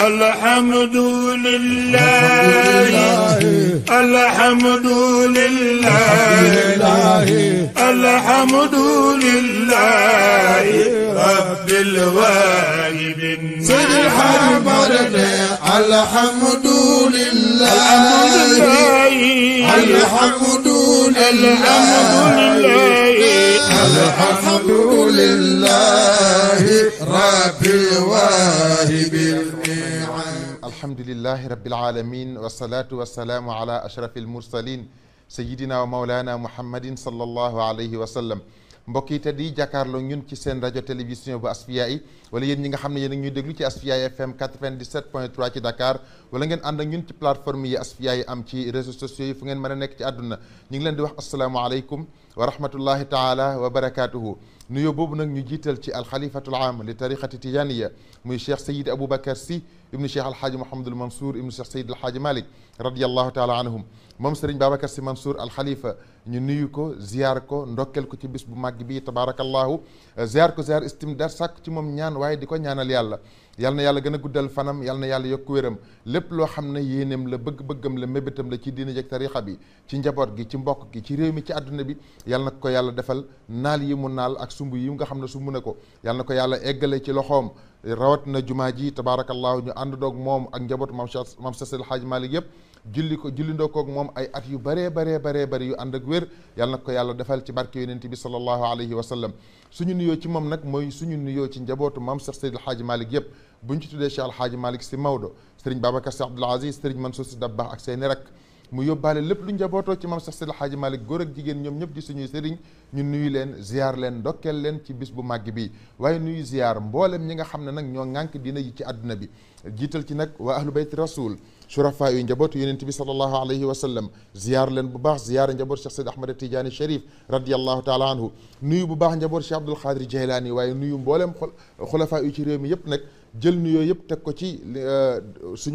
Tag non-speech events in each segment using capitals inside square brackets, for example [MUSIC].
الحمد لله الحمد لله الحمد لله رب الوالدين سبحان الله الحمد لله الحمد لله الحمد لله الحمد لله رب الواهب الحمد لله رب العالمين والصلاة والسلام على أشرف المرسلين سيدنا ومولانا محمد صلى الله عليه وسلم mbokk yi te di jàkkaarloo ñun ci seen rajo télévision bu Asfiyahi wala yéen ñi nga xam ne yéen a ñuy déglu ci Asfiyahi FM 97.3 ci Dakar wala ngeen ànd ak ñun ci plateforme yi Asfiyahi am ci réseaux sociaux yi fu ngeen mën nekk ci àdduna ñu ngi leen di wax asalaamaaleykum wa rahmatullahi taala wa barakaatuhu nuyoo boobu nag ñu jiital ci alxalifatul am li tariqati tijaniya muy cheikh sayid aboubacar si ibnu cheikh alxaaji mahamadul mansour ibnu cheikh sayid alxaaji mom serigne Babacar si Mansour Al Khalifa ñu nuyu ko ziar ko ndokkel ko ci bis bu mag bi tabarakallah ziar ko ziar istimdar sak ci mom ñaan waaye di ko ñaanal yàlla yalla na yàlla gëna guddal fanam yalla na yàlla yok wéram lépp lo xamne yeenem la bëgg-bëggam la mébétam la ci diina jek tarixa bi ci njaboot gi ci mbokk gi ci réew mi ci aduna bi yalla na ko yàlla defal naal yi mu naal ak sumbu yi nga xamne ne sumb na ko ko yàlla eggale ci loxom rawat na jumaaji tabarakallah ñu ànd dog mom ak njaboot mam mam sasel xaaj Malik yeb julli ko jullindoo koog moom ay at yu baree baree baree bëri yu ànd ak wér yàlla na ko yàlla defal ci barke yonent bi sallallahu alayhi wa sallam suñu nuyoo ci moom nag mooy suñu nuyoo ci njabootu maam Cheikh Seydil Hadji Malick yëpp buñ ci tuddee Cheikh Alhaaji Malick si Maodo sëriñ Babacar Sy Abdoul Aziz sëriñ Mansour Sy Dabakh ak seeni rak mu yóbbaale lépp lu njabootoo ci maam Cheikh Seydil Hadji Malick góor ak jigéen ñoom ñëpp di suñuy sëriñ ñu nuyu leen ziar leen ndokkeel leen ci bis bu màgg bi waaye nuyu ziar mbooleem ñi nga xam ne nag ñoo ŋànk dina yi ci àdduna bi jiital ci nag waa ahlu bayti rasul شرفاء ينجبوت ينتي صلى الله عليه وسلم زيار لن بباخ زيار نجبوت شيخ احمد التجاني الشريف رضي الله تعالى عنه نيو بباخ نجبوت شيخ عبد القادر الجهلاني واي نيو مبولم خلفاء يتي ريمي ييب نيو ييب تكو سي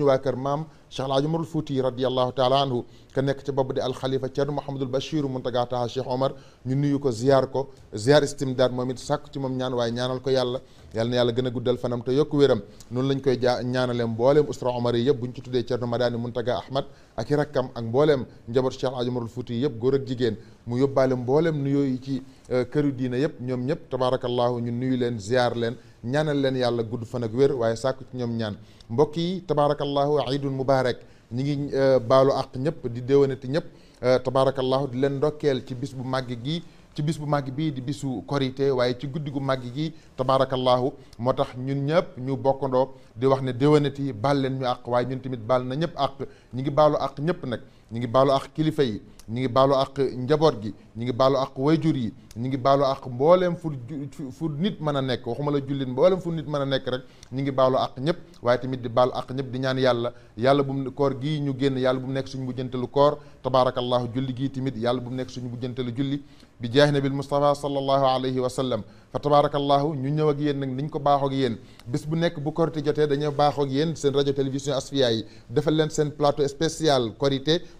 cheikh El Hadj Umar Fouti radiallahu taala anhu ka nekk ci bopp di alxalifa Thierno Mouhamadul Bachir Mountaga Taha Cheikh Omar ñu nuyu ko ziar ko ziar istimdaad moom it sàkk ci moom ñaan waaye ñaanal ko yàlla yal na yàlla gën a guddal fanam te yokku wéram noonu lañ koy jaa ñaanaleem mbooleem usra omar yi yëpp buñ ci tuddee Thierno Madani Mountaga Ahmad ak i rakkam ak mbooleem njaboot cheikh El Hadj Umar Fouti yëpp góor ak jigéen mu yóbbaale mbooleem nuyoo yi ci këru diina yëpp ñoom ñëpp tabaarakallahu ñu nuyu leen ziar leen ñaanal leen yàlla gudd fan ak wér waaye sàkk ci ñoom ñaan mbokk yi tabaarakallahu iidun mubaarak ñi ngi euh, baalu àq ñëpp di déwénati ñëpp euh, tabaarakallahu di leen ndokkeel ci bis bu màgg gi ci bis bu màgg bii di bisu korité waaye ci guddi gu màgg gi tabaarakallahu moo tax ñun ñëpp ñu bokkandoo di wax ne déwénati baal leen ñu àq waaye ñun tamit baal na ñëpp àq ñi ngi baalu àq ñëpp nag ñi ngi baalu àq kilifa yi ñi ngi baalu àq njaboot gi ñi ngi baalu àq wayjur yi ñu ngi baalu àq mbooleem fu fu nit mën a nekk waxuma la jullit mbooleem fu nit mën a nekk rek ñu ngi baalu àq ñëpp waaye tamit di baalu àq ñëpp di ñaan yàlla yàlla bu mu koor gii ñu génn yàlla bu mu nekk suñu bu jëntalu koor tabaarakallaahu julli gii tamit yàlla bu mu nekk suñu bu jëntalu julli bi jaahi nabil Mustafa sallallahu alayhi wa fa tabaarakallaahu ñu ñëw ak yéen nag niñ ko baaxoo ak yéen bis bu nekk bu korité jotee dañoo baaxoo ak yéen seen rajo télévision Asfiya yi defal leen seen plateau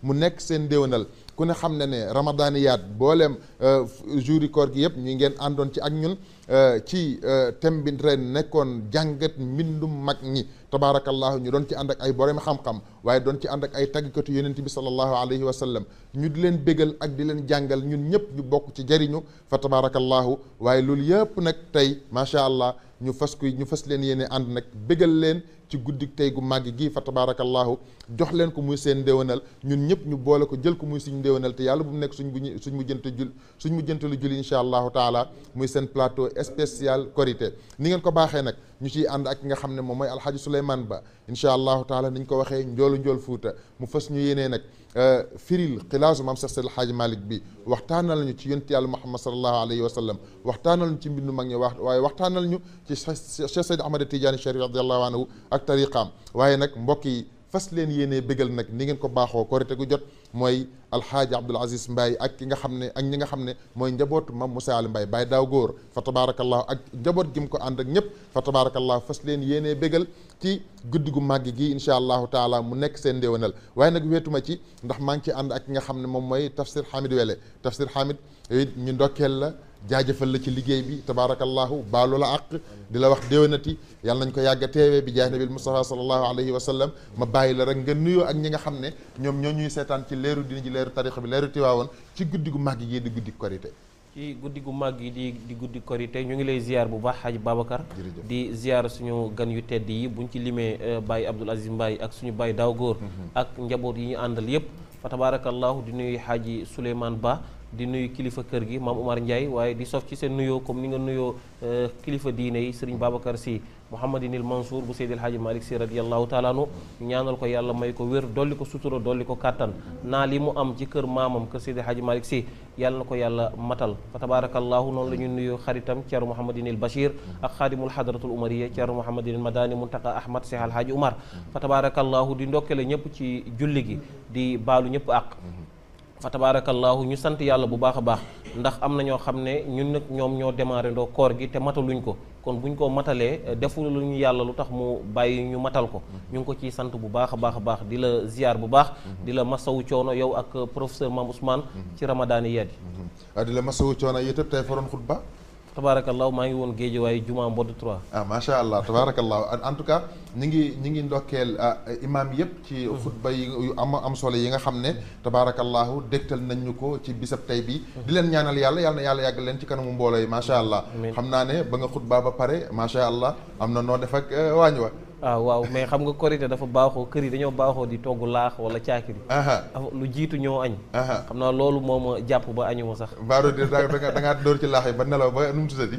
mu nekk seen déwénal ku ne xam ne ne ramadaniyaat booleem euh, jour julli koor gi yëpp ñu ngeen àndoon ci ak ñun euh, ci euh, thème bi nekkoon jàngat mbindum mag ñi tabaarakallaahu ñu doon ci ànd ak ay borom xam-xam waaye doon ci ànd ak ay taggkatu yonent bi sallallahu alayhi wa sallam ñu di leen bégal ak di leen jàngal ñun ñëpp ñu bokk ci jariñu fa tabaarakallaahu waaye loolu yëpp nag tey macha allah ñu fas kuy ñu fas leen yéene ànd nag bégal leen ci guddi tey gu màgg gii fa tabaarakallaahu jox leen ko muy seen ndéwénal ñun ñëpp ñu boole ko jël ko muy suñu ndéwénal te yàlla bu mu nekk suñ bu suñ mu jënt jul suñ mu jënt lu jul incha allahu taala muy seen plateau spécial Korité ni ngeen ko baaxee nag ñu ciy ànd ak nga xam ne moom mooy alxaaji Souleymane Ba incha allahu taala niñ ko waxee njoolu njool fuuta mu fas ñu yenee nag آه، فيل قلاج مام سيسر الحاج مالك بي وقتانا لنو تي ينتي على محمد صلى الله عليه وسلم وقتانا لنو تي بنو مانيا واي وقتانا لنو تي شيخ سيد احمد التجاني شريف رضي الله عنه اك طريقام واي نك مبوكي fas leen yéenee bégal nag ni ngeen ko baaxoo korite gu jot mooy alxaaji Abdoul Aziz Mbaye ak ki nga xam ne ak ñi nga xam ne mooy njabootu mam Moussa Ali Mbaye Baye daaw góor fa tabarakallahu ak njaboot gi mu ko ànd ak ñëpp fa tabarakallahu fas leen yéenee bégal ci guddi gu màgg gi incha allahu taala mu nekk seen ndéwénal waaye nag wéetuma ci ndax maa ngi ci ànd ak ki nga xam ne moom mooy tafsir Hamid Wele tafsir Hamid ñu ndokkeel la jaajëfal la ci liggéey bi tabarakallahu baalu la àq dila wax deewnati yàlla nagn ko yàgg teewé bi jahnabi Mustafa sallallahu alayhi wa sallam ma bàyyi la rek nga nuyo ak ñinga xamne ñom ñoo ñuy seetaan ci leeru dina ji leeru tariikh bi leeru tiwaawon ci guddi gu màgg yi di guddi korité ci guddi gu yi di di guddi korité ñu ngi lay ziar bu baax haji babakar di ziar suñu gan yu teddi yi buñ ci limé Baye abdul Aziz Mbaye ak suñu Baye daw gor ak njabot yi ñu àndal yépp fa tabarakallahu di nuyu haji suleyman Ba di nuyu kilifa kër gi maam Umar Ndiaye waaye di sof ci seen nuyoo comme ni nga nuyoo euh, kilifa diine yi sëriñ Babacar Sy Mouhamadinil Mansour bu Seydil Hadji Malick Sy radiyallahu taala anu ñaanal ko yàlla may ko wér dolli ko sutura dolli ko kàttan naa li mu am ci kër maamam kër Seydil Hadji Malick na ko yàlla matal fa tabarakallahu noonu la ñu nuyu xaritam Ceerno Mouhamadinil Bachir ak xaadimul hadratul umariya Ceerno Mouhamadinil Madani Muntaqa Ahmad Seex Alhaaji Umar fa tabarakallahu di ndokkale ñëpp ci julli gi di baalu ñëpp ak fa tabaarakallaahu ñu sant yàlla bu baax a baax ndax am na ñoo xam ne ñun nag ñoom ñoo démarré ndoo koor gi te mataluñ ko kon bu ñu ko matalee euh, defu lu ñu yàlla lu tax mu bàyyi ñu matal ko mm-hmm. ñu ngi ko ciy sant bu baax a baax a baax di la ziar bu baax mm-hmm. di la masawu coono yow ak professeur Mame Ousmane mm-hmm. ci ramadaani yeet yi ah, di la masawu coono yéen itam tey fa doon xutba tabaarakallaahu maa ngi woon géejewaay juma mbodd 3. ah macha allah tabaarakallaahu en tout cas ñi ngi ñi ngi ndokkeel ah, imaam yëpp ci xutba yi am am solo yi nga xam ne tabaarakallaahu dégtal nañ ñu ko ci bisab tey bi di leen ñaanal yàlla yàlla yàlla yàgg leen ci kanamu mbooloo yi macha allah xam naa ne ba nga xutbaa ba pare macha allah am na noo def eh, waañ wa ah waaw mais xam nga korité dafa baaxoo kër yi dañoo baaxoo di togg laax wala caakiri lu jiitu ñoo añ xam naa loolu moo ma jàpp ba añu ma sax baaro da nga da ngaa dóor ci laax yi ba nelaw ba nu mu tuddati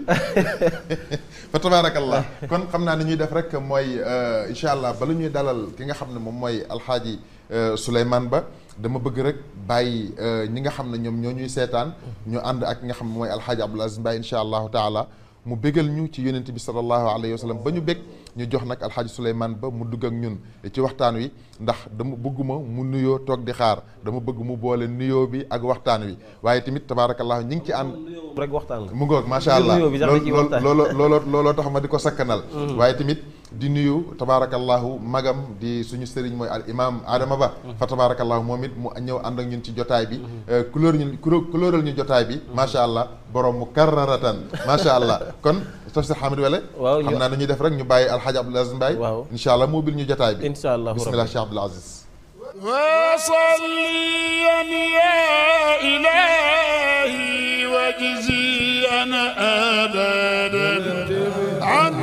[LAUGHS] fa tabaarakallah kon xam naa ni ñuy def rek mooy euh, incha allah bala ñuy dalal ki nga xam ne moom mooy alxaaji euh, Souleymane Ba dama bëgg rek bàyyi euh, ñi nga xam ne ñoom ñoo ñuy seetaan mm. ñu ànd ak nga xam ne mooy alxaaji Abdoul Aziz Mbaye incha allahu taala mu bégal ñu ci yonent bi sallallahu alayhi wa sallam ba ñu bég ñu jox nag alxaaji Souleymane ba mu dugg ak ñun ci waxtaan wi ndax dama bëgguma mu nuyoo toog di xaar dama bëgg mu boole nuyoo bi ak waxtaan wi waaye tamit tabaarakallah ñu ngi ci ànd waxtaan la mu ngoog macha allah looloo looloo tax ma di ko sakkanal mm-hmm. waaye tamit di nuyu tabaarakallahu magam di suñu sëriñ mooy al imam Adama Ba fa tabaarakallahu moom it mu ñëw ànd ak ñun ci jotaay bi euh, couleur ñu couleural jotaay bi macha allah borom mu karraratan macha allah kon tafsir Hamid Wele xam naa nañuy def rek ñu bàyyi alxaaji Abdul Aziz Mbaye waaw incha allah moo bil ñu jotaay bi incha allah bismillah Cheikh Abdul Aziz وصليا يا إلهي وجزيا أبدا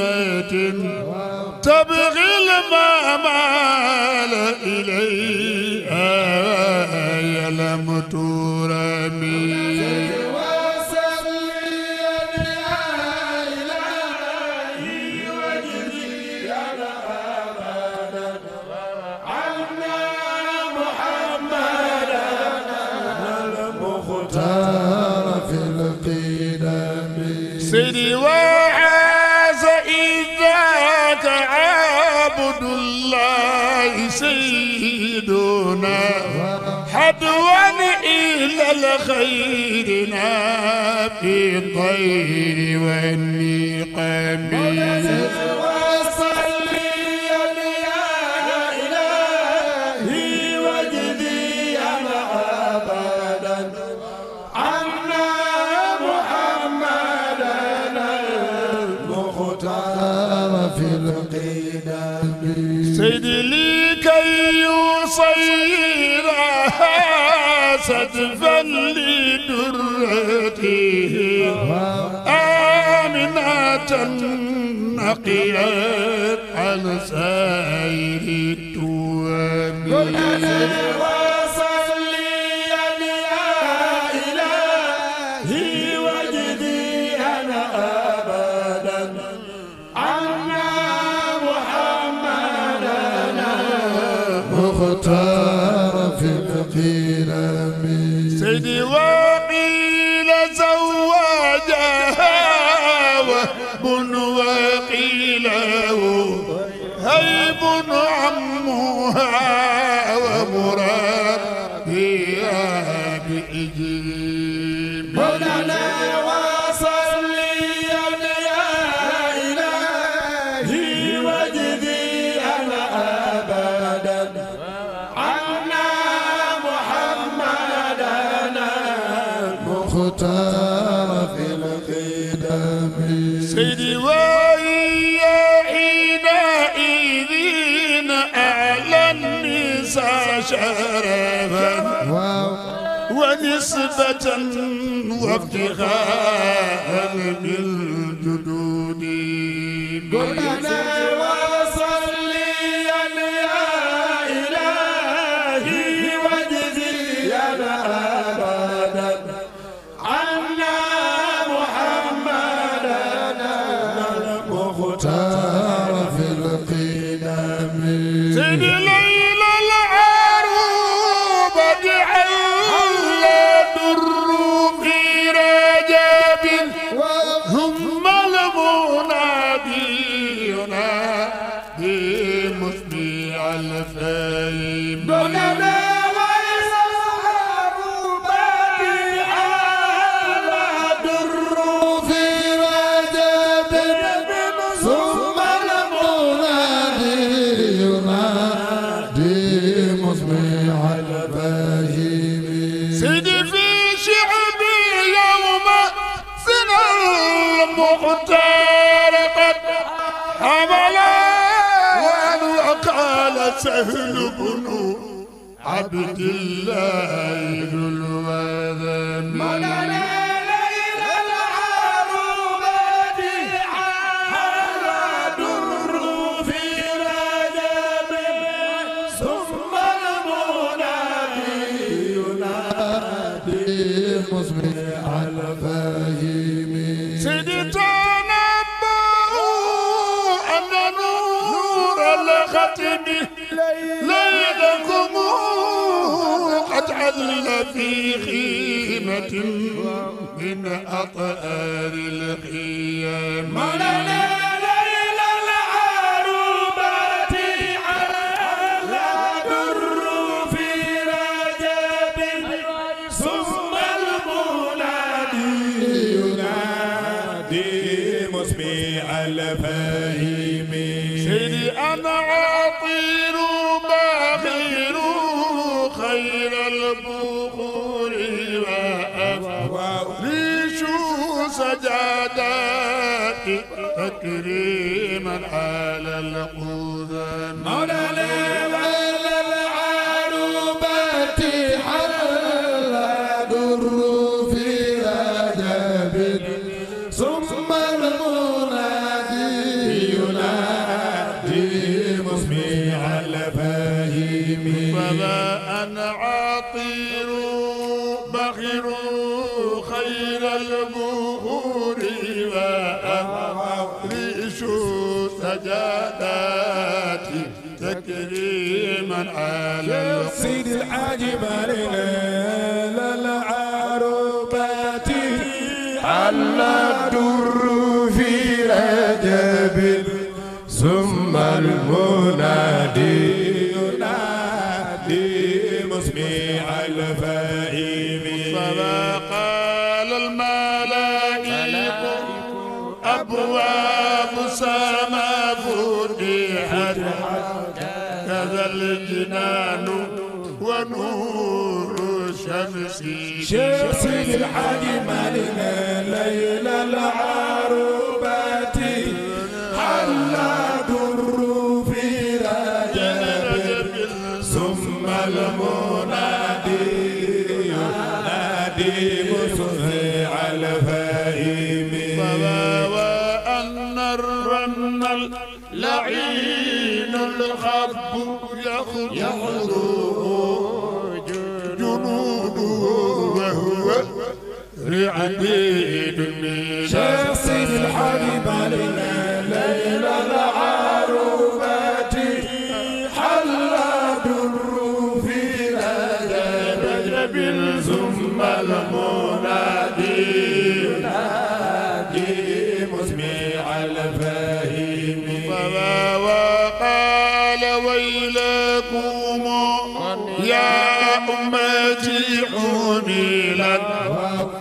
بكلمة تبغي المعمال إليها يا لم ترمي على خيرنا في الطير والنقم عقلت على سائر التواب وافتخارا بالله Hmm. عبد الله الذي خيمة من أطار الخيام في من حال الأوذان مولانا على سيد الحاج مالك للعربات على الدر في رجب ثم المنادي جنان ونور شمسي شمس الحاج مالنا ليل العروس يغلو جنوده وهو رعديد شخص الحبيب علينا ليل العالم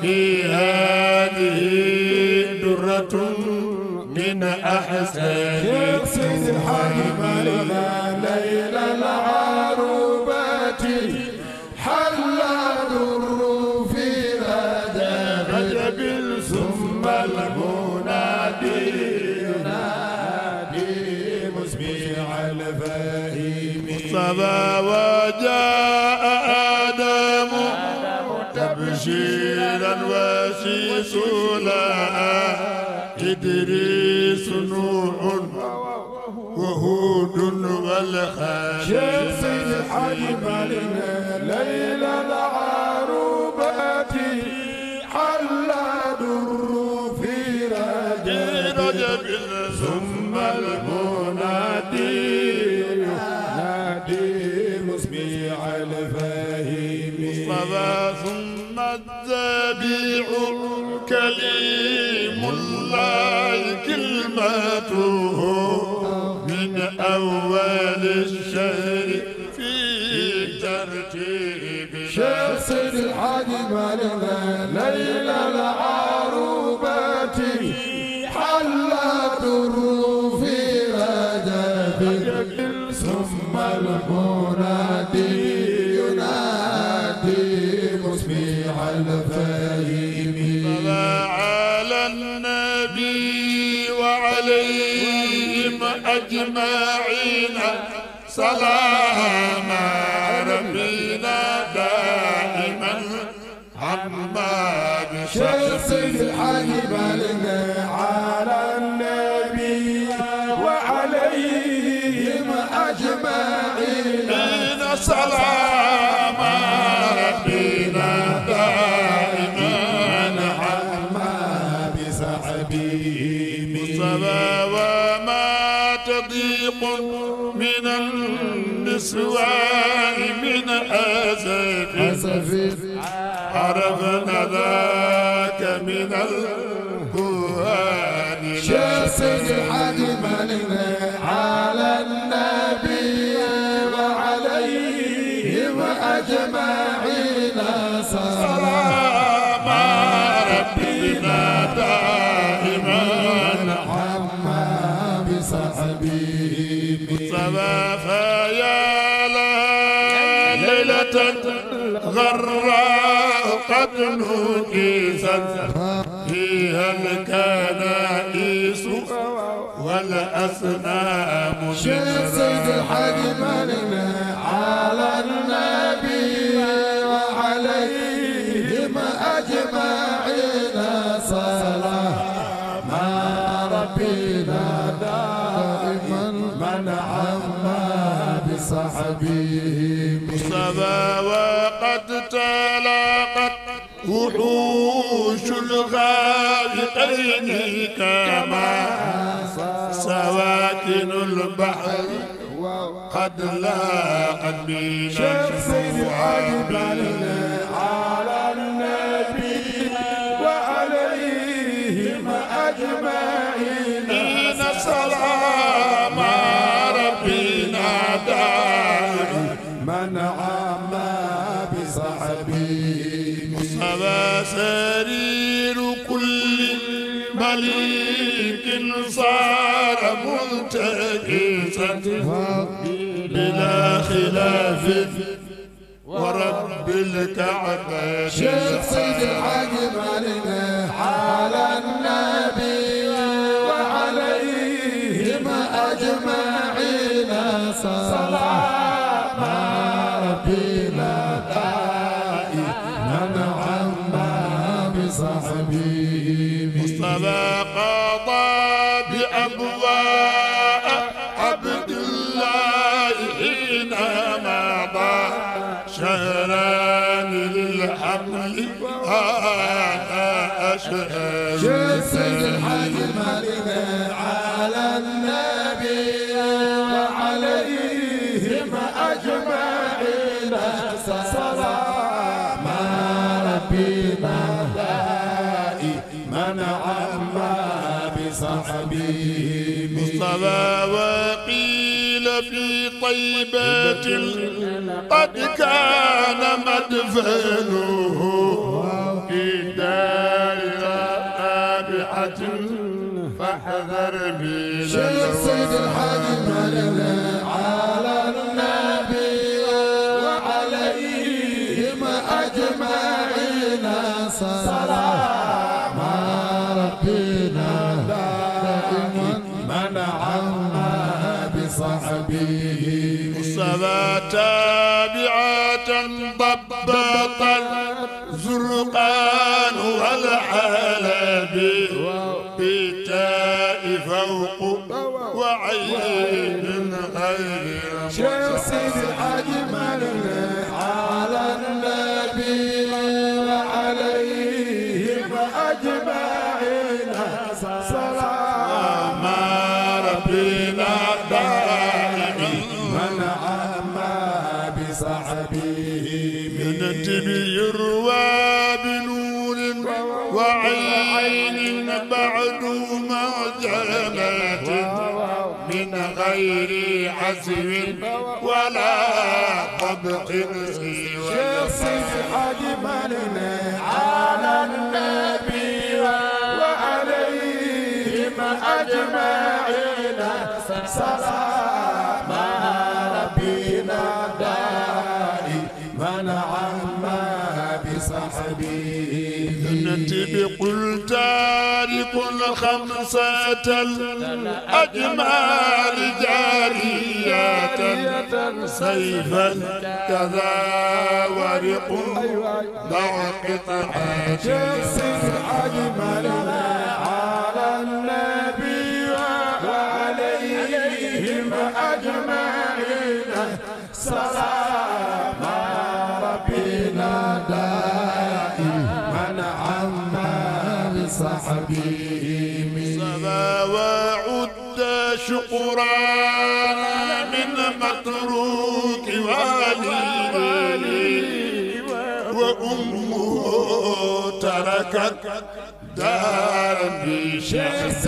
في هذه درة من أحسن سيد الحاكم مالك سولا إدريس نوح وهود والخليل شمس الحي أول الشهر في ترتيب شخص الحادي مالنا ليلة العروبة حلت الروف ردف ثم المنادي ينادي مسميع الفهيم طلع على النبي وعليهم أجمعين السلام ربنا دائما عما بشخص الحبيب على نسوان من أسف عرفنا ذاك من الأسف ابنه كيسا فيها الكنائس والأصنام شيخ سيد الحاج مالنا على الناس وحوش الغالقين كما سواكن البحر قد لاقت بنا شيخ سيدي بلا خلاف ورب الكعبة شيخ سيد الحاج علينا على النبي شو سيد الحاج على النبي وعليهم أجمعين صلاة ما ربي مهدائي من عما بصحبه مصطفى وقيل في طيبات قد كان مدفنه حذر بي سيد الحاج مالنا على النبي وعليهم أجمعين صلاة ربنا دائما منعنا بصحبه الصلاة تابعة ضبطا زرقان والحال عين عين شو سيدي من غير عزو ولا طبق شخصي أجملنا على النبي وعليهم أجمعين صلاة خمسة الأجمال جارية سيفا كذا ورق مع قطعة العجمال الغرام من متروك والي وأمه تركت دار بشخص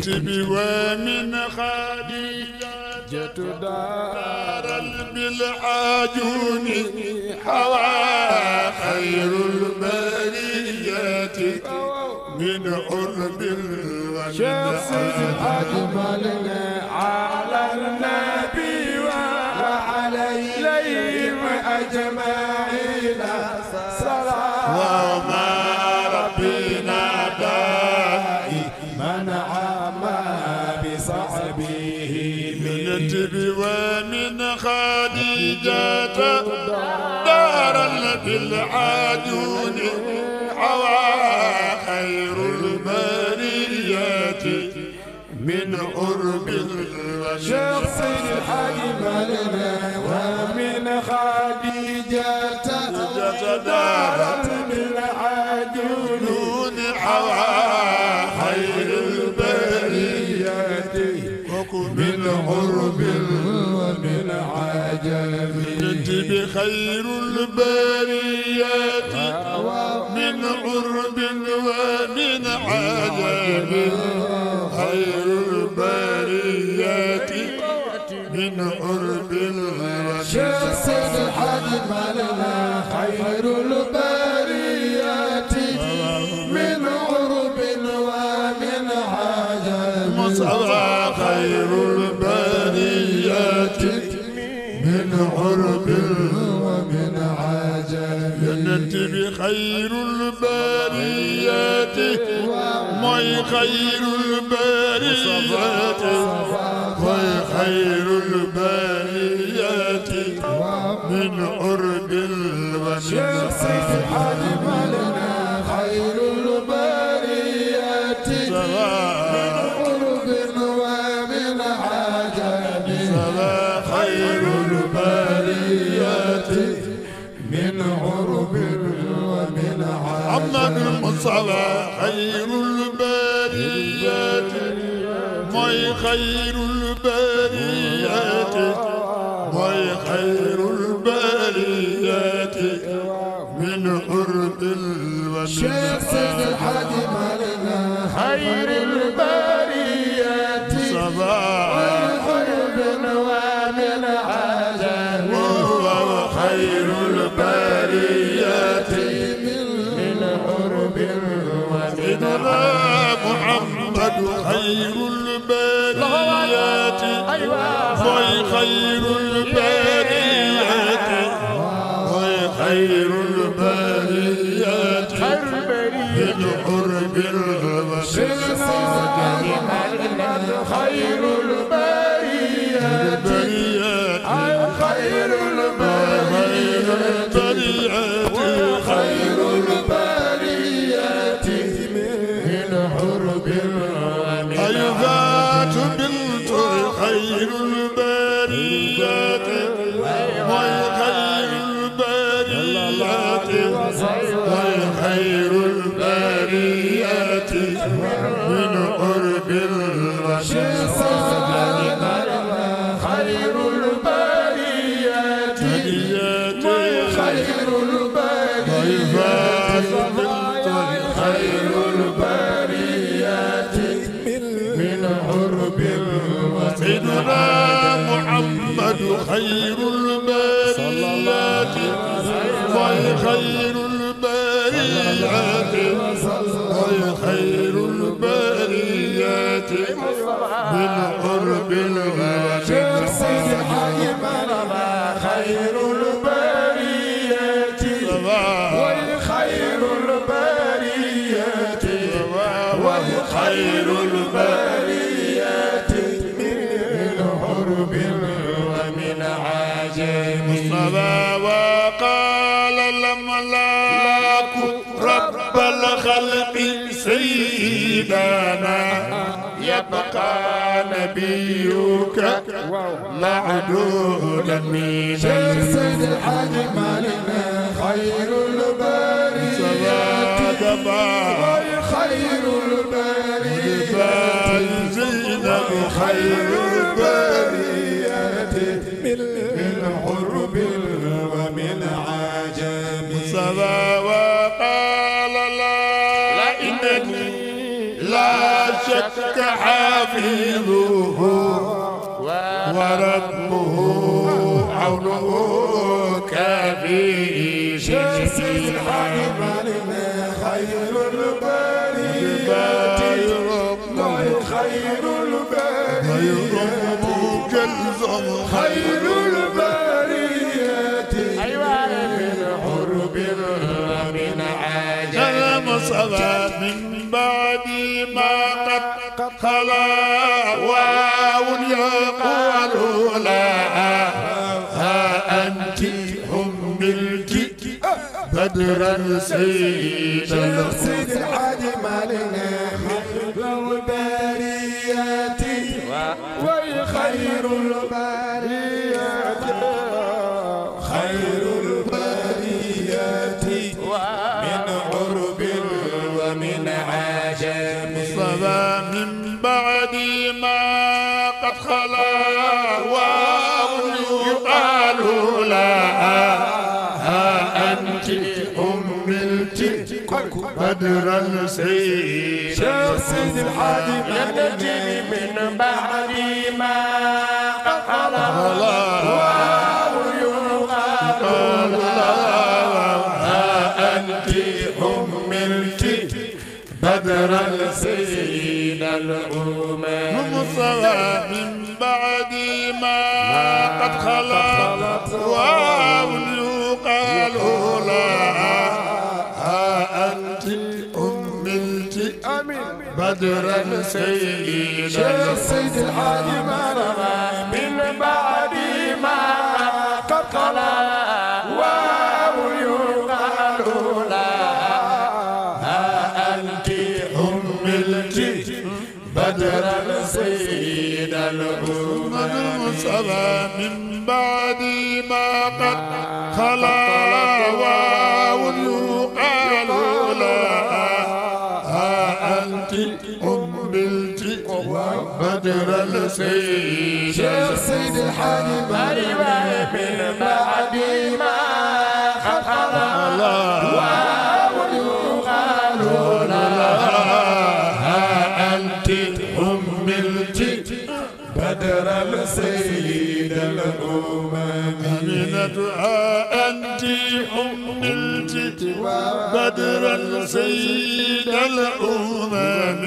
تبي ومن خديجة دار بالعجون حوى خير البرية من قرب الوجه شخص أجمل على الناس دارا التي العادون خير البرية من قرب شخص الحاج مالنا ومن خديجة دارا خير البريات من عرب ومن عذاب خير البريات من عرب ومن عذاب شخص الحد مالنا خير البريات الحبيب خير الباريات ماي خير الباريات ماي خير الباريات من أرجل ومن سيح الملك على خير البريات ماي خير البريات ماي خير البريات من حرب الوشيات خير سيدنا يبقى نبيك معدودا من سيد الحاج مالنا خير البرية خير البرية زينب خير البرية من حروب شك حفيظه وربه عونه كفيه شمس الحجر خير البريات خير البريات خير أيوة، من بعد ما بدرا سيد سيد الحاج مالنا حب وبارياتي وخير البرية بدرا سيد سيد الحادي يبتدي من بعد ما قال الله الله ها أنت الأمم مصطفى من بعد ما قد خلت بدرا سيد السيد الحاج مرمى من بعد ما قد بدرا المصطفى من بعد ما قد خلا قدر السيد شيخ سيد الحاج مالي من بعد ما خلق الله ويقالون ها أنت أم الجد بدر السيد الأمم من دعاء نلت بدرا سيد الأمم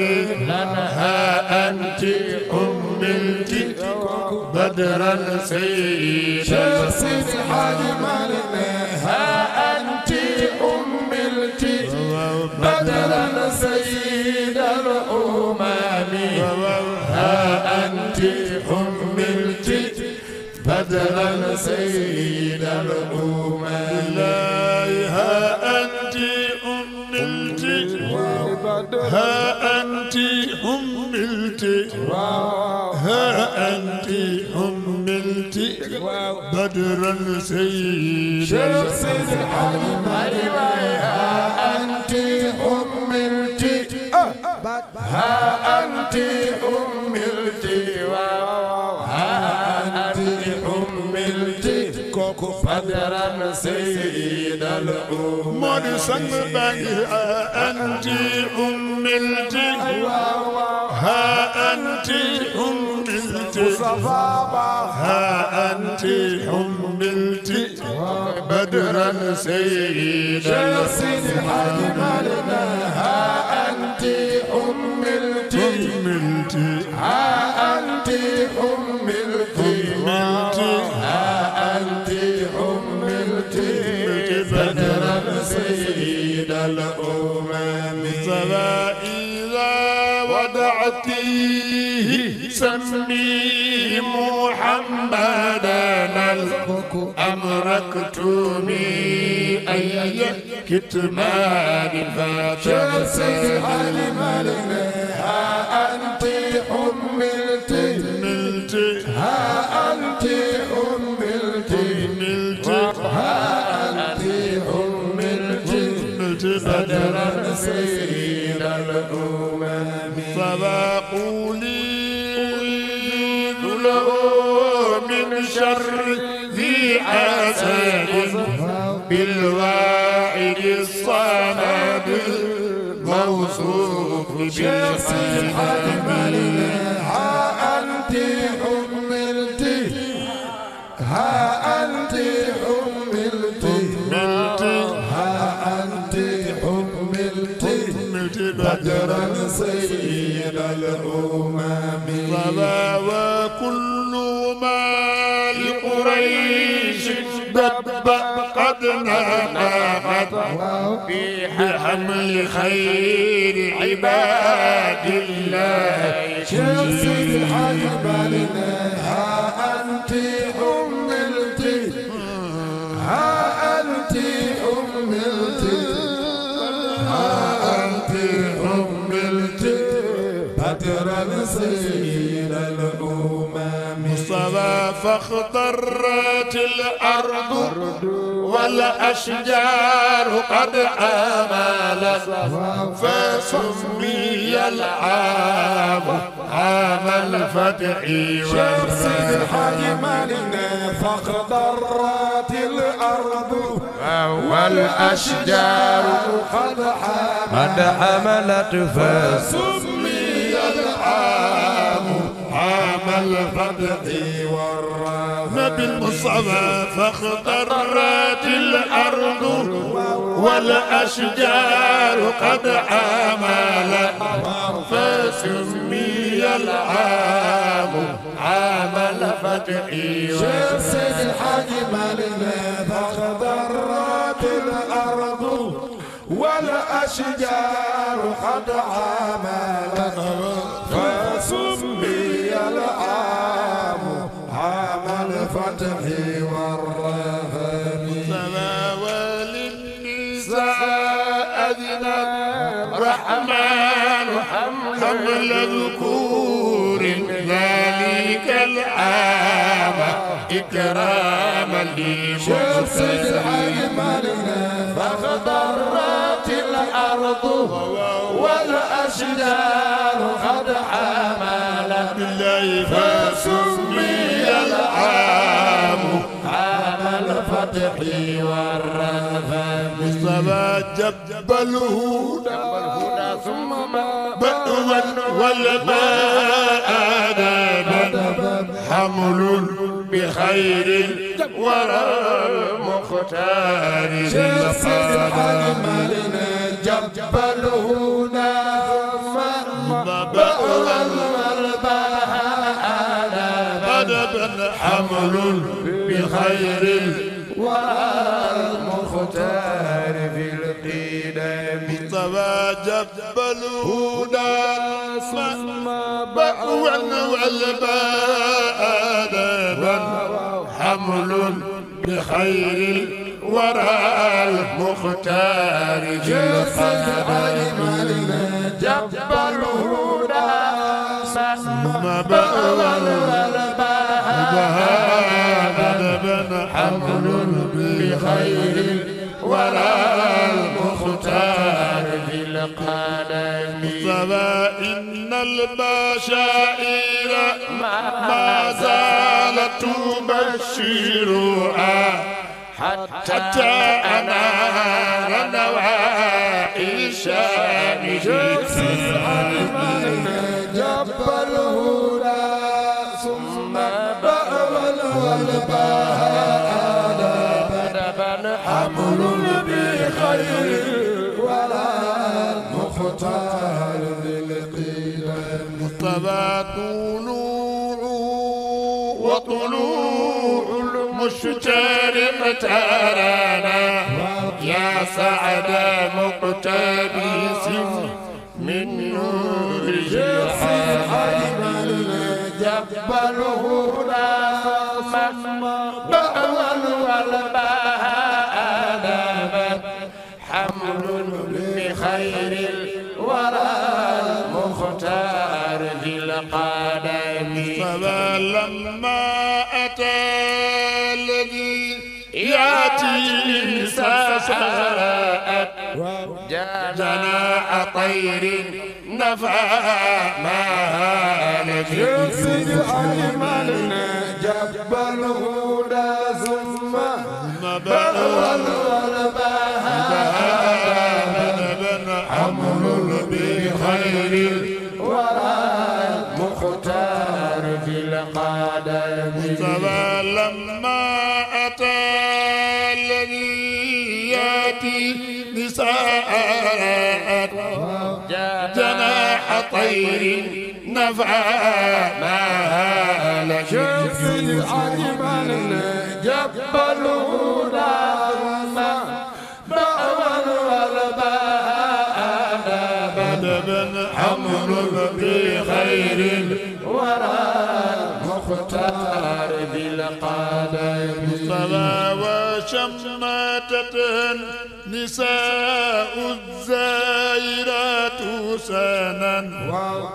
لها أنت أملت بدرا سيد شخص حجم لها أنت أملت بدرا سيد الأمم ها أنت أملت بدرا سيد الأمم ها أنت حملت ها أنت حملت بدرا سيد شمس الحلمة ها أنت حملت ها أنت حملت ها أنت بدرا سيدي مر سنگ بيها أنت أم الجه ها انتي أم الجه ها انتي أم الجه بدرا سيدا سيد حاج مالنا ها انتي أم الجه ها سمي محمدا الحكم أمركتني أي كتمان فاتت سيحل ملنها أنت الشر ذي أسد بالواعد الصمد موصوف بالحمد ها أنت حملت ها أنت الضب قد نامت في حمل خير عباد الله شمس الحكم علينا فاخضرت الأرض والأشجار قد آملت فسمي العام عام الفتح شمس الحاج مالنا فاخضرت الأرض والأشجار قد حملت فسمي الفتح والرهب المصطفى فاخضرت الأرض والأشجار قد عملت فسمي العام عام الفتح شمس الحج مالنا فاخضرت الأرض والأشجار قد عملت كرام لي شوف صدعي مالنا فاخضرت الارض والاشجار قد حملت بالله فسمي العام عام الفتح والرفع مصطفى جب الهدى ثم ما بدوا والماء حمل بخير الورى المختار حمل بخير والمختار المختار في تبجبلون ما بأوا والباء حمل بخير الورى المختار جلسة علم جبلون ما بأوا والباء حمل بخير ورى المختار في القلم مصطفى إن البشائر ما زالت تبشر حتى أنار نوائي شامل جب الهدى ثم بأول الولبان شجر مترانا يا سعد مقتبس من نور جحانا جبل هنا بأول والبهاء حمل لخير الورى المختار في القدم فما لما جناء طير نفى ما هانت يسد المن جب الهدى ثم بغى الغرباء عمر بخير وراء المختار في القدم سار جناح طير نفع ما لك شوف العجب الجبل ما بأمن والبان بدبن بخير الورى مختار بالقادم صلى وشماتة نساء الزائرات سنا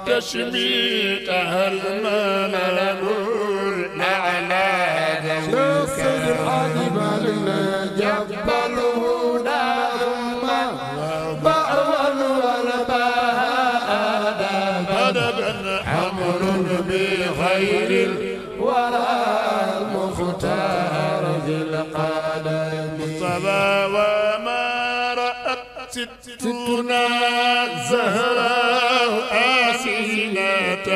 وتشميت هل المنام على نعم. ذوك العذب الجبل هو سيدتنا زهراء آسيلة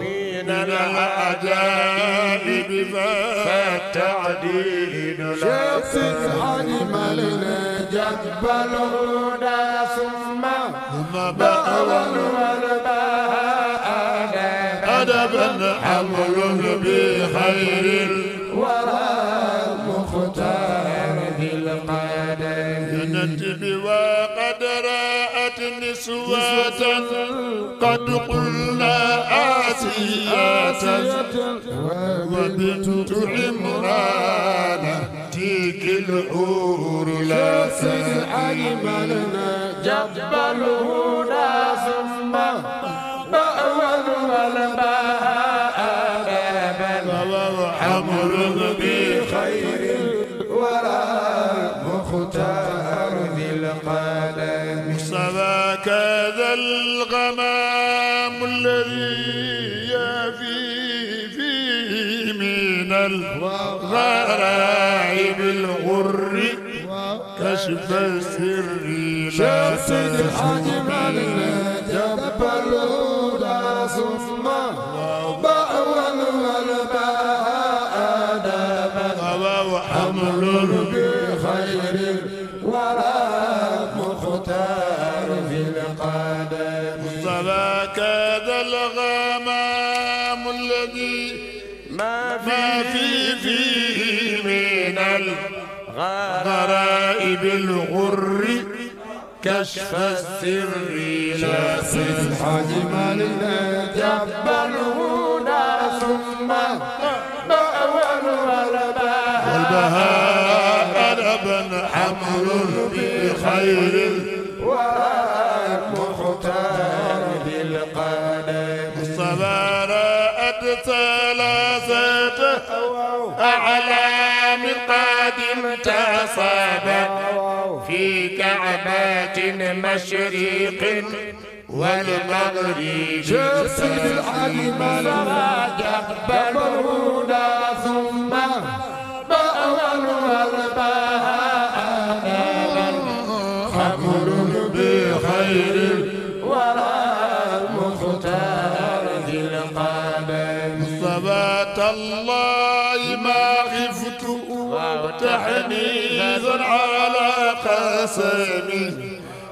من العجائب فالتعديل شفت علم للجد بلونا ثم بأول والباء أدبا حمل بخير نسوة قد قلنا آسية وبنت عمران تلك الأور لا في أيمن جبل هدى غرائب الغر كشف السر شمس الحجر غرائب الغر كشف السر لا صدح جمال جبلونا ثم مأوى والبهاء والبهاء أدبا حمل بخير الورى قدمت أصابت في كعبات مشرق والمغرب جسد سيد العلي يقبلون ثم مأوى الغربان ثبات الله ما خفت وتحنيزا على قسمي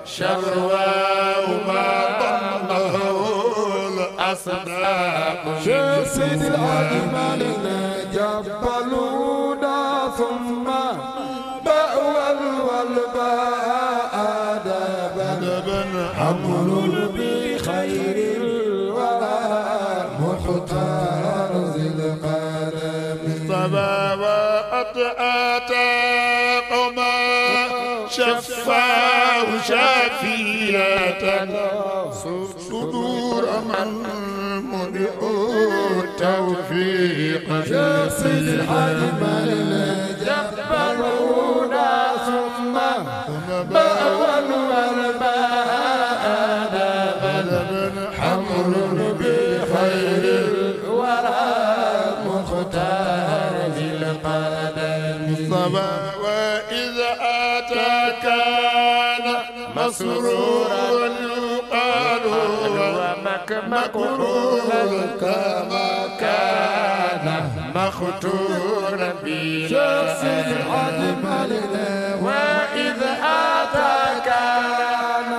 شرواه ما ضمه الأصداق شيخ سيدي العالم شفاع شفيعة صدور من مدعو توفيق يصل حلم الجبرونا صدور سرورا يقال هو كما كان مختورا بشخص العدم وإذ أتى كان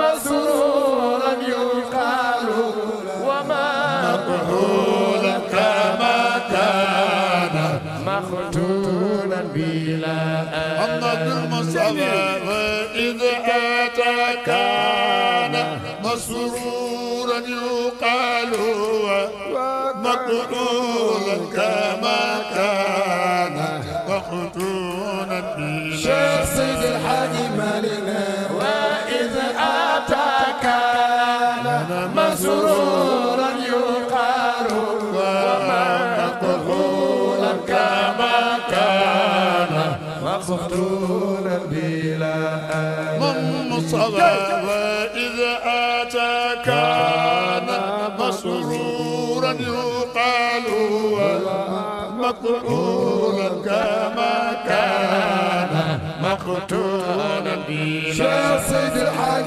مسرورا يقال وما كما كان مختورا بلا أمد المصطفى كما كان وخطونا بلا سيد الحاج مالنا واذا أتاك مسرورا يقال وما مقبولا كما كان وخطونا بلا من مقتولا كما كان مقتولا بلا سيد الحاج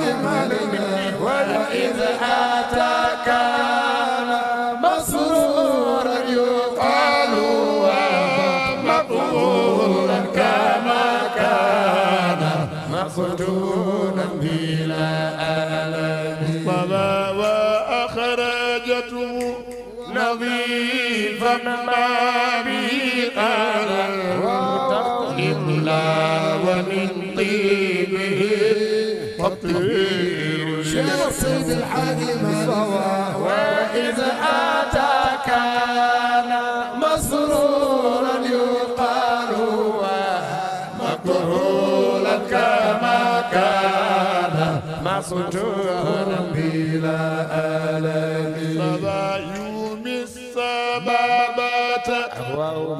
أتى كان يقال كما كان مقتولا بلا ألم وأخرجته نظيفا ما سواه وإذ أتى كان مسرورا يقال مكرولا كما كان مسجورا بلا ألم يوم السبابة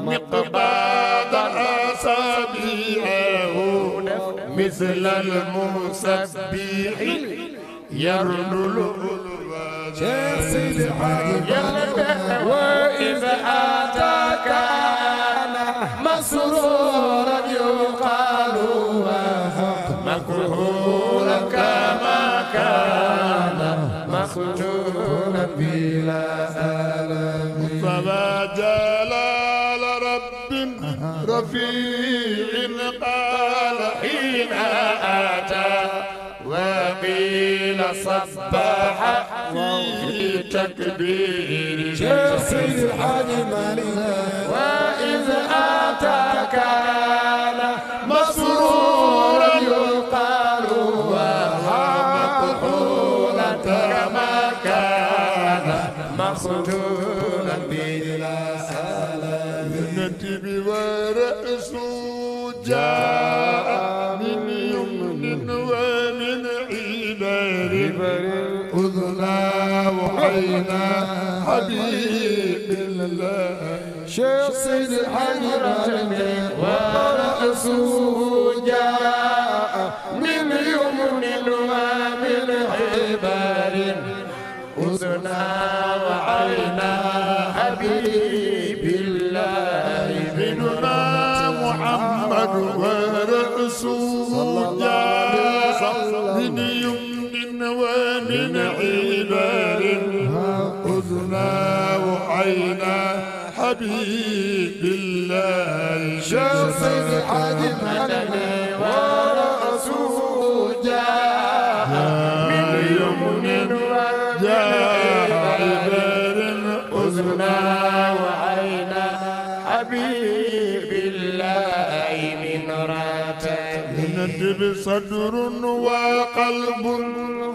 مقباض أصابعه مثل المسبح يرنو شيخ سيدي الحاج وإذا أتاك مسرورا يقال صباح في تكبير شمس الحج مريم وإذ أتاك علينا حبيب الله سيد الحجر ورأسه جار حبيب الله شخص الحديث علمي ورأسه جاء من يمن وجاه عبر أذنا وعينا حبيب الله من راتب ندب صدر وقلب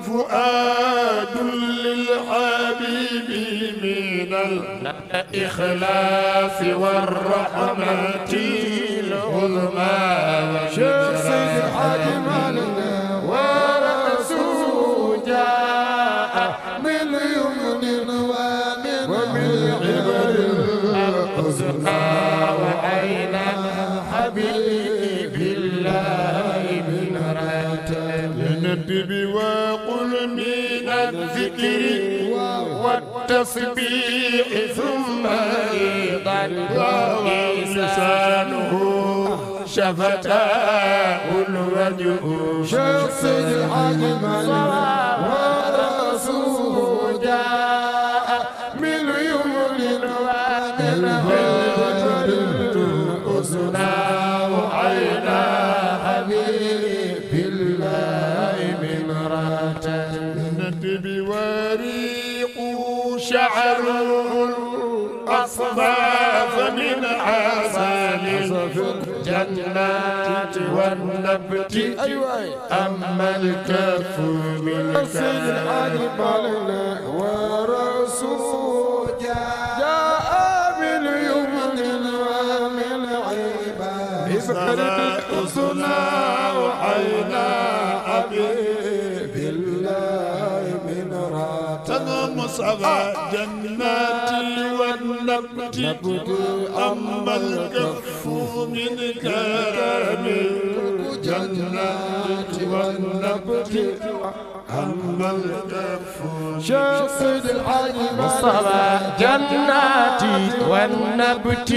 فؤاد والرحمة جاء من يمن ومن ومن شخص الحزنى وعين حبيب الله من راتب وقل من الذكر التسبيح ثم أيضا ولسانه شفتاه الوجه شخص الحجم شعر أصفاف من عسل الجنات والنبت أما الكف من كف ورسول جاء باليمن ومن عباد صلاة سوى جناتي والنبت أما الكف من كرم جنات والنبت أما الكف شوف الحجم الصلاة جناتي والنبت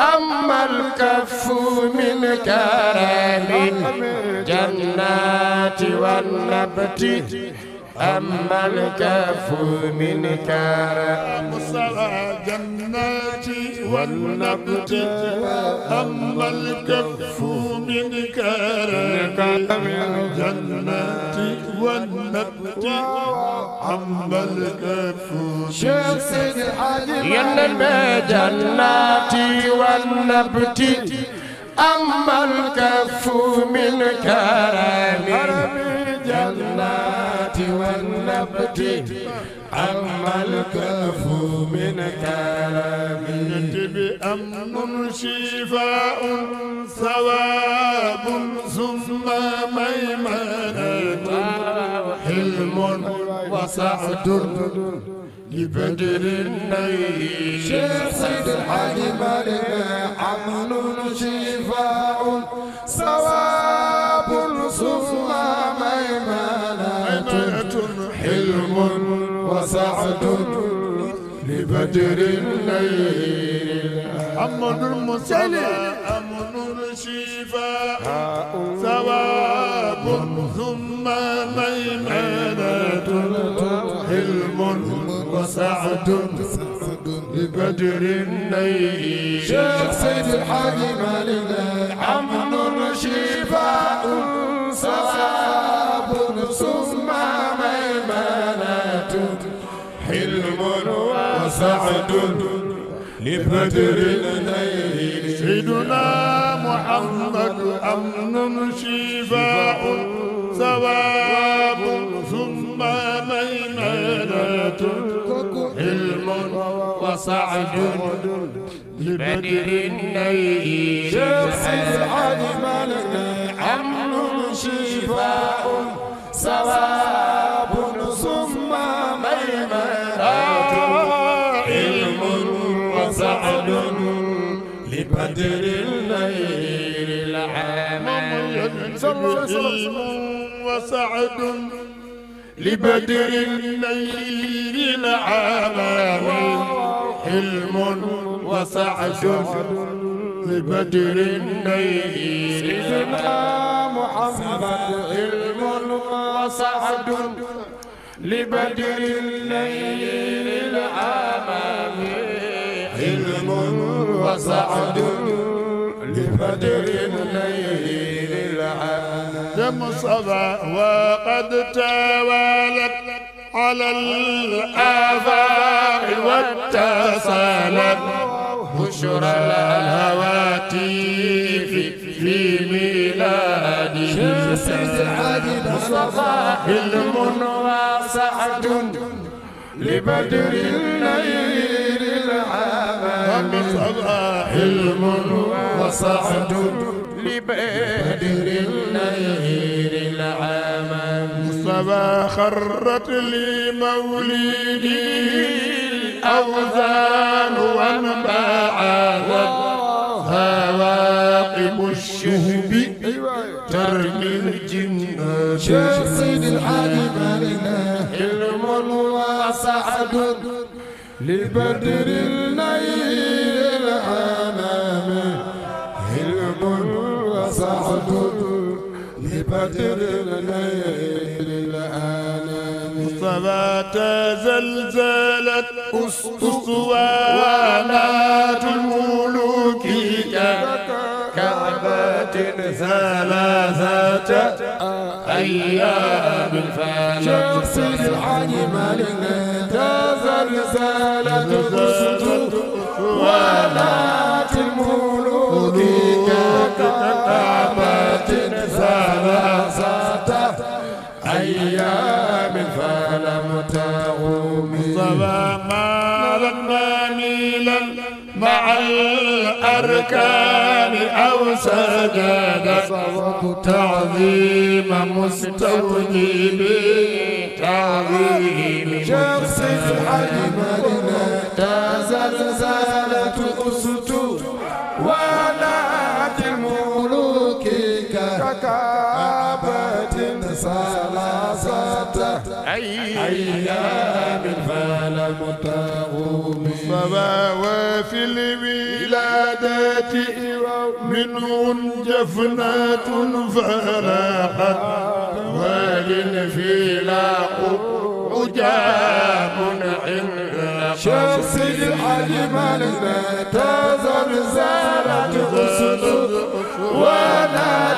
أما الكف من كرم جنات والنبت أما الكف من كرم صلى جناتي والنبت أما الكف من كرم جناتي والنبت أما الكف شمس سيد الحاج يلا جناتي والنبت أما الكف من كرم جناتي والنبت أما الكف من كلامي بأمن شفاء ثواب ثم ميمنة حلم وسعد لبدر النيل شيخ سيد الحاج مالك أمن شفاء ثواب ثم وسعد لبدر الليل أمن أم نور شفاء ثواب ثم ميمنة حلم وسعد لبدر الليل شيخ سيد الحاج مالنا أمن سعد لبدر الليل سيدنا محمد أمن شفاء ثواب ثم ميمنة علم وسعد لبدر الليل شهد الحد أمن شفاء ثواب علم وسعد لبدر الليل العالم حلم وسعد لبدر الليل سيدنا محمد علم وسعد لبدر الليل العالم حلم وسعد لبدر الليل العالم المصطفى وقد توالت على الآفاق واتصلت بشرى الهواتف في ميلاد سيد العادي مصطفى علم وصحة لبدر الليل العام مصطفى علم لبدر النير العام مصطفى خرت لي الأوزان وانباعا هواقب الشهب ترمي الجنة شيخ سيد الحاج حلم وسعد لبدر بدر الليل الآن مصطفى تزلزلت أسطوانات الملوك كعبة ثلاثة أيام فلم مع الأركان أو سجادة صوت تعظيم مستوجب تعظيم شخص الحلم لنا تزلزلت أسد ولا الملوك ككعبة صلاة أيام فلم متابعة المصطفى وفي الولادات منهم جفنات فراحت وللفلاق عجاب عند شمس الحجم تزرزرت أسس ونادت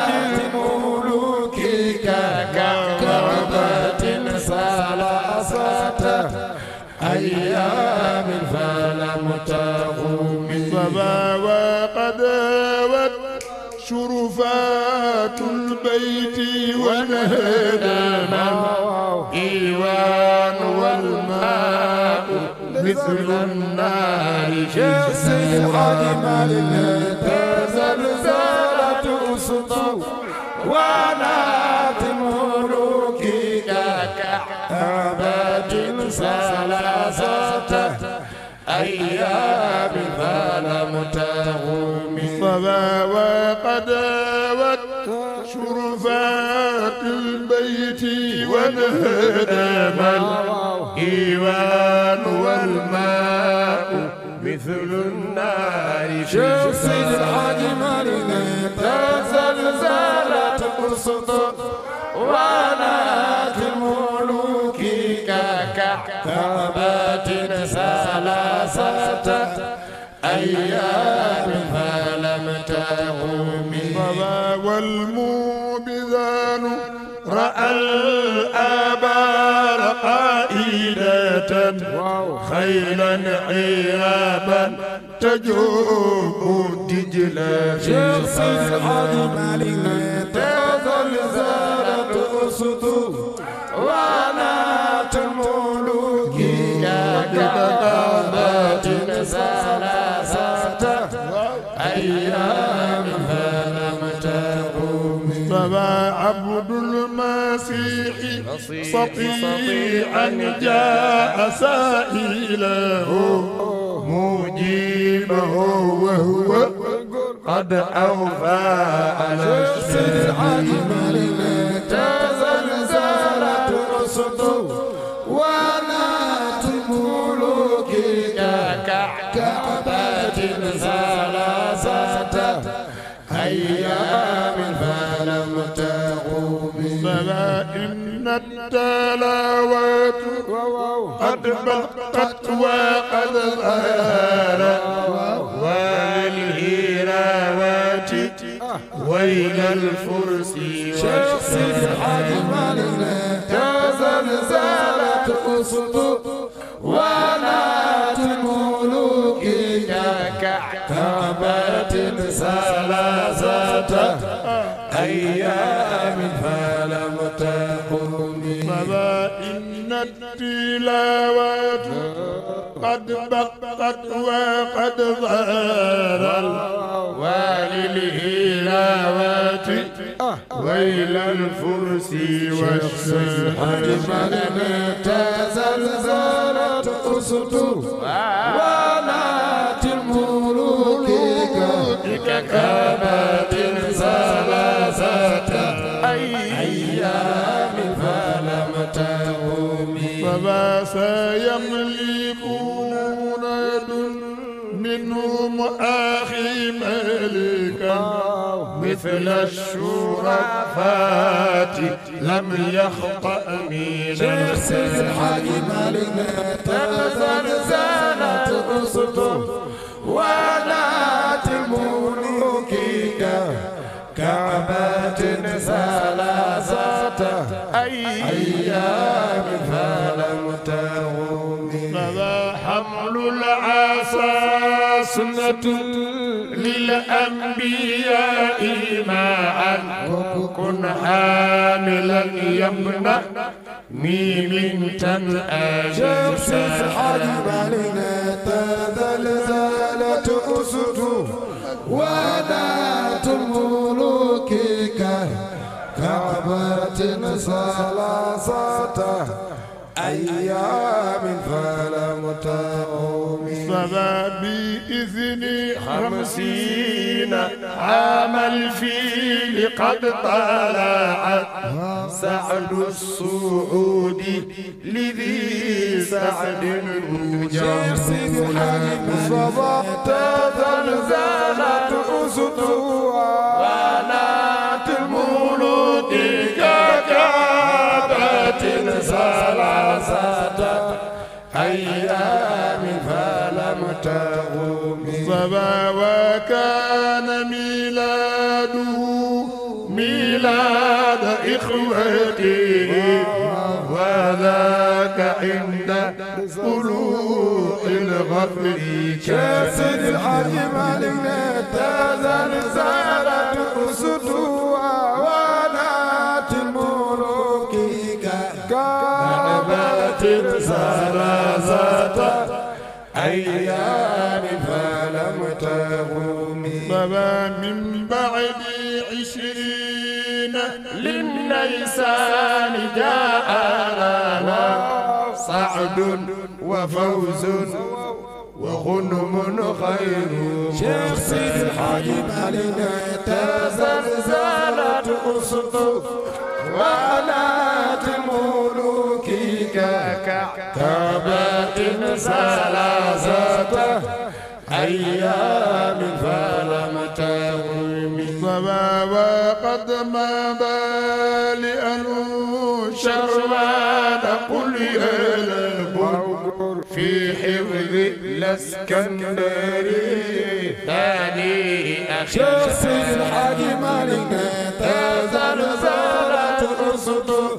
تقوم فما وقد شرفات البيت ونهدى الإيوان والماء مثل النار شخص الحلم تزلزلت أسطو ونات ملوكك كعبة سلام الأيام فلم تغم صبا وقد أوت شرفات البيت وانهدم الإيوان والماء مثل النار شمس الحجمر تزلزلت قرصة ونات الملوك ككعتبان أيامها لم تقومي والموبذان رأى الآبار قائدة خيلا عرابا تجوب الدجلة في الخير عبد المسيح سطيعا جاء سائله مجيبه وهو قد أوفى على الشرع التلاوات قد بقت وقد ظهر وللهراوات ويل الفرس شخص الحجم تزلزلت أسطو ولا الملوك كعتبة سلاسة أيام تلاوات قد بقت وقد ظهر وللهلاوات ويل الفرس والسحر مدن تزلزلت أسطو منهم أخي ملكا مثل الشرفاء لم يخطأ من شيخ الحاج مالنا تزلزلت أسطر للأنبياء ما كن حاملا يمنع ميمن تن أجلس حبيبنا تزلزلة أسد ولا تملوكك كعبة ثلاثة أيام فلم تقل المصطفى بإذن خمسين عام الفيل قد طلعت سعد الصعود لذي سعد جير سيدي الحاج أسطوها المصطفى وكان ميلاده ميلاد إخوته وذاك عند طلوع الغفر كاسد الحاج مالنا تزلزلت أسطوع ونات الملوك كعبة زرازة أي المصطفى من بعد عشرين للنيسان جاء لنا صعد وفوز وغنم خير شيخ سيد الحاج علينا تزلزلت أسطو وعلات ملوكك كعتبة سلازته أيام فاتت سما وقد ما بالئا شروان قل يا البر في حفظ الاسكندري ثاني شخص الحاجي مالك تزلزلت الاسطر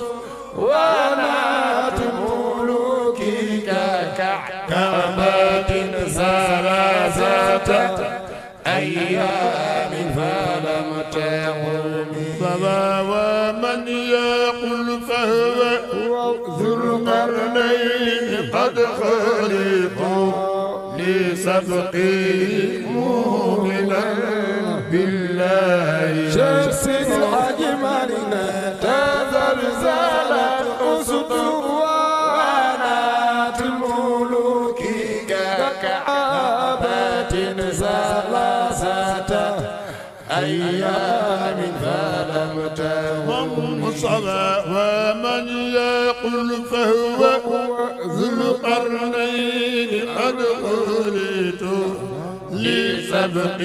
ونات ملوكك كعكبات زلازات أيام قد خلقوا لسبقي مؤمنا بالله شمس العجمرنا تزلزلت أسطوانات الملوك ككعبات زلزلت أيام فلم تهم الصلاه ومن يقل فهو القرنين قد قلت لسبق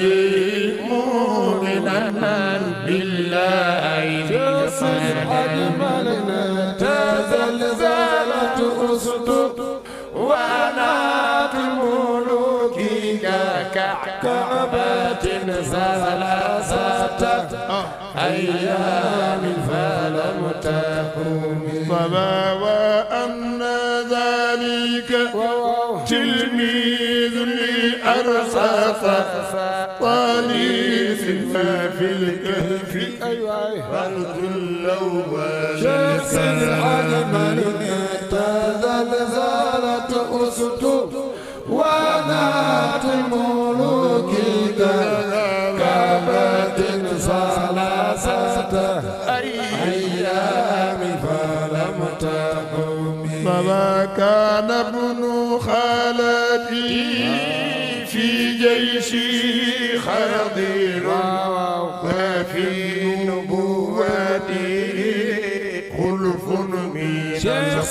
مؤمنا بالله تصح الملنا تزلزلت أسدق وأنا في الملوك كعبة زلزلت أيام فلم تقوم فما تلميذ لأرصف طاليس ما في الكهف أرض أيوة، أيوة. لو شمس العالم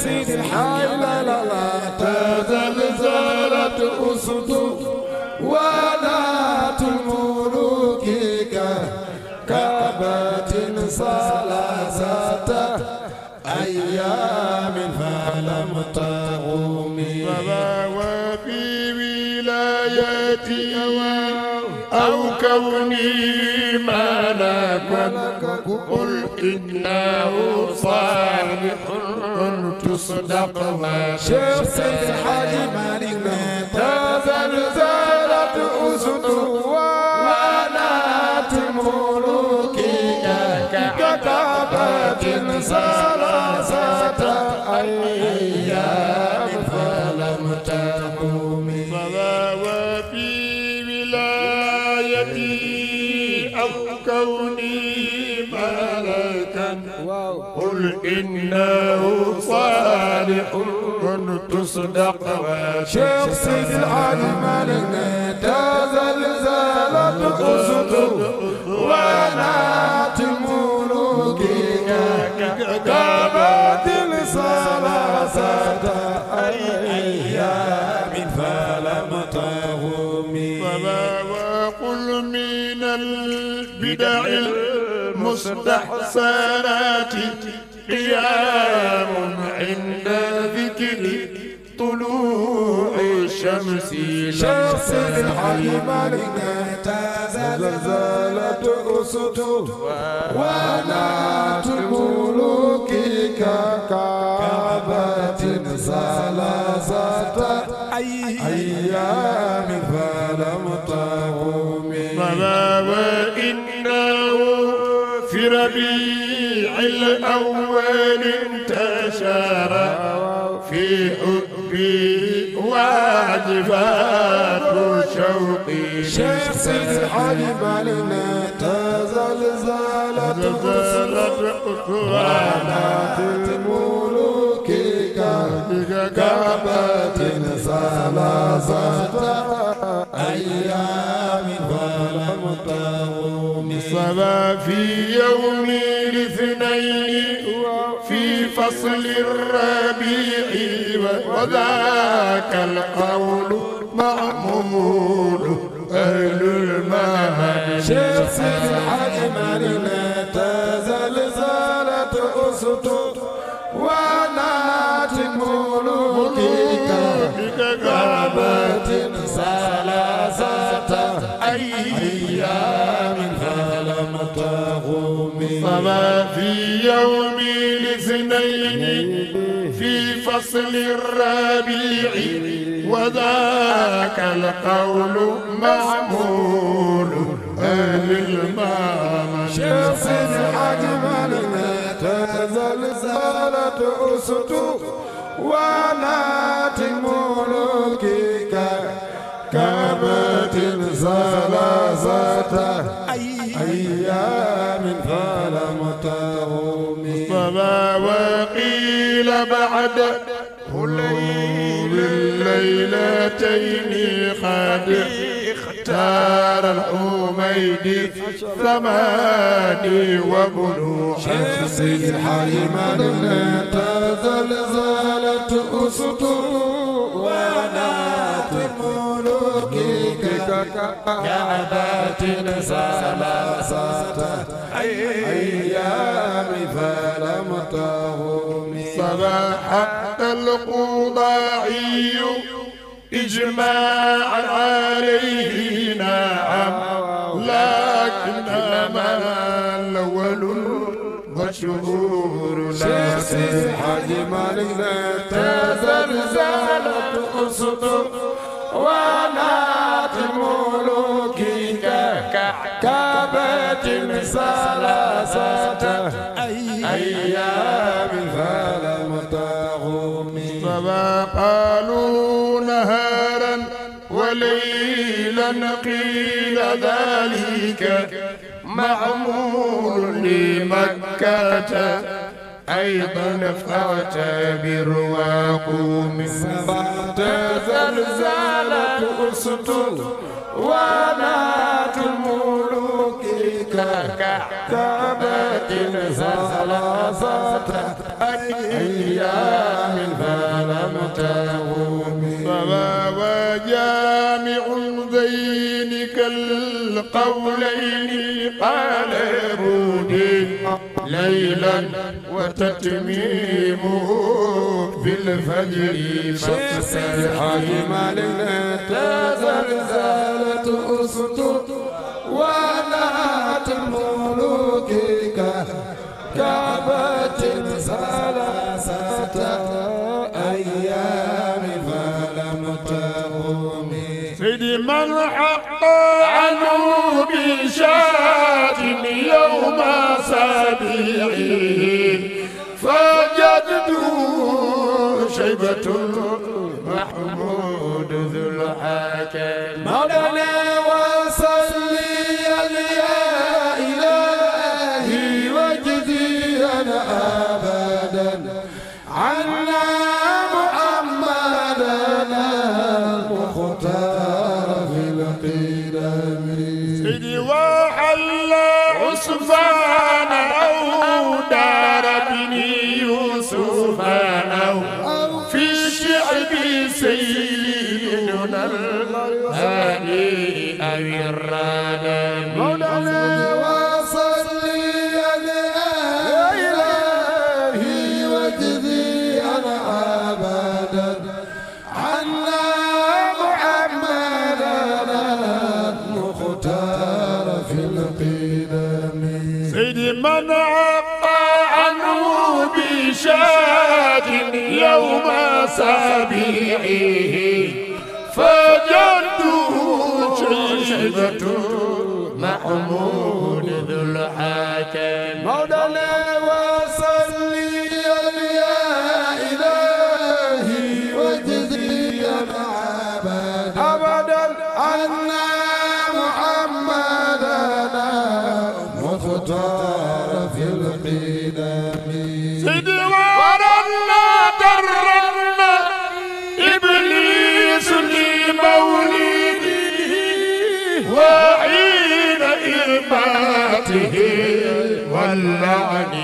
سيدي الحي لا لا لا تزل زالت أسدك ولاة الملوك ككعبة ثلاثة أيام فلم تغمي وفي ولايتي أو كوني ملكا قل إنه صالح su dàq waa Cheikh Seydi Hadji Malick إنه صالح من تصدق شيخ سيد العالي مالك تزلزلت قصده ونات ملوكك كبات الثلاثة أيام فلم تغمي وقل من البدع المستحسنات قيام عند ذكر طلوع الشمس شمس الحي ملكنا تزلزلت أسد ونات الملوك ككعبة زلزلت أيام فلم تقوم فلا وإنه في ربيع الأول العباد شوقي شيخ سيد الحاج بالنا تزلزلت قصرت الملوك كعبة ثلاثة أيام ظلمت تقوم صبا في يوم الاثنين فصل الربيع وذاك القول معمول أهل المهد شيخ الحجم المصطفى في يوم الاثنين في فصل الربيع وذاك القول معمول أهل المام شمس أجملنا تزلزلت أسطو ونات ملوكك زلازته أيام فلم تغم مصطفى وقيل بعد هليل الليلتين قد اختار الحميدي ثماني وبنو شمس الحرمان تزلزلت أسطر كعبات ثلاثة أيام فلم تهم صباح القضاعي إجماع عليه نعم لكن ما الأول وشهور لا سيحة مالك تزلزلت أسطر وانا حين قيل ذلك معمول لمكة أيضا فاعتبر وقوم بعد زلزالة أسد ونات الملوك كعتبة زلزالة أيام قولين قال رودي ليلا وتتميمه بالفجر فسبحا لما ليلة زلزالة أسطر ونهت ملوكك كعبة ثلاثة أيام فلم تقومي سيدي من حق عنه شاتم يوم سبيعه فجدته شيبة محمود ذو الحكم مولانا الشيبة محمود ذو الحاكم الله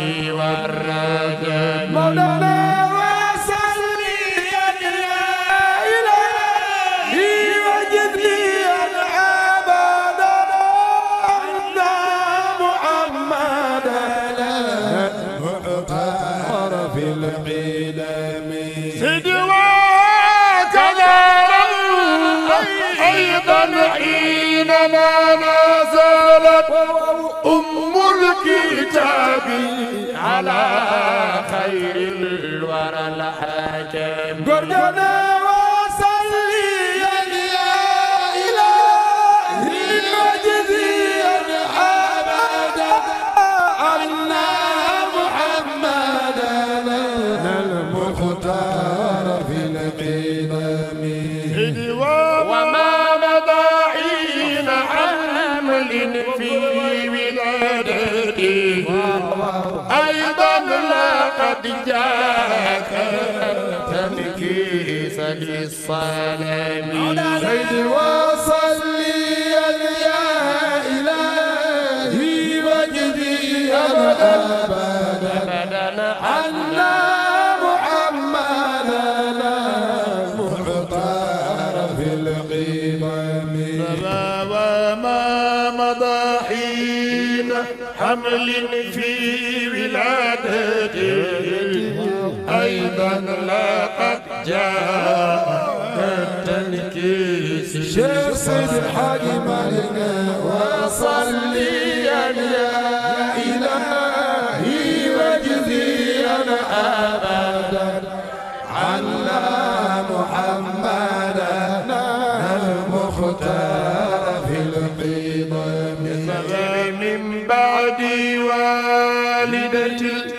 كتابي على خير الورى الحبيب علي الصنم زيد وصلي يا إلهي وجدي أبدا أن محمدا محتار في القمم وما مضى حين حمل في ولادته أيضا لقد جاء التنكيس شيخ سيد الحاج وصلي يا إلهي واجزينا أبدا عنا محمدا المختار في القيضة من بعد والدتي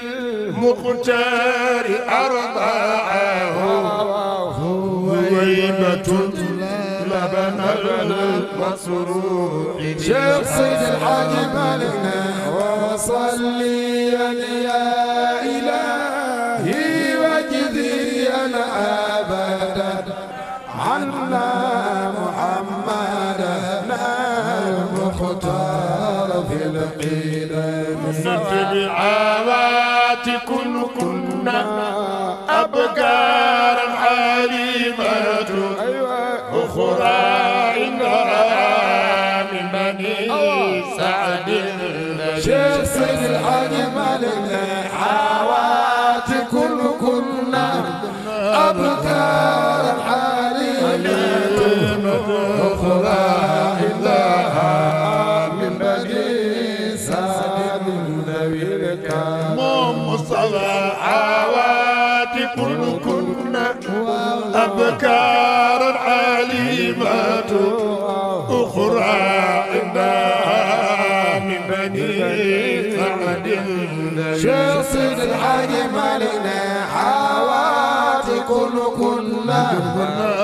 مختار أرضاه بنا المسروق شيخ سيد الحاج مالنا وصلي يا إلهي واجدي أنا أبدا عنا محمد المختار في القدم في العوات كن كنا ابقارا حليمة أخرى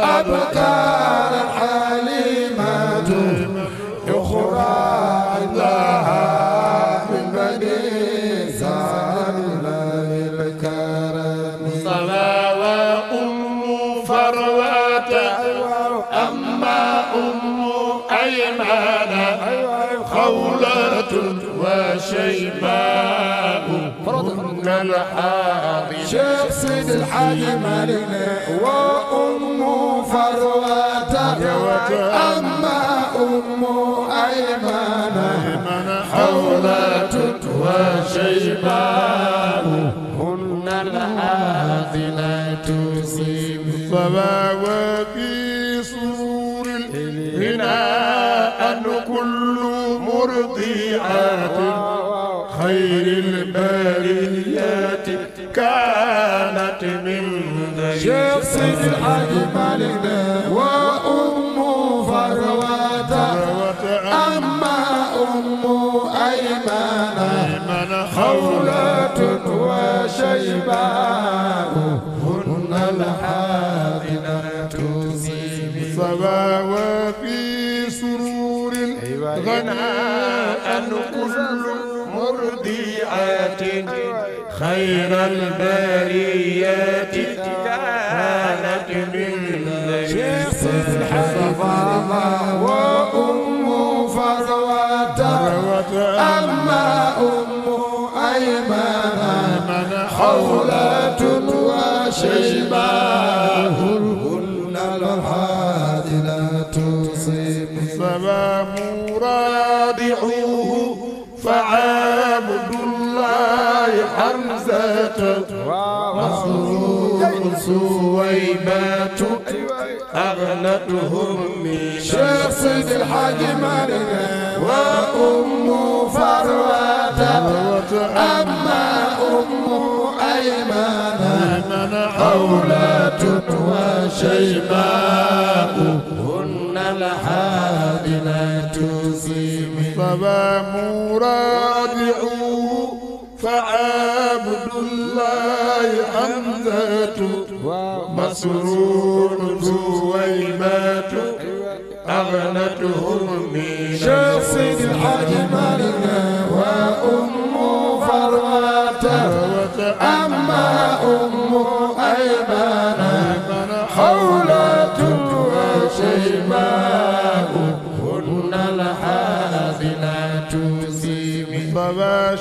أبكار الحليمة أخرى عندها من بني سعد الكرم صلى وأم فروة أما أم أيمان خولة وشيبان الأنهار شخص الحاج مالنا وأمه فروته أما أمه أيمنة حولة وشيبان هن الحاضنات سيب سيد الحاج مالك ده خير البريات كانت من ليس الحرف وأم فروة أما أم أيمان حولة وشيبة هن الحادلة تصيب سلام رادعون حمزة مسرور سويبات أغنت من شيخ سيد الحاج مريم وأم فروة أما أم أيمن حولة وشيباء هن الحادنات سيم فما مرادعون فعبد الله حمزة مسرور زويمات أغنتهم من شخص الحجم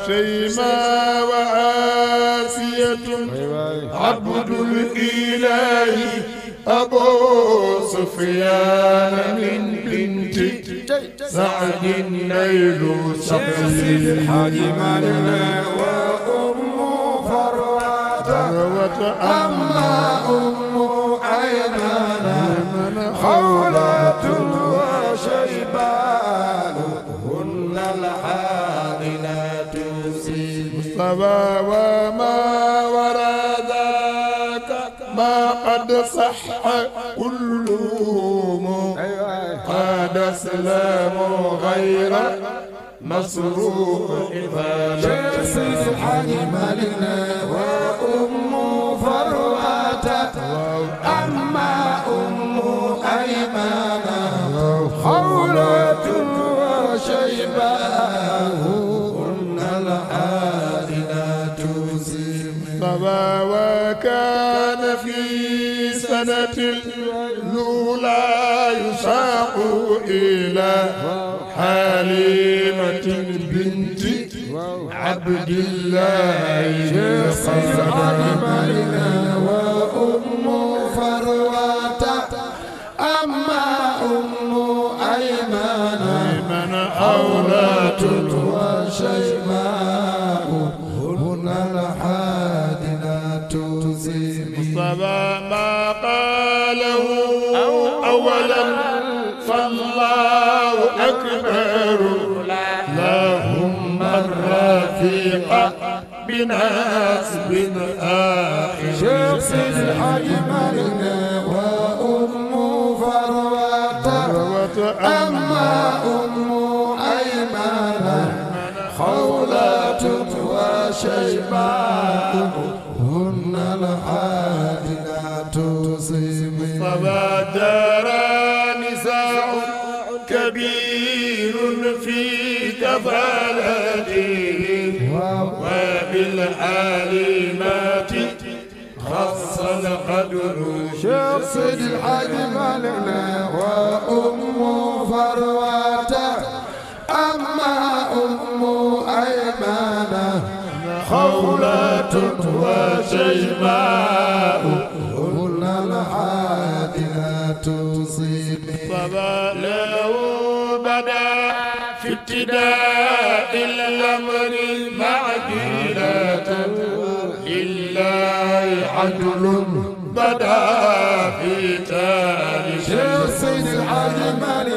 شيماء وآسية عبد الإله أبو سفيان من بنت سعد نيل سبز الحجمان وأم فرات أما أم أيمان خولان وما وما ورداك ما قد صح كلهم قد سلام غير مصروف إذا لم تسلم حلم السنة الأولى يساق إلى حليمة بنت عبد الله قصر بناس بن آخر شخص الحاج مرنا وأم فروة أما أم أيمان خولة وشيماء هن الحادثات سمين قدر شيخ سيد مالنا وأم فروته أما أم أيمانة خولة وشيماء هن الحادثة صيب له بدا في ابتداء الأمر معجلة إلا عدل بدا في تاريخ سيد الحاج المالي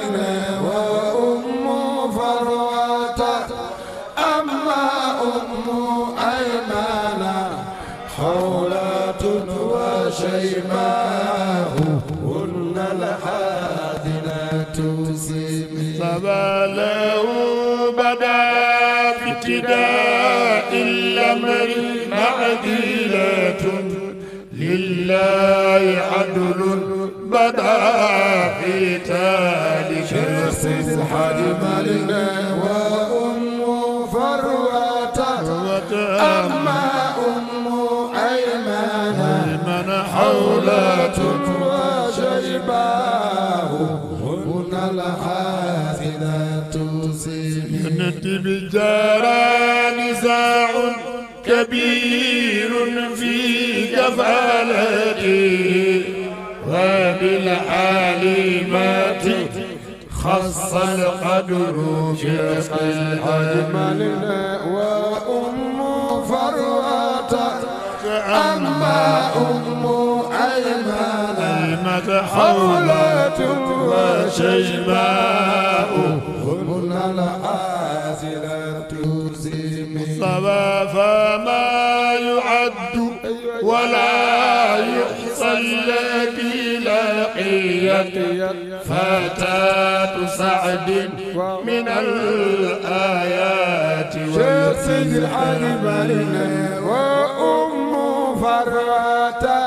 لله عدل بدا في تالي شخص الحاج مالنا وأم فروة أما أم أيمن حولات وشيباه هن الحافظات سنت بجارى نزاع كبير في مفعلتي وبالعالمات خص القدر شيخ الحجم وأم فروة أما أم أيمن حولة وشيماء هم العازلة تزيم فما ولا يحصى الذي لقيت فتاة سعد من الآيات شيخ سيد الحبيب وأم فرات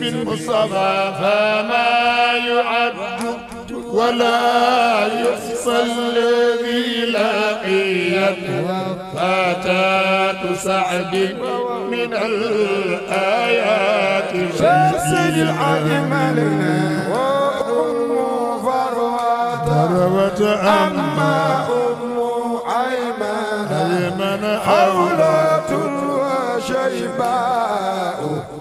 بالمصطفى فما يعد ولا يحصى الذي لقيته فاتاة سعد من الآيات شمس العلم لنا وأم فروة فروة أما أم أيمن أيمن أولاد وشيباء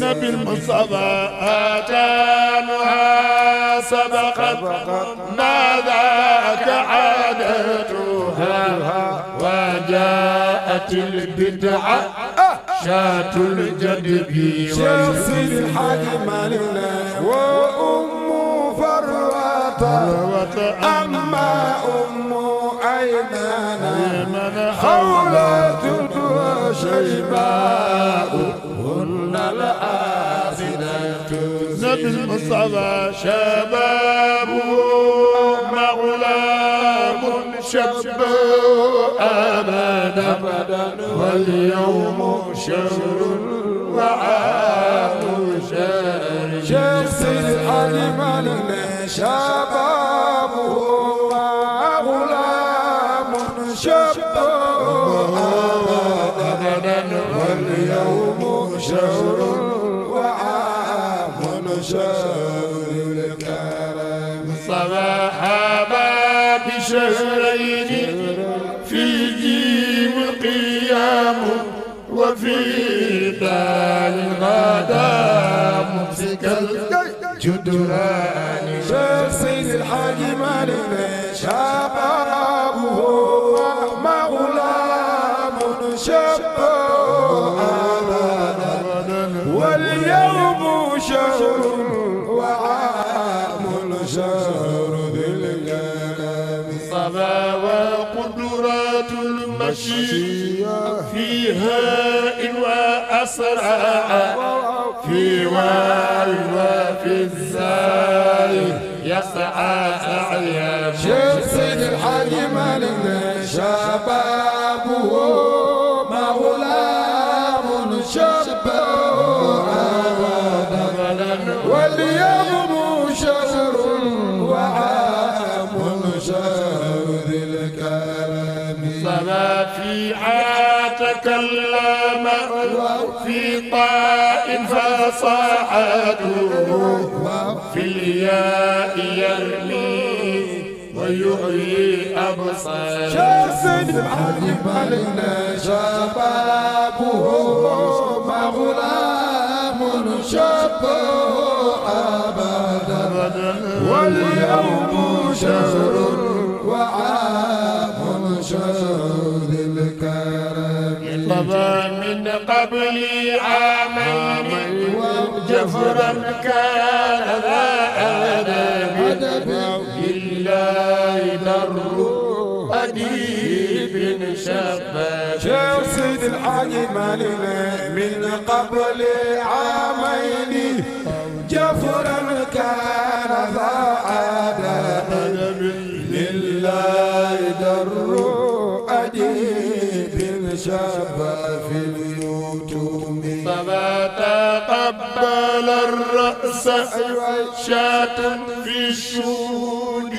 نبي المصطفى آتانها سبقت ما ذاك عادتها وجاءت البدعة شاة الجدب شمس الحج مالنا وأم فروات أما أم أيمان خولة شجباء هن الآفدة نبي المصطفى شباب مغلام شب أبدا واليوم شر وعاد جدران شيخ سيد الحاج مالك شبابه مغلام شبه أبدا واليوم شهر وعام شهر ذي الكلام صبا وقدرات المشيئة فيها إن وأسرع في والوالد أعيان شوف سيد الحاج مالك شبابه مغلام شبابه واليوم شهر وعام شهر ذي الكرم صلى في تكلم في طائف فصاحته في الأنبياء يرمي ويحيي أبصار شاف علي علينا شبابه مغلام شبه أبدا واليوم شهر وعام شهر الكرم طبع من قبل عام كفرا كان ذا أدب إلا در أديب شفا شيخ سيد الحاج مالنا من قبل عامين السعي شاة في الشهود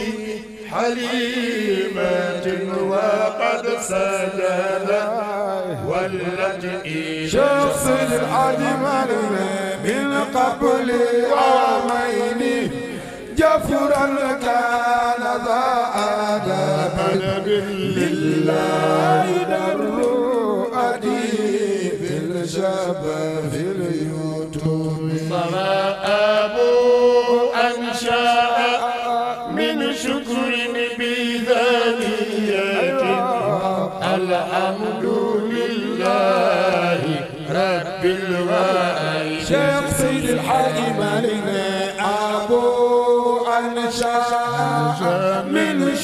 حليمة وقد سجد ولت شخص العدم من قبل عامين جفرا كان ذا آداب لله در أديب الجبل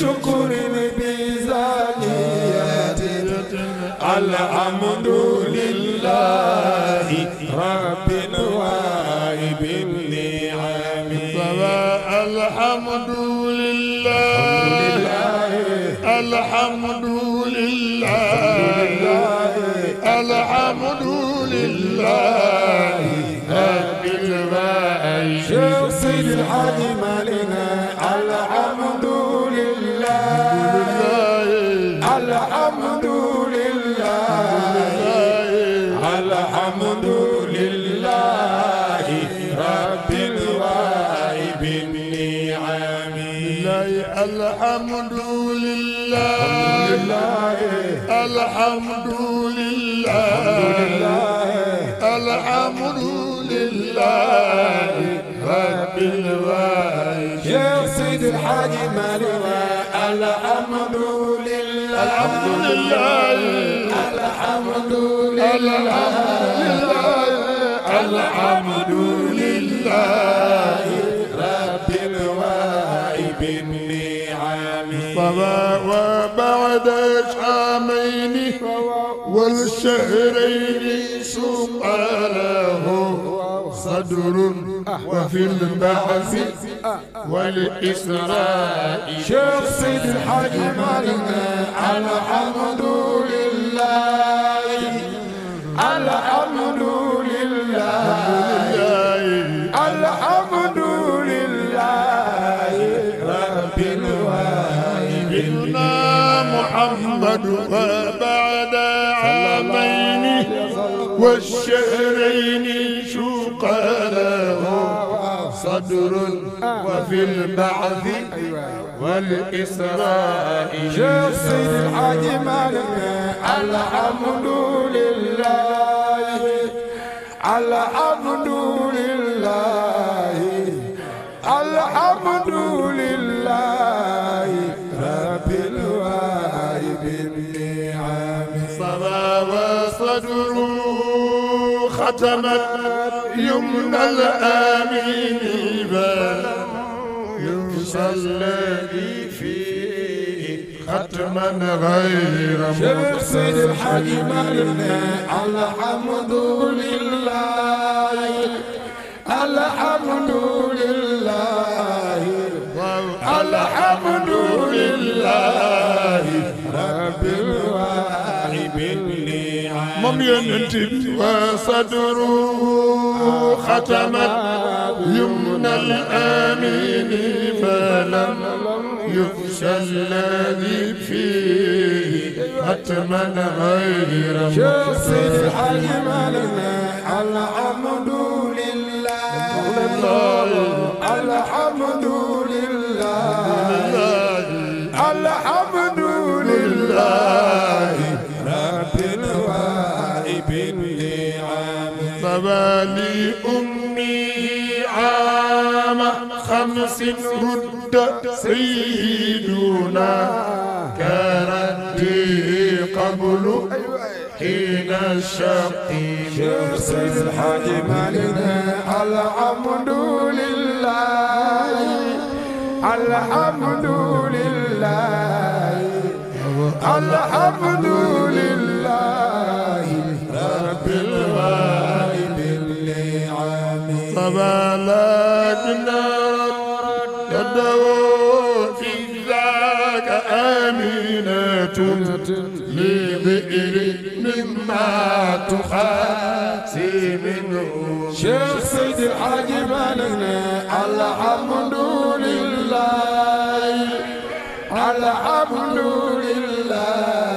شكر بزانية الحمد لله رب وائب النعم الحمد لله الحمد لله الحمد لله الحمد لله رب الوالدين يا سيد الحاج مالوى الحمد لله الحمد لله الحمد لله الحمد لله رب الوائب النعم وبعد شامي الشهرين شق له صدر وفي البحث والإسراء شخص حجمنا الحمد لله الحمد لله الحمد لله رب الوالدين محمد والشعرين شوق له صدر وفي البعث والإسراء شخص العجمل الحمد لله الحمد لله وتمت يمنى الآمين ينسى الذي فيه ختما غير شيخ سيد الحاج مالنا الحمد لله الحمد لله الحمد لله ينتب وصدره ختمت يمنى الآمين فلم يخشى الذي فيه أتمنى غير الحمد لله الحمد لله الحمد لله لأمي عام خمس رد سيدنا كردي قبل حين الشق سيد الحاج مالنا الحمد لله الحمد لله الحمد لله ما لقنا يدعو ذاك آمنة لبئر مما تخاسي منه شيخ سيد الحاج مالنا الحمد لله الحمد لله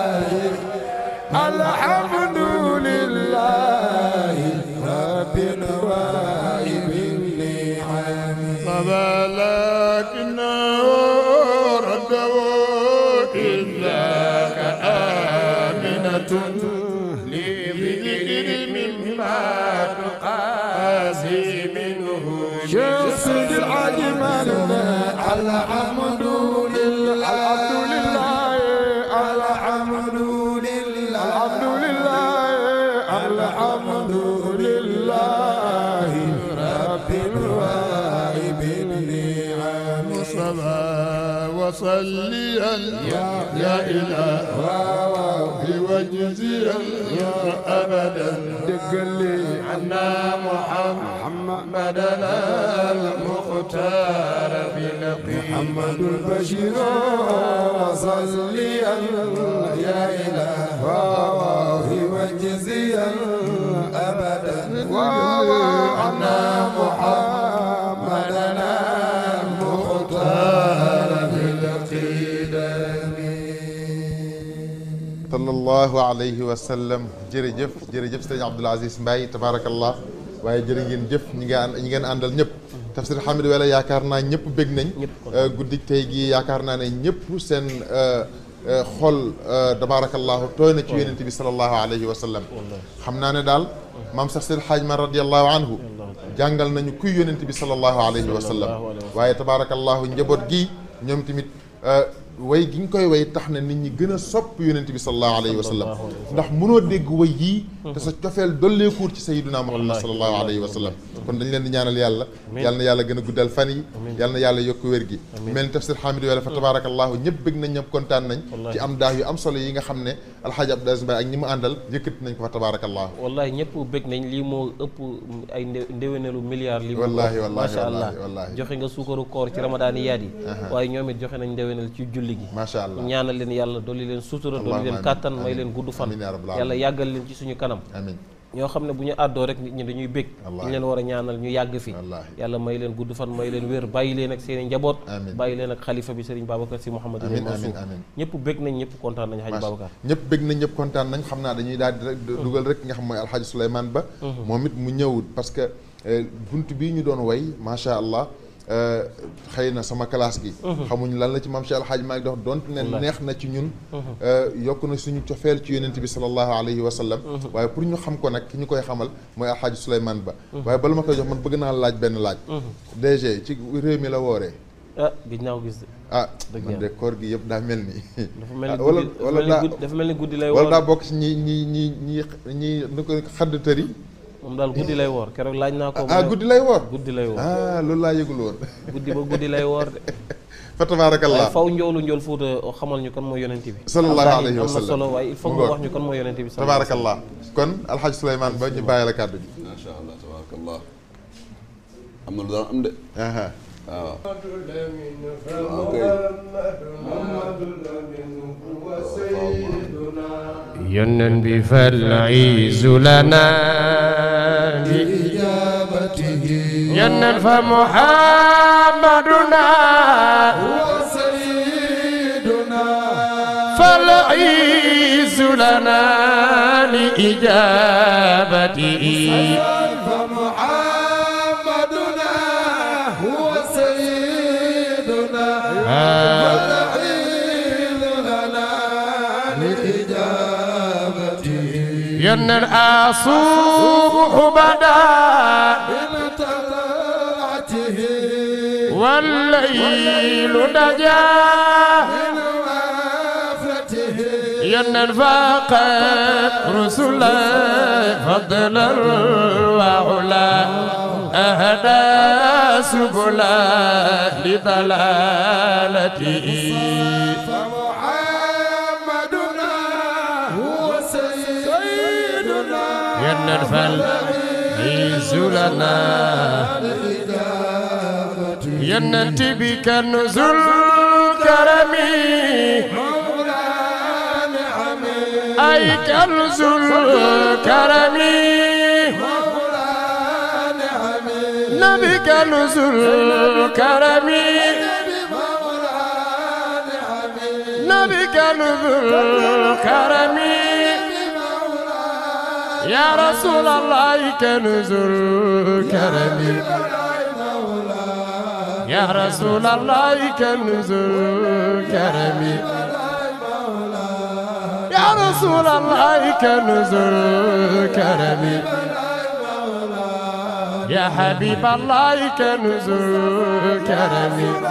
أبدا تقلي عنا محمد المختار بنبي محمد البشير صليا يا إله واهي وجزيا أبدا عنا محمد sallallahu alayhi wa sallam jërëjëf jërëjëf sëriñ Abdoul Aziz Mbaye tabaarakallah waaye jërë ngeen jëf ñi nga ñi ngeen àndal ñëpp tafsir Hamid Wele yaakaar naa ñëpp bég nañ guddi tey gi yaakaar naa ne ñëpp seen xool tabaarakallahu tooy na ci yonent bi sallallahu alayhi wa sallam xam naa ne daal maam sax seen xaaj ma radiallahu anhu jàngal nañu kuy yonent bi sallallahu alayhi wa sallam waaye tabaarakallahu njaboot gi ñoom tamit way gi ñu koy way tax na nit ñi gëna sopp yoonent bi sallallahu alayhi wa sallam ndax mëno dégg way yi te sa tiofel cofeel dolleekuur ci sayyiduna muhammad sallallahu alayhi wa sallam kon dañ leen di ñaanal yàlla yàlla na yàlla gëna guddal fan yi yàlla na yàlla yokk wér gi mel tafsir hamid wala fa tabarakallah ñëpp bëgg nañ ñëpp kontaan nañ ci am daax yu am solo yi nga xamne al hadj abdou aziz ak ñi mu àndal yëkkat nañ ko fa tabarakallah wallahi ñëpp bëgg nañ li mo ëpp ay ndéwénelu milliard li wallahi wallahi masha allah joxe nga suukaru koor ci ramadan yaadi yi ñoomit joxe nañ ndéwénel ci julli julli gi macha allah ñaanal leen yàlla dolli leen sutura dolli leen kàttan may leen gudd fan yàlla yàggal leen ci suñu kanam ñoo xam ne bu ñu àddoo rek nit ñi dañuy bég ñu a ñu kontaan nañ xam naa dañuy daal di dugal rek nga xam mooy Alhaji Souleymane Ba mhm. moom it mu ñëwut parce que euh, bunt bii ñu doon way macha allah Euh, xëy na sama classe gi. Mhm. xamuñ lan la ci maam Cheikh Al Hadj Malick dox donte ne neex na ci ñun. Mhm. Euh, yokk na suñu cofeel ci yonent bi sallallahu alayhi wa sallam. Mhm. waaye pour ñu xam ko nag ki ñu koy xamal mooy Al Hadj Souleymane Ba. waaye bala ma koy jox man bëgg naa laaj benn laaj. DG ci réew mi la wooree. ah gis naa ko gis. ah man de koor gi yëpp daa mel ni. dafa mel ni [LAUGHS] ah, wala wala daa dafa mel ni guddi lay. wala daa bokk ci ñi ñi ñi ñi ñi nu ko xadd tëri moom daal guddi lay woor keroog laaj naa ko. ah guddi lay woor guddi lay woor. Ah, guddi lay woor de. [LAUGHS] fa tabaarakallah waaye faw njoolu njool Fuuta xamal ñu kon mooy yonent bi. sallallahu alayhi wa sallam am na solo waaye il faut nga wax ñu kan mooy yonent bi. tabaarakallah kon Alxaaj Souleymane ba ñu bàyyi la kàddu gi. macha allah tabaarakallah am na lu daan am de. محمد هو سيدنا ينن فالعيز لنا بإجابته ينن فمحمدنا هو سيدنا فالعيز لنا لإجابته جن الأصوح بدا بمتلعته والليل نجا من وافته ين الفاقد رسلا فضلا وعلا أهدى سبلا لضلالته عينا فالعز لنا ينتي بك نزول كرمي أي كنز الكرمي نبي كنز كرمي نبي كنز كرمي يا رسول الله كنز الكرم يا رسول الله كنز الكرم يا رسول الله كنز الكرم يا حبيب الله كنز الكرم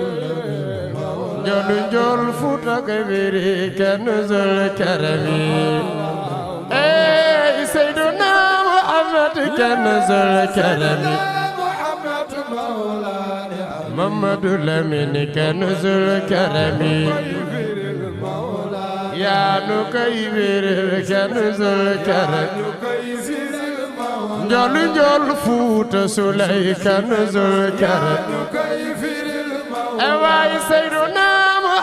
jolu jol fuuta ko wiri kenn zul karami ey seyduna muhammad kenn zul karami mamadu lamin kenn zul karami yaa nu koy wiri kenn zul karami jolu jol fuuta sulay kenn zul karami ewaay seyduna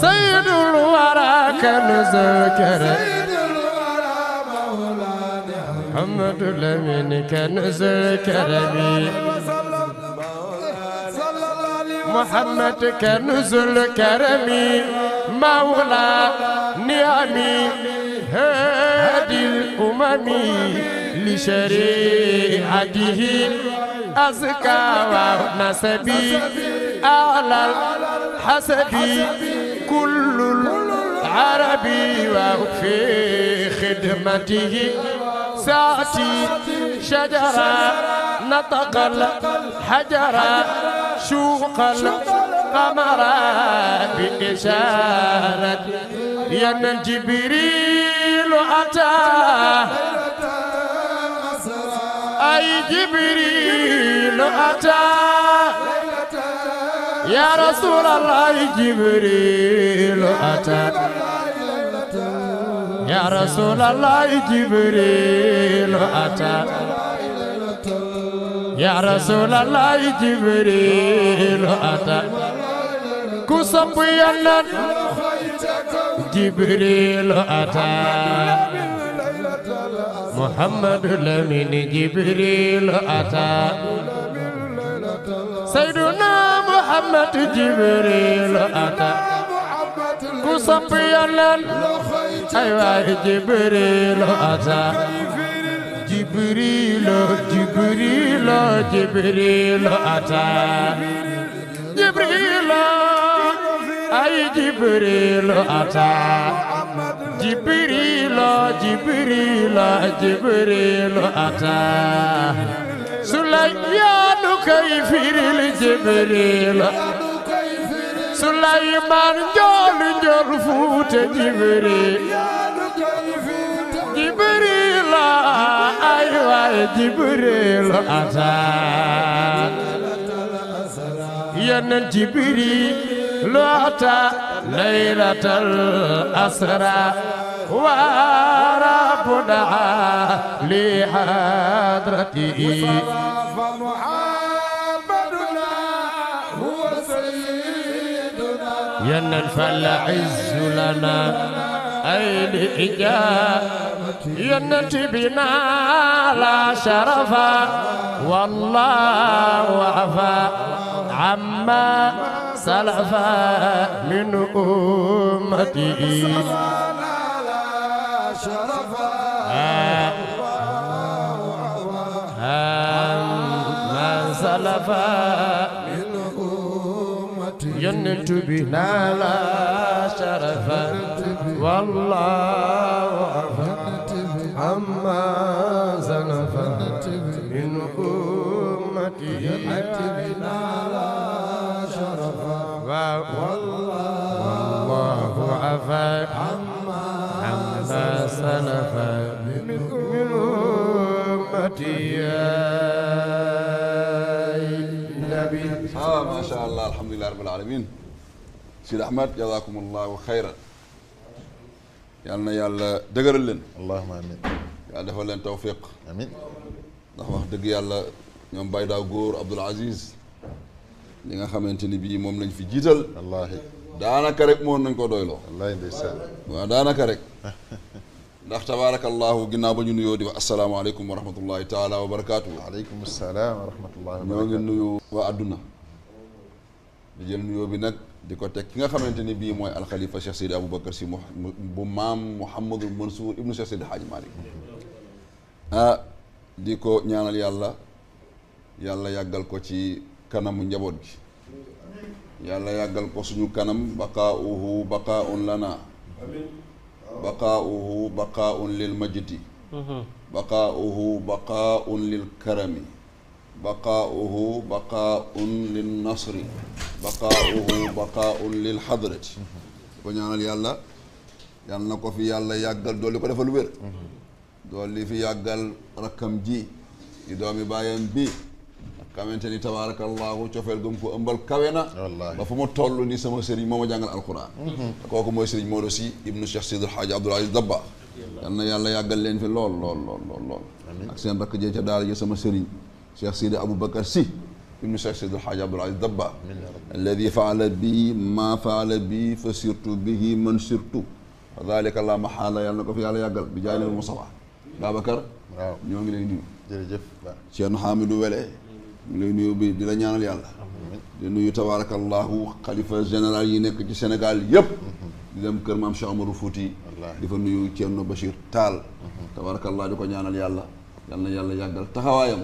سيد الورى كنز الكرم محمد الأمين كنز الكرم محمد كنز الكرم مولى نعمي هادي الأمم لشريعته أزكى ونسبي أعلى الحسبي كل العربي وفي خدمته ساتي شجرة نطق الحجرة شوق القمر بإشارة يا جبريل أتى أي جبريل أتى يا رسول الله جبريل أتى يا رسول الله جبريل أتى يا رسول الله جبريل أتى كسب ينن جبريل أتى محمد لمن جبريل أتى سيدنا Muhammad Jibril ata ku sopp Yàlla ay waay Jibril ata Jibril Jibril Jibril ata Jibril ay Jibril ata Jibril Jibril سليمان كيفير الجبريل سليمان جول جول فوت جبريل جبريل أيوة جبريل أتى يا جبريل لعت ليلة الأسرى ورب دعا لحضرته فمحمدنا هو سيدنا ينفع العز لنا أي لإجابة نالا بنا لا شرفا والله عفا عما سلفا من أمتي لا شرفا من سلفا من أمتي ينتي بنا لا شرفا والله أفنت عما زنف من أمتي على شرفا والله عفا عما سلف من أمتي النبي اه ما شاء الله الحمد لله رب العالمين سيد احمد جزاكم الله خيرا يالنا يالا دغرل لين اللهم امين يالا دفال لين توفيق امين ناخ واخ دغ يالا نيوم بايدا غور عبد العزيز ليغا خامتيني بي موم نان في جيتال الله دانكا رك مون نانكو دويلو الله يديسال وا دانكا رك ناخ تبارك الله غينا با نيو نيو السلام عليكم ورحمه الله تعالى وبركاته وعليكم السلام ورحمه الله وبركاته نيو نيو وا ادنا ديال نيو بي نك di ko teg ki nga xamante ni bii mooy alxalifa Cheikh Seydi Aboubacar si bu maam Mouhamadul Mansour ibnu Cheikh Seydi Hadj Malick ah di ko ñaanal yàlla yàlla yàggal ko ci kanamu njaboot gi yàlla yàggal ko suñu kanam baqaauhu baqaaun lana baqaauhu baqaaun lil majdi mm-hmm. baqaauhu baqaaun lil karami بقاؤه بقاء للنصر بقاؤه بقاء للحضرة ko ñaanal yàlla yal na ko fi yàlla yàggal dolli ko defal wér dolli fi yàggal rakkam ji di doomi bàyyam bi xamante ni tabaarakallaahu cofeel gum ko ëmbal kawe na ba fu ma toll ni sama sëriñ moo ma jàngal alquran kooku mooy sëriñ Maodo Sy ibnu Cheikh Seydi El Hadji Abdoul Aziz Dabakh yal na yàlla yàggal leen fi lool lool lool lool lool ak seen rakk jee ca daara ji sama sëriñ شيخ سيدي أبو بكر سي ابن شيخ سيد الحاج عبد العزيز دبا الذي فعل بي ما فعل بي فسرت به من سرت ذلك الله محال يا نكو في على يغل بجاي المصطفى با بكر نيوغي لي نيو جيرجيف شيخ حامد ولي لي نيو بي دي لا نيانال يالا دي نيو تبارك الله خليفه جنرال يي نيك سي سنغال ييب دي دم كير مام شيخ عمر فوتي دي فا نيو تشينو بشير تال تبارك الله ديكو نيانال يالا يالنا يالا يغل تخاوايام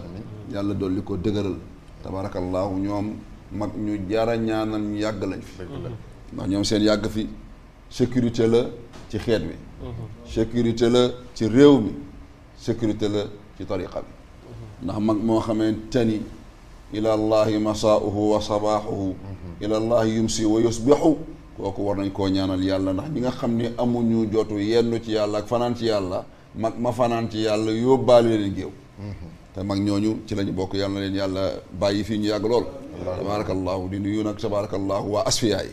يالا دوليكو دغرل تبارك الله نيوم ماك ني جارا نانان ياغ لاج فيك نا نيوم سين ياغ في سيكوريتي لا تي خيت مي سيكوريتي لا تي ريو مي سيكوريتي لا تي طريقه مي نا ماك مو خامن تاني الى الله مساءه وصباحه الى الله يمسي ويصبح كوكو ورنا نكو نانال يالا نا نيغا خامني امو نيو جوتو يينو تي يالا فنان تي يالا ماك ما فنان تي يالا يوبالي ريجيو te mag ñooñu ci lañu bokk yàlla na leen yàlla bàyyi fii ñu yàgg lool tabaarakallahu di nuyu nag tabaarakallahu waa asfiyaay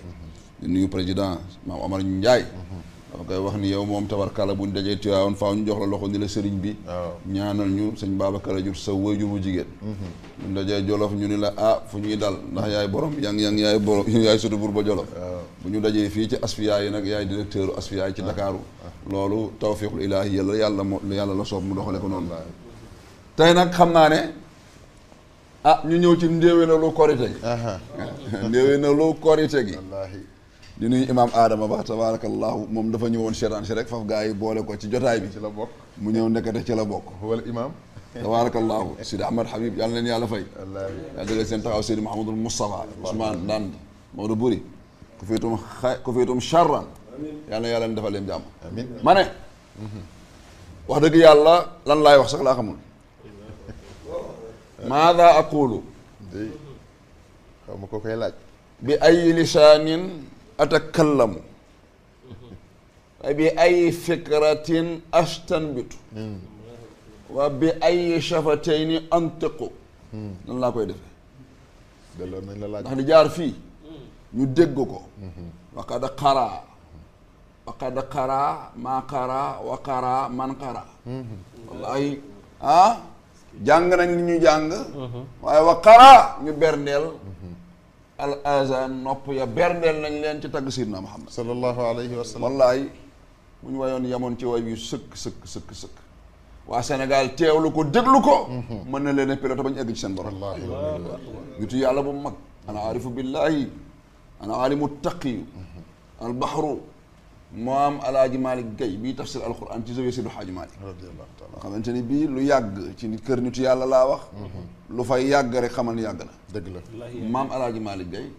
di nuyu président maam Omar Ndiaye dama koy wax ni yow moom tabarkala buñ dajee tuyaawoon faaw ñu jox la loxo ni la sëriñ bi ñaanal ñu sëñ Babacar a jur sa wayjur bu jigéen mhm. buñ dajee ñu ni la ah fu ñuy dal ndax yaay borom yang yang yaay borom [LAUGHS] yaay sutu buur ba jolof bu ñu dajee fii ci asfiya yi nag yaay directeur asfiya yi ci Ndakaaru ah. ah. loolu tawfiqul ilaahi yàlla yàlla moo yàlla la soob mu dox doxale ko noonu tey nag xam naa ne ah ñu ñëw ci ndéewénalu korite gi [LAUGHS] ndéewénalu korite gi di nuyu imaam Adama ba tabarakallahu moom dafa ñëwoon seetaan si rek faf gaa yi boole ko ci jotaay bi ci la bokk mu ñëw nekkate ci la bokk wala imaam tabarakallahu Sidi Ahmad Habib yàlla leen yàlla fay yàlla dëggal seen taxaw Sidi Mahamadul Moustapha Ousmane ku féetum xay ku féetum charran leen jàmm ma ne mhm. wax dëgg yàlla lan laay wax sax laa xamul ماذا أقول بأي لسان أتكلم بأي فكرة أستنبت وبأي شفتين أنطق نلا كوي ديف جار في ñu dégg ko wa qad qara wa qad qara ma qara wa qara man qara wallahi ah jàng nañ li ñu jàng mhm. waaye wa qara ñu berndeel al azan nopp ya berndeel nañ leen ci tagg sidna Muhammad sallallahu alayhi wa ñu wayoon yamoon ci way yu sëkk sëkk sëkk sëkk waa Sénégal teewlu ko déglu ko mhm. mën na leen a pilote bañ egg ci seen borom nitu yàlla bu mag ana aarifu billahi ana aalimu taqiyu mhm. al bahru maam alaaji Malick Guèye bii tafsir alquran ci zawiya Seydi Haaji Malick nga xamante ni bii lu yàgg ci nit kër nitu yàlla laa wax lu fa yàgg rek xamal yàgg na dëgg la maam alaaji Malick Gaye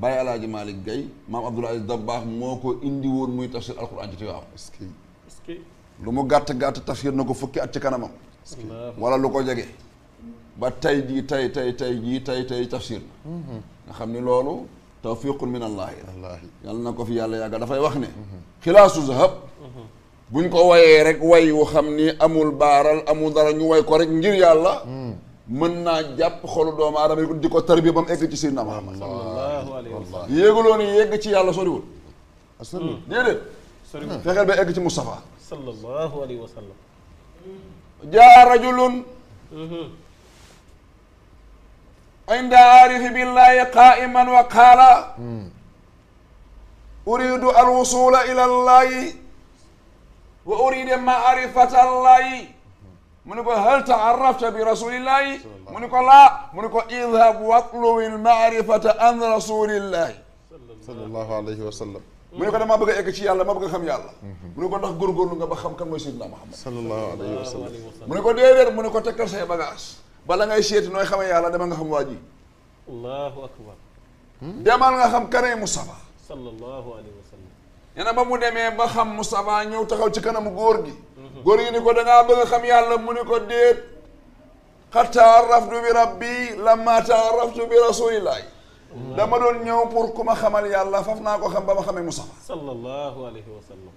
Baye alaaji Malick Gaye maam Abdoul da baax moo ko indi woon muy tafsir alquran ci Tiwaawan lu mu gàtt-gàtt tafsir na ko fukki at ci kanamam wala lu ko jege ba tay ji tay tay tay jii tay tay tafsir na mm-hmm. nga xam ni loolu tawfiqun min allahi yàlla na ko fi yàlla yàgga dafay wax ne xilaasu zahab bu ñu ko wayee rek way xam ni amul baaral amul dara ñu way ko rek ngir yàlla hmm. mën naa jàpp xolu doomu aadama yi di ko tarbiya ba mu egg ci Seydina Muhammad sallallahu alayhi yegg ci yàlla soriwul soriwul hmm. déedéet soriwul fexeel ba ci Mustafa jaa rajulun mm-hmm. inda aarifi billahi qaiman wa qaala hmm. uridu al wusula ila wa urida maarifata allahi mu ne ko hal taarafta bi rasulillahi mu ne ko la mu ne ko idhab watlubi lmaarifata an rasulillahi sallallahu alayhi wa sallam mu ne ko dama ma a egg ci yàlla ma bëgg a xam yàlla mu ne ko ndax góorgóorlu nga ba xam kan mooy Seydina Muhammad sallallahu alayhi mu ne ko déedéet mu ne ko tekkal say bagage bala ngay nooy yàlla demal nga xam waa ji allahu akbar demal nga xam kanay Mustafa nee na ba mu demee ba xam Moustapha ñëw taxaw ci kanamu góor gi góor gi ni ko dangaa bëgg xam yàlla mu ni ko déet xataa raftu bi rabbi lamma taaraftu bi rasulillahi dama doon ñëw pour ku ma xamal yàlla faf naa ko xam ba ma xamee Moustapha sallallahu alayhi wa sallam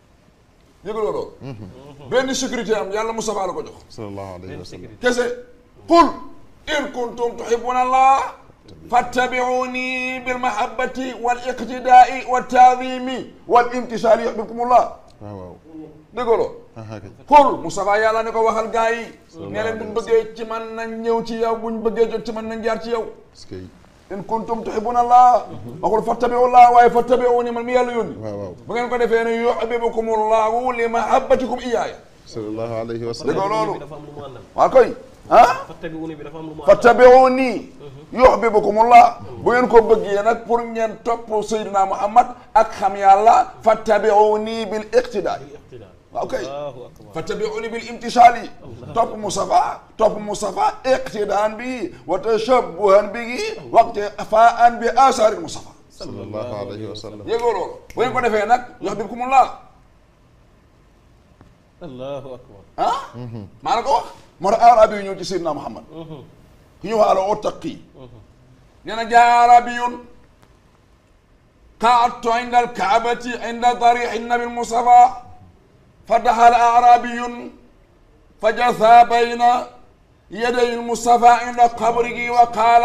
yëguloo loolu benn sécurité am yàlla Moustapha qul in kuntum tuhibbuna allah fattabiuni bilmahabati wal iqtidai wa taadimi wal imtisaali yuhibbukumullah waaw waaw dëggaloo xul ah, ah, Moustapha yàlla ne ko waxal gaa yi ne leen buñ bëggee ci man nañ ñëw ci yow buñ bëggee jot ci man nañ jaar ci yow in kuntum tuhibbuna allah mhm. waxul fattabiullah waaye fattabiuni man mi yàlla yónni bu ngeen ko defee ne yuhibbukumullahu li mahabbatikum iyaaya sallallahu alayhi wa sallam dëggoo loolu waa koy ah fattabi'uni yuhibbukumullah bu ngeen ko bëggee nag pour ngeen topp Seydina Muhammad ak xam yàlla fattabi'uni bil iqtidaa waaw kay fattabi'uni bil imtisaali topp Mustafa topp Mustafa iqtidaan bi wa tashabbuhan bihi waqtifaan bi asaari Mustafa sallallahu alayhi wa sallam yëgoo loolu bu ngeen ko defee nag yuhibbukumullah allahu akbar ah maa la ko wax moo tax araab سيدنا محمد ci Seydina Muhammad ku ñu wax ala قعدت عند الكعبة عند ضريح النبي المصطفى فدخل أعرابي فجثى بين يدي المصطفى عند قبره وقال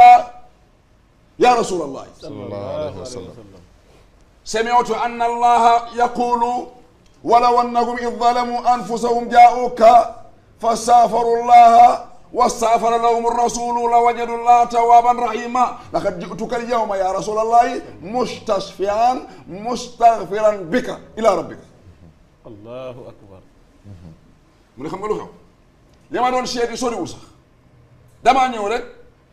يا رسول الله صلى الله عليه وسلم سمعت أن الله يقول ولو أنهم إذ ظلموا أنفسهم جاءوك fa saafaru llaha wastaafara lahum rasulu la wajadu llah tawaaban rahima laqad jituka alyawma ya rasula allahi mustashfian mustaghfiran bika ila rabbika allahu akbar mu ne xam nga lu xew li ma doon seeti soriwul sax damaa ñëw rek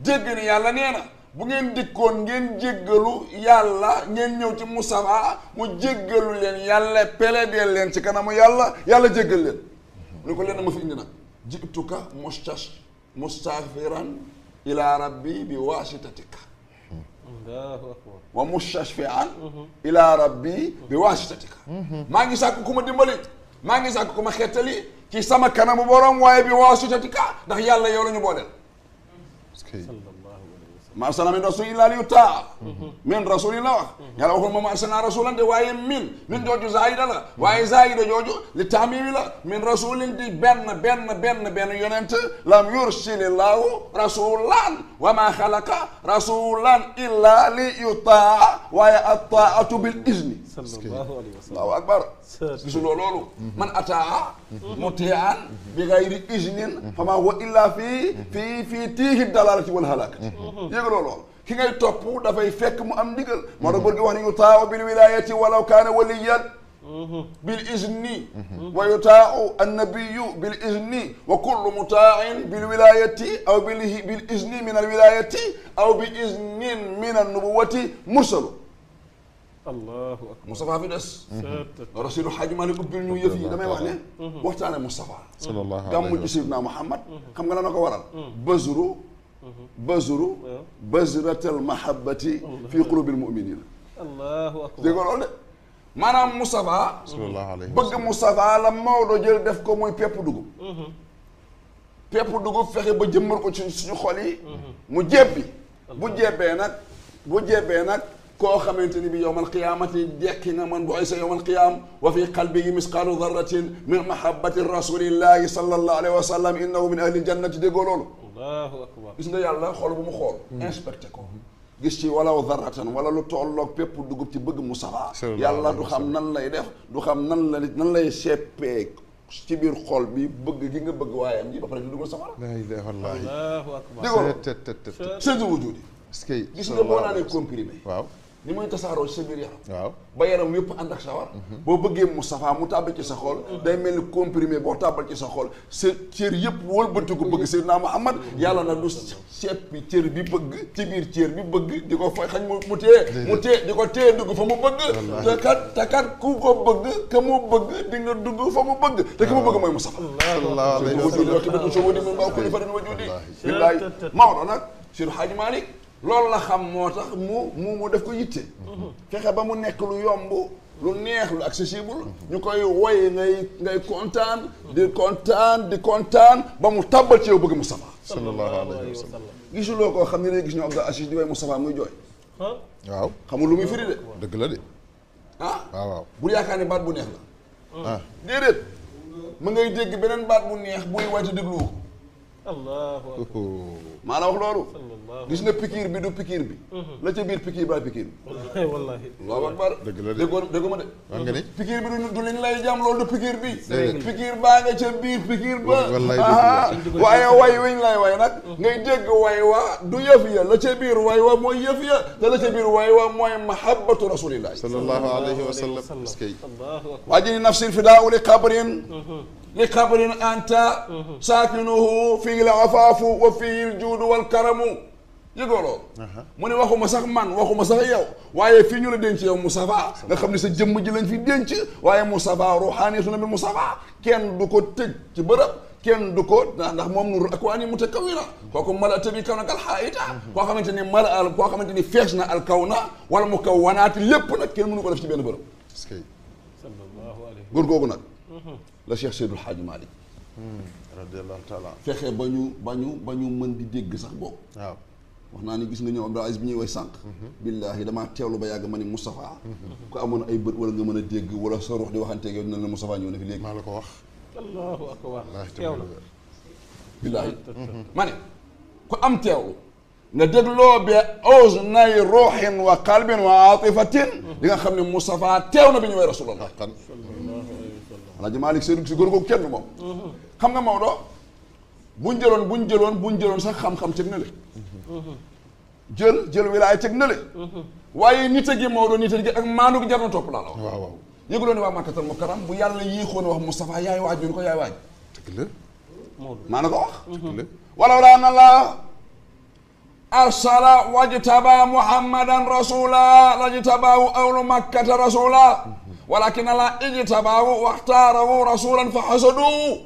dégg ni yàlla nee na bu ngeen dikkoon ngeen jéggalu yàlla ngeen ñëw ci Musaa mu jéggalu leen yàlla pele deel leen ci kanamu yàlla yàlla jéggal leen mu ne ko leen na ma fi indi nag jituka mustash mustaghfiran ila rabbi bi wasitatika wa mustashfian ila rabbi bi wasitatika maa ngi sàkk ku ma dimbali maa ngi sàkk ku ma xettali ci sama kanamu borom waaye bi wasitatika ndax yàlla yow la ñu booleel ما أرسل من رسول الله ليطاع من رسول الله يا قال هم ما أرسلنا رسولا دي واي من من جوجو زايد لا واي زايد جوجو لتعميم لا من رسول دي بن بن بن بن يونت لم يرسل الله رسولا وما خلق رسولا إلا ليطاع ويا الطاعة بالإذن صلى الله عليه وسلم الله أكبر بسلو لولو من أطاع مطيعا بغير إذن فما هو إلا في في في تيه الدلالة والهلاك dégloo lool ki ngay topp dafay fekk mu am ndigal moo tax bur gi wax ne yutaaw bil wilayati walaw kaana waliyan bil izni wa yutaaw annabiyu bil izni wa kullu mutaain bil wilayati aw bil bil izni min al wilayati aw bi iznin min an nubuwati mursalu allahu akbar Moustapha fi des rasidu xaaj Malik ubbil ñu yëf yi damay wax ne waxtaane Moustapha sallallahu alayhi wa sallam gàmmu ci Seydina Muhammad xam nga la na ko waral bësru بزر بزرة أيوه. المحبة في قلوب المؤمنين الله أكبر دي يقول مانام مصطفى بسم الله عليه بغ مصطفى لما ولو جيل داف كو موي بيب دوغو بيب دوغو فخي با جمر كو سي سيني خولي مو جيبي بو جيبي نك بو جيبي نك كو خامتيني بيوم القيامه ديكنا من بويس يوم القيام وفي قلبي مثقال ذره من محبه الرسول الله صلى الله عليه وسلم انه من اهل الجنه دي allahu akbar gis nga yàlla xool bu mu xool inspecté ko gis ci walaw daratan wala lu tolloog pépp dugub ci bëgg mu saxaa yàlla du xam nan lay def du xam nan la nan lay seppee ci biir xol bi bëgg gi nga bëgg waaye am ji ba pare di dugal safara la ilaha wallahi allahu akbar dégg nga sëñ wujudi gis nga boo naanee comprimé waaw ni muy tasaaroo ci sa biir yaram ba yaram yëpp ànd ak sawar boo bëggee mu safaa mu tàbbal ci sa xool day mel ni comprimé boo tàbbal ci sa xool sa cër yëpp wëlbati ko bëgg Seydina Muhammad yàlla na du seet bi cër bi bëgg ci biir cër bi bëgg di ko fa xañ mu téye mu tee di ko téye dugg fa mu bëgg te kat ko bëgg ka mu bëgg di nga dugg fa mu bëgg te ki mu bëgg mooy mu safa wajud yotibitu so wadi nag Seydi Haaji Malick loolu la xam moo tax mu mu mu def ko yitte. fexe ba mu nekk lu yomb lu neex lu accessible. ñu koy woy ngay ngay kontaan. di kontaan di kontaan ba mu tàbbal ci yow bëgg Moustapha. sallallahu alayhi wa sallam xam ne day gis ñu Abdou Aziz di way Moustapha muy jooy. waaw xamul lu muy firi de. dëgg la de. ah waaw bu yaakaar ni baat bu neex la. Ah. déedéet. ma ngay dégg beneen baat bu neex buy way te déglu الله اكبر ما لا بكير بي دو بكير بي لا تي بير بكير با بكير والله الله اكبر دغ دغ ما بكير بي دو لين لاي جام لول دو بكير بي بكير با نغا تي بير بكير با والله واي واي وين لاي واي نك غي دغ واي وا دو يف يا لا تي بير واي وا موي يف يا لا تي بير واي وا موي محبه رسول الله صلى الله عليه وسلم الله اكبر واجني نفسي الفداء لقبر لقبر أنت ساكنه فيه العفاف وفيه الجود والكرم yëgooloo mu ne waxuma sax man waxuma sax yow waaye fii ñu la denc yow Moustapha nga xam ne sa jëmm ji fi denc waaye mu Moustapha ruuxaani su na bi Moustapha kenn du ko tëj ci bërëb kenn du ko ndax ndax moom nuru ak waa ni mu te kaw yi na kooku mala tabi kaw na kal xaayita mhm. koo xamante ni mala al koo xamante ni fees na al kaw na wala mu kaw wanaati lépp nag kenn mënu ko def ci benn bërëb góor googu la Cheikh Seydou Hadj Malick radiyallahu taala fexe ba ñu ba ñu ba ñu mën di dégg sax boobu waaw wax naa ni gis nga ñoom Abdoul Aziz bi ñuy way sànq billaahi damaa teewlu ba yàgg ma ni Moustapha ku amoon ay bët wala nga mën a dégg wala sa ruux di waxanteeg yow dina la Moustapha ñëw na fi léegi maa la ko wax allahu akbar teewlu billaahi ma ne ku am teewlu nga dégloo be ause nay ruuxin wa qalbin wa atifatin di nga xam ne Moustapha teew na bi ñu way rasulallah Alaaji Malick Sy si góor kenn moom xam nga Maodo buñ jëloon buñ jëloon buñ jëloon sax xam-xam teg na jël jël wilaay teg na le waaye nite gi Maodo nite gi ak maandu jar na topp laa la waaw waaw yëguloon ne waa Makkatal Mukarram bu yàlla yéexoon wax Moustapha yaay waaj ñu ko yaay waaj dëgg la maa ko wax walaw laa na laa arsala wajtaba muhammadan rasula lajtabaahu awlu makkata rasula ولكن الله اجتباه واختاره رسولا فحسدوه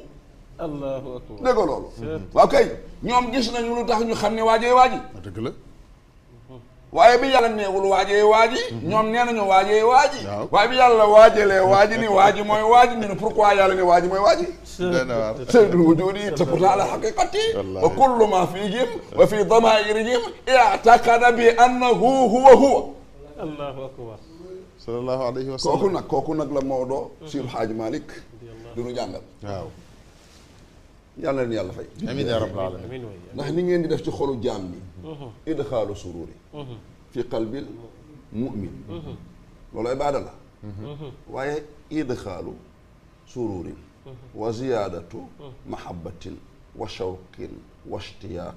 الله اكبر دغول لولو اوكي نيوم غيسنا نيو لوتاخ نيو خامني واجي واجي دغلا واي بي يالا نيغول واجي واجي نيوم نينا نيو واجي واجي نعم. واي بي يالا واجي لي واجي ني واجي موي واجي ني بوركوا يالا ني واجي موي واجي سي دو ودوني تفوت على حقيقتي وكل ما فيهم وفي ضمائرهم اعتقد بانه هو هو الله اكبر sallallahu alayhi wa sallam kooku nag la Maodo. Seydi Hadji Malick. du nu jàngal. yàlla leen yàlla fay. amiin ni ngeen di def ci xolu jaam bi. Mhm. idxaalu sururi. Mhm. fi qalbil mu'min. Mhm. loolu ibaada la. waaye idxaalu sururin. wa ziyaadatu mahabbatin wa shawqin واشتياق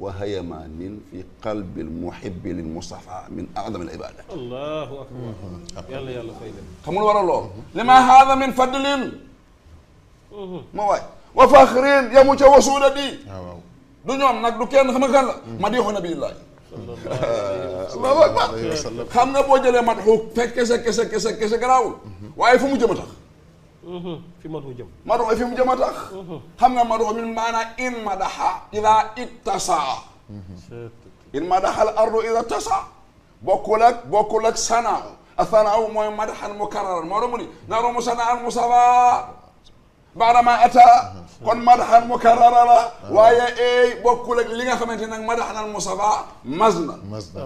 وهيمان في قلب المحب للمصطفى من اعظم العباده الله اكبر. يلا يلا سيدنا كمل ورا الله. لما هذا من فضل ما وفاخرين يا متوسولة دي. دنيا نقد كان خما قال ما دي نبي الله. صلى الله عليه اكبر. خمنا بوجه مدحوك فكسك كسك كسك كسك كراول. واي فمو جمتك. fi madu jëm madu fi mu jëm a tax xam nga madu min maanaa in madaxa ila ittasa in madaxa al ardu ila tasa bokkul ak bokkul ak sanaaw a sanaaw mooy madaxan mukarraran moo doon mu ni naru mu sanaan mu sabaa baadama ata kon madaxan mukarrara la waaye eey bokkul ak li nga xamante nag madaxanal musafa mas na mas na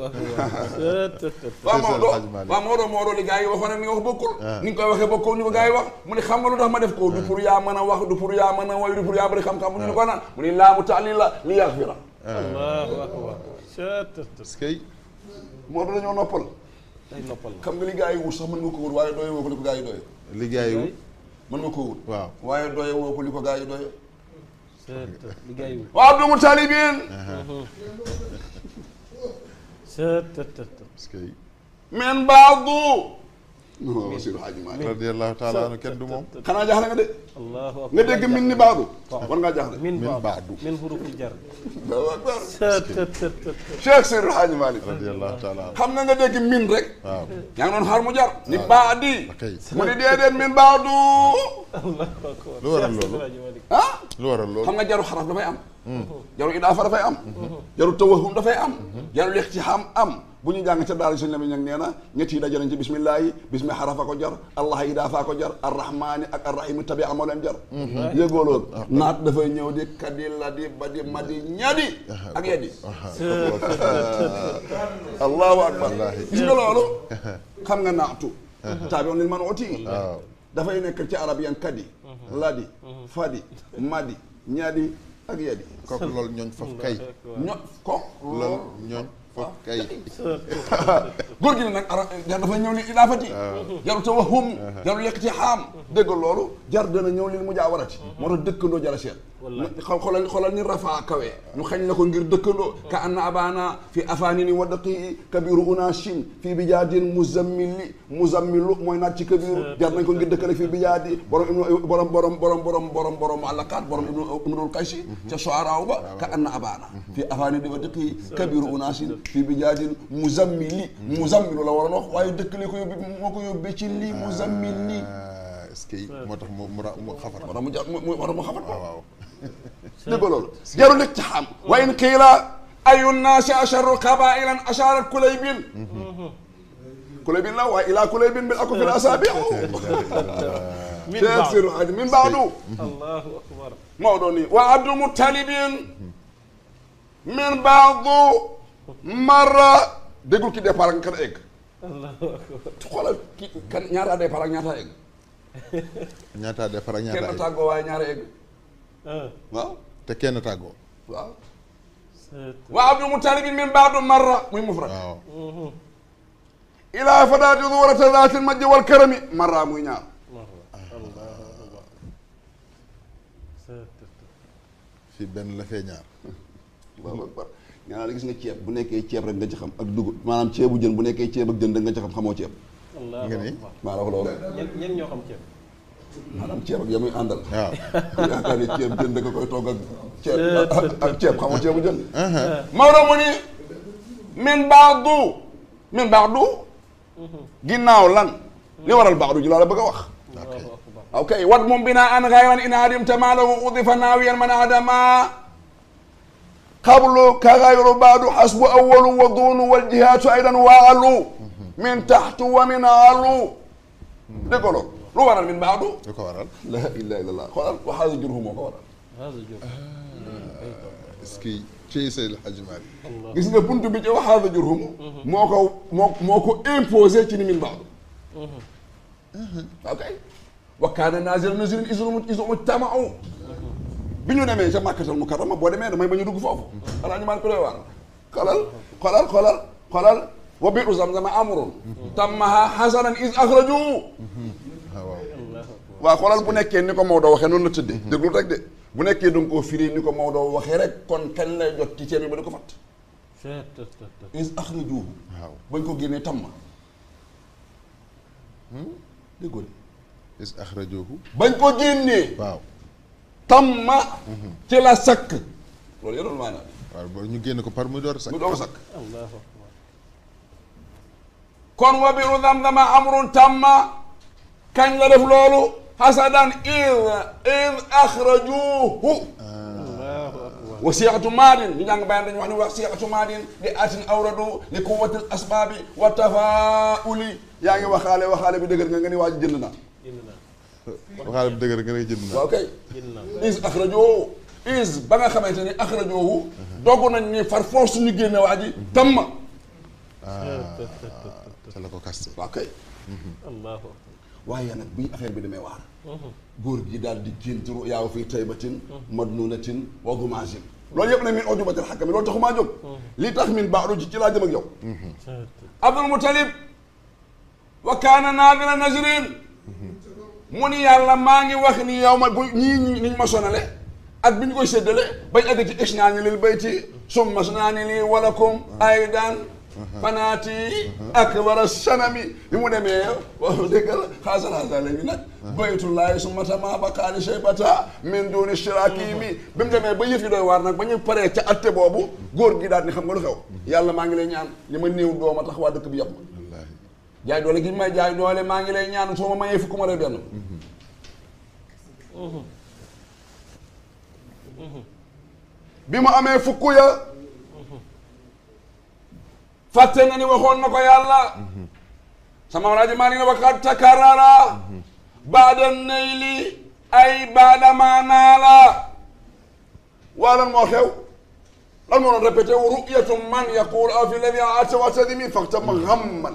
waaw Maodo waaw Maodo Maodo li gars yi waxoon nag ni nga wax bokkul ah. ni nga koy waxee bokkul ni ko gars yi wax mu ne xam nga lu tax ma def ko ah. du pour yaa mën a wax du pour yaa mën a way du pour yaa bëri xam-xam mu ne ah. ko naan mu ne laamu taalil la li yaxfira allahu akbar kay Maodo dañoo noppal day noppal xam nga li gars yi wut sax mën nga ko wut waaye doyoo ko li ko gars yi doyoo li gars yi wut mën nga koo waaw waaye doye woo ko li ko gaa yi doye. wa abdumu taalibin. men baadu. waaw Basiru Xaaji Maalik radiyallaahu taala anu kenn du moom. xanaa jaaxle nga de. allahu akbar nga dégg min ni baadu. war ngaa jaaxle min baadu min huruful jar. Cheikh Seydi Xaaji Maalik. radiyallaahu taala xam nga nga dégg min rek. waaw yaa ngi doon xar mu jar. ni baadi. mu ni déedéet min baadu. allahu akbar lu waral loolu. ah lu waral loolu. xam i jaru xaraf dafay am. Hmm. jaru idaafa dafay am. Hmm. jaru tawahum dafay am. Hmm. bu ñu jàng ca daal suñu lamiñ nag nee na ñett yi dajanañ ci bismillaahi bismi xarafa ko jar allah yi daafaa ko jar arrahmaani ak arrahimi tabia moo leen jar mm-hmm. Mm-hmm. yëgoo loolu ah, ah. ñëw di kadi la di ba xam nga naatu uh-huh. taabion lil man nekk ci arab yan kadi uh-huh. ladi uh-huh. fadi madi ñadi ñooñ foofu kay ñooñ waaw kay góor gi ne nag ara jar dafa ñëw li idaafati jaru tawahum jaru lekk ci xaam dégg loolu jar dana ñëw li mu jaawarati moo tax dëkkandoo jara seet xoolal xoolal ni rafaa kawe ñu xañ la ko ngir dëkkandoo ka anna abana fi afanini wa daqii kabiru unashin fii bijaadin muzammili muzammilu mooy naat ci kabiru jar nañ ko ngir dëkk nag fii bijaadi borom ibnu borom borom borom borom borom borom alaqaat borom ibnu ibnul kaysi ca soaraaw ba ka anna abana fi afanini wa daqii kabiru unashin fii bi jaajin muzammili muzammil la waroon wax waaye dëkk li ko yóbbi moo ko yóbbee ci lii muzammili est-ce que moo tax mu mu xafar moo tax mu jaar mu war mu xafar waaw dégg nga loolu jarul nekk ci xam wa in qiila ayu naasi asharru qabailan asharat kulaybin kulaybin la waa ilaa kulaybin bil akfil asaabiu تأثير حاجة من بعده الله أكبر موضوع وعبد المطلب من بعض mara déggul ki départ ak kan a egg. xoolal ki kan ñaata départ ak ñaata ak ñaata kenn tàggoo waaye ah. waaw. te kenn tàggoo. waaw. wa abdu mutalibin min baadu marra muy mufrad. waaw. Mhm. ilaa fadaati zuwarata zaatil majdi wal karami marra muy ñaar. fii benn la fee ñaar. nga naa la gis nga ceeb bu nekkee ceeb rek nga ci xam ak dugub maanaam ceebu jën bu nekkee ceeb ak jën rek nga ci xam xamoo ceeb nga ñoo xam ceeb maanaam ceeb ak yamuy àndal waaw [LAUGHS] yaakaar ne ceeb jën da nga koy togg ak ceeb ak ceeb xamoo jën uh-huh. Maodo mu ni min baax min baax du mm-hmm. ginnaaw lan li waral baax du ji a wax ok wat moom bi naa an xayran in hadim tamalahu udifa naawiyan man adama قبل كغير بعد حسب أول وضون والجهات أيضا وعلو من تحت ومن علو نقول لورا من بعده لا إله إلا الله قال وهذا جرهم لورا آه. آه. اسكي تشيسي الحجم علي قلت له بنتو بيجي وهذا جرهم موكو موكو امبوزيتي من بعده اوكي وكان نازل نزل اذا اذا اجتمعوا bi ñu demee sa màkkatal mu karama boo demee damay ba ñu dugg foofu xanaa ñu maan ko doy waar xolal xolal xolal xolal wa biiru zamzama amrun tammaha hasanan is axraju waaw xolal bu nekkee ni ko Maodo waxee noonu la tëddee déglu rek de bu nekkee danga koo firi ni ko Maodo waxee rek kon kañ lay jot ci cër bi ba di ko fat is axraju waaw bañ ko génnee tamma hmm? déggoo de is axrajuhu bañ ko génnee waaw tamma ci la sakk loolu yenoon maanaam waaw boobu ñu génn ko par muy door sakk muy door sakk kon wa biru dam-dama amrun tamma kañ la def loolu hasadan id id axrajuhu wa siixatu maadin ñu jàng bayan dañu wax ni wa siixatu maadin di atin awradu li quwati asbaabi wa tafauli yaa ngi waxaale waxaale bi dëgër nga nga ni waa ji jënd na وخالب دغر غنا جيننا واو كاي ايز اخرجوه ايز باغا خامتاني اخرجوه دوغو نان ني فار فورس ني ген وادي تم تلاكو كاست واو كاي الله واي انا بي افير بي دمي وار غور جي دال دي جينترو يا في تيبتين مدنونتين وغماجين لو يبنا من أجوبة الحكم لو تخو ما جوب لي تخ من بعرو جي تلا جمك جو عبد المطلب وكان ناقل نزرين mu ni yàlla maa ngi wax ni yow ma bu ñii niñ ma sonale ak bi ñu koy séddale bañ egg ci is naa ni lil bayti summa su naa ni lii walakum ay daan fanaati ak war a sanami bi mu demee wax dëgg la xaasal xaasal la ñu nag baytullahi summa tama bakaani shaybata min duuni shiraaki mi bi mu demee ba yëf yi doy waar nag ba ñu paree ca atte boobu góor gi daal ni xam nga lu xew yàlla maa ngi lay ñaan li ma néew dooma tax waa dëkk bi yàpp ma jaay doole gi may jaay doole maa ngi lay ñaan soo ma mayee fukk ma lay benn. bi mu amee fukk ya. fàtte na ni waxoon na ko yàlla. sama rajo maa ngi ne waxaat takarara. baada nayli ay baada maanaa la. waa lan moo xew. lan moo doon répété ru'yatu man yaqul afi ladi ata wa tadimi fakta ma xamman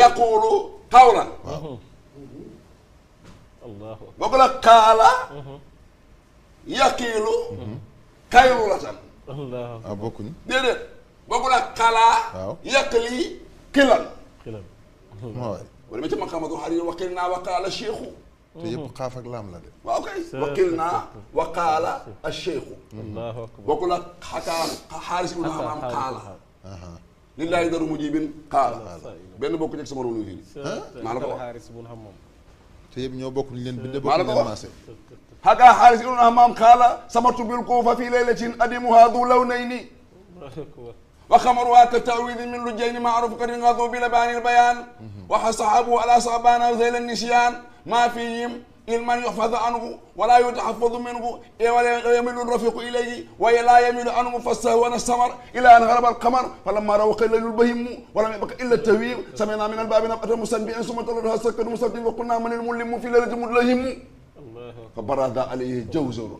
yaquulu qawlan mhm. boo ko la kaala mhm. yaqiilu mhm. kaylu la tan waaw ah, bokkuñu déedéet boo ko la kalaa yaqli kilan kilan wala ma ca maqaamatu xarir waqil naa waqaala cheikhu te yëpp xaaf ak laam la de waaw kay waqil naa waqaala cheikhu boo ko la xakaan xaaris ibnu hamaam qaala لله دار مجيب قال بن بوك نيك سما رونو في ما لا حارس بن حمام تيب ньо بوك نين بند بوك نين ماسي هاكا حارس بن حمام قال سمرت بالكوفه في ليله ادم هذا لونين وخمرها كتاويل من لجين معروف قد انغضوا بلبان البيان وحصحبوا على صعبان ذيل النسيان ما فيهم علما يحفظ عنه ولا يتحفظ منه ولا يميل الرفيق اليه ولا يميل عنه فاستهوان السمر الى ان غرب القمر فلما روق قيل البهيم ولم يبق الا التهويم سمعنا من الباب نقة مستنبئا ثم تردها سكن مستقيم وقلنا من الملم في ليله ملهم فبرد عليه جوزر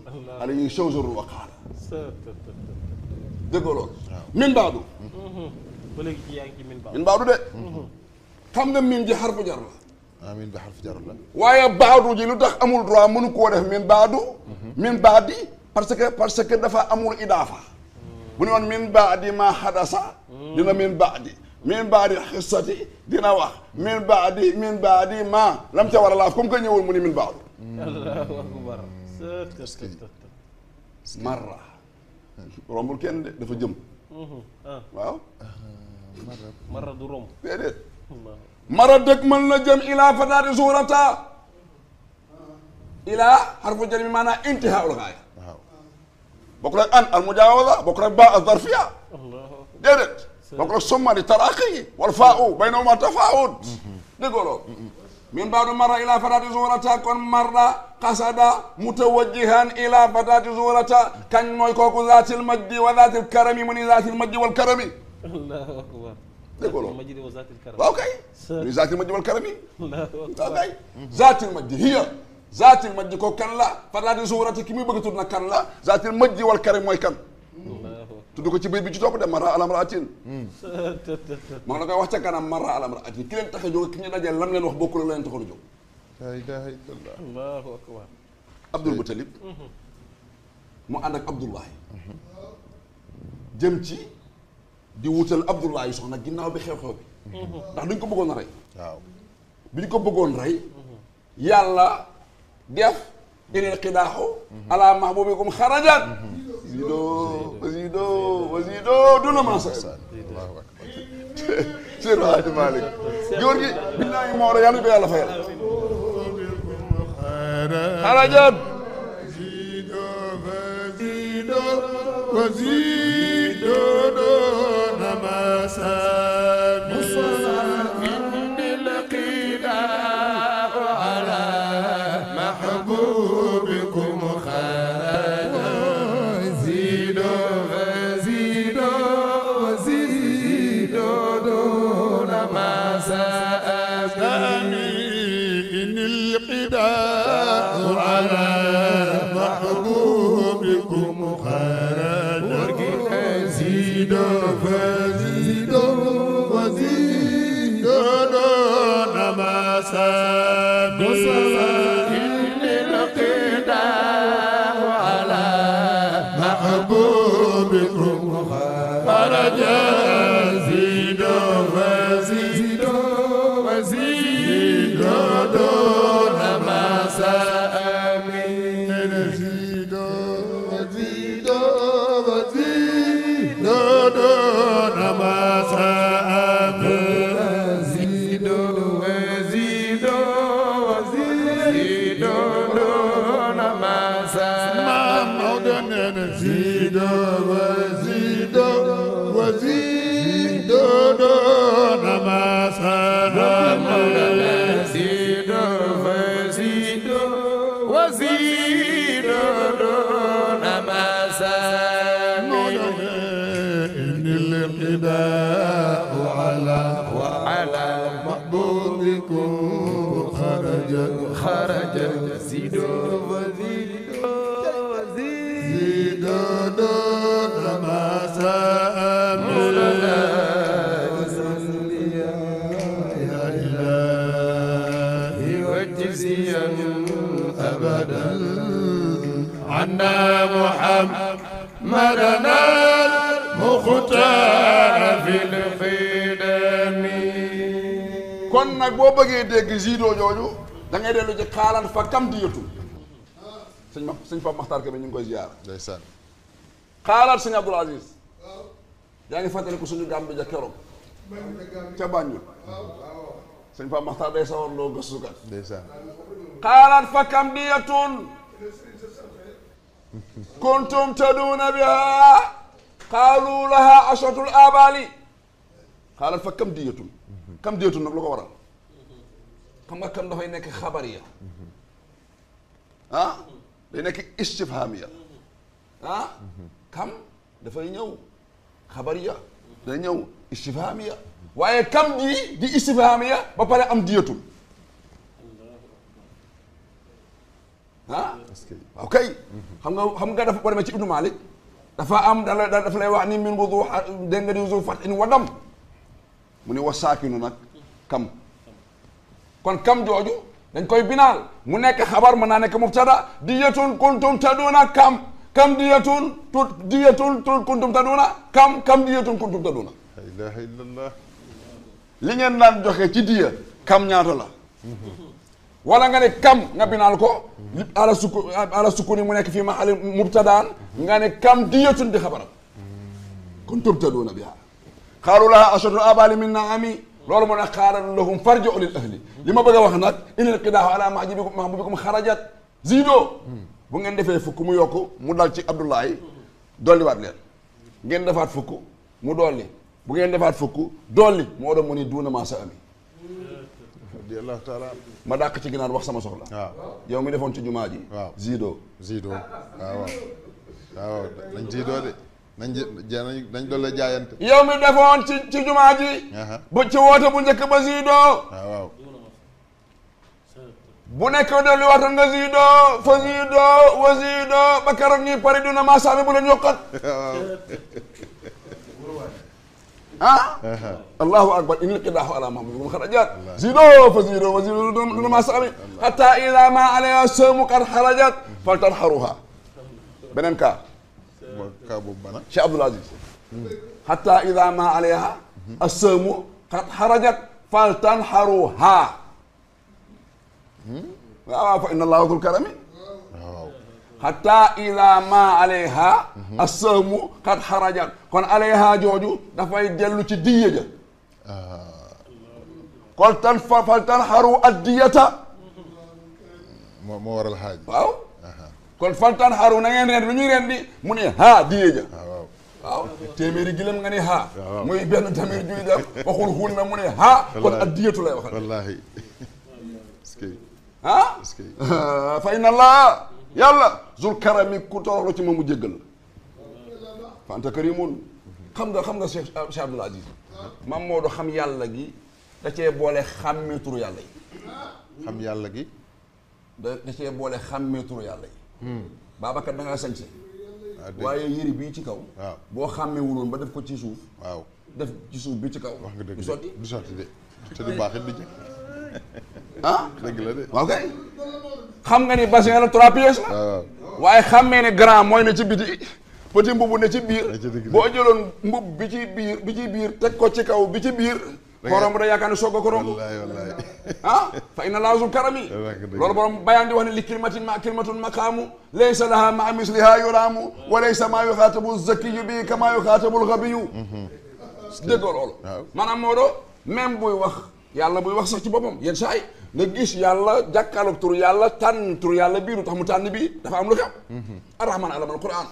عليه شوزر وقال déggoo من بعده من بعده من بعده كم من min baadu. min amin bi harf jar la. waye baadu ji lu tax amul droit mënu ko def min baadu. Mhm. min baadi parce que parce que dafa amul idafa mhm. bu ne min baadi ma hadasa mhm. dina min baadi. min baadi hissati dina wax. min baadi min baadi ma. lam ca wara la kum ko ñewul ñëwul min baadu. allahu akbar. marra. rombul kenn dafa jëm. Ah. waaw. Euh, marra du مردك من نجم إلى فدار زورتا إلى حرف جر بمعنى انتهاء الغاية بقول أن المجاوزة بقول باء الظرفية ديرت بقول ثم للتراخي والفاء بينهما تفاوت نقولوا من بعد مر إلى فدار زورتا كن مر قصد متوجها إلى فدار زورتا كان نويكوك ذات المجد وذات الكرم من ذات المجد والكرم الله أكبر déggoo waaw kay. muy zaatil ma jiwal karam yi. waaw kay. zaatil ma ji hiya zaatil ma ji ko kan la faraati suurati ki muy bëgg tudd na kan la zaatil ma ji wal karam mooy kan. tudd ko ci biir bi ci topp de mara alam raatin. Hmm. [LAUGHS] maa ngi la koy wax ca kanam mara alam raatin ki leen tax a jóg ki ñu dajeel lam leen wax bokkul ak la leen taxoon a jóg. la ilaha illallah. allahu akbar. Abdul Mutalib. Hmm. mu ànd ak Abdullahi. jëm ci. di wutal Abdoulaye soxna ginnaaw bi xew-xew bi. Mhm. ndax duñ ko bëggoon rey. waaw biñ ko bëggoon rey. Mhm. yàlla def. inil xidaaxu. Mhm. ala mahbubikum xarajat. wasiidoo wasiidoo wasiidoo duna maasa. Seydi Hadji Malick góor gi billaahi moo war a yàlla ko yàlla fayal. xarajat. wasiidoo Jesus. إن القباء على وعلى محبوبكم خرج خرج زيد وزيد زيد دون ما ساء يا إلهي وجزيا أبدا عنا محمد مرنا المختار في القدم kon nag boo bëggee dégg judo jooju da ngay dellu ci xaaral fa kam diyatu sëñ ma sëñ Pape Makhtar Kébé ñu ngi koy ziar. ndeysaan xaalaat sëñ Abdoul Aziz yaa ngi fàttali ko suñu gàmm ja keroog ca Banjul sëñ Pape Makhtar day sawar loo gëstukat ndeysaan fa kam diyatun kuntum taduuna biha قالوا لها عشرة الآبالي قال فكم دية كم دية نقول لك وراء كم كان له إنك خبرية ها لأنك استفهامية ها كم دفعينيو خبرية دفعينيو استفهامية وأي كم دي دي استفهامية بقول أم دية ها اوكي هم هم قاعد افكر ما تشوف مالك dafa am da dafa lay wax ni min wudu dégg nga di wudu fat in wadam mu ni wa saakinu nag kam kon kam jooju dañ koy binaal mu nekk xabar ma naa nekk mubtada diyatun kuntum taduna kam kam diyatun tu diyatun kuntum taduna kam kam diyatun kuntum taduna la ilaha illallah li naan joxe ci diya kam ñaata la wala nga ne kam nga binaal ko ala sukku ala mu nekk fii mahali mubtadaan nga ne kam diyatun di xabaram kon tubtaduuna biha xaalu laha ashatu abali min naami loolu moo ne xaaral lahum farjiu lil ahli li ma bëgg a wax nag inil qidaahu ala mahjibikum mahbubikum xarajat ziidoo bu ngeen defee fukk mu yokk mu dal ci abdullahi dolliwaat leen ngeen defaat fukk mu dolli bu ngeen defaat fukk dolli moo doon mu ni duuna maa sa ma dàq ci ginaar wax sama soxla waaw yow mi defoon ci jumaa ji waaw zido zido [LAUGHS] waaw waaw waaw nañ zido de nañ nañ nañ doole jaayante yow mi defoon ci ci bu ci woote bu njëkk ba zido bu nekk dellu waata nga zido fa zido wa zido ba keroog ñuy pare dina maasaabi bu leen yokkat [LAUGHS] الله اكبر ان القداح على محمد مخرجات زيدوا فزيدوا وزيدوا دون ما سامي حتى اذا ما عليها السم قد خرجت فلتنحروها بننكا شيخ عبد العزيز حتى اذا ما عليها السم قد خرجت فلتنحروها فان الله ذو الكرم حتى إذا ما عليها السهم قد خرجت كون عليها جوجو ديلو سي ديه جا قال تنف فلتنحروا الدية مور الحاج واو قل فلتنحروا نين رين ني رين دي مني ها ديه جا واو تيميري جيلم ne ها موي بن téeméeri جوي دا ah, waxul xuul na mu ne haa [LAUGHS] kon ak diyatu lay waxal wallahi [LAUGHS] ah [LAUGHS] fa inna yàlla zul karami ku toroxlu ci moom mu jéggal la fa anta xam nga xam nga Cheikh ah, Cheikh Abdoul Aziz maam Maodo xam yàlla gi da cee boole xàmmee turu yàlla xam yàlla gi da da boole xàmmee turu yàlla yi hmm. Babacar da ngaa sañse ah, waaye yëri bii ci kaw boo xàmmee wuloon ba def ko ci suuf waaw def ci suuf bi ci kaw wax nga dëgg du sotti du sotti de te du baax jëkk ah xam nga ni bassin la trois ah. waaye xammee ne grand mooy ne ci biti petit mbubu ne ci biir boo jëloon mbub bi ci biir bi ci teg ko ci kaw bi ci biir korom da yaakaar ne soog a korom ah fa inna laazul karami loolu borom bayaan di wax ne li kilimatin ma kilimatun maqaamu laysa laha ma misliha yuraamu wa laysa maa yuxaatabu zakiyu bi kama yuxaatabu lxabiyu mhm. déggoo loolu maanaam moo doo même wax yàlla buy wax sax ci boppam yenn saa yi nga gis yàlla jàkkaarloog tur yàlla tànn tur yàlla bii lu tax mu tànn bii dafa am lu xew arrahmaan alamal quran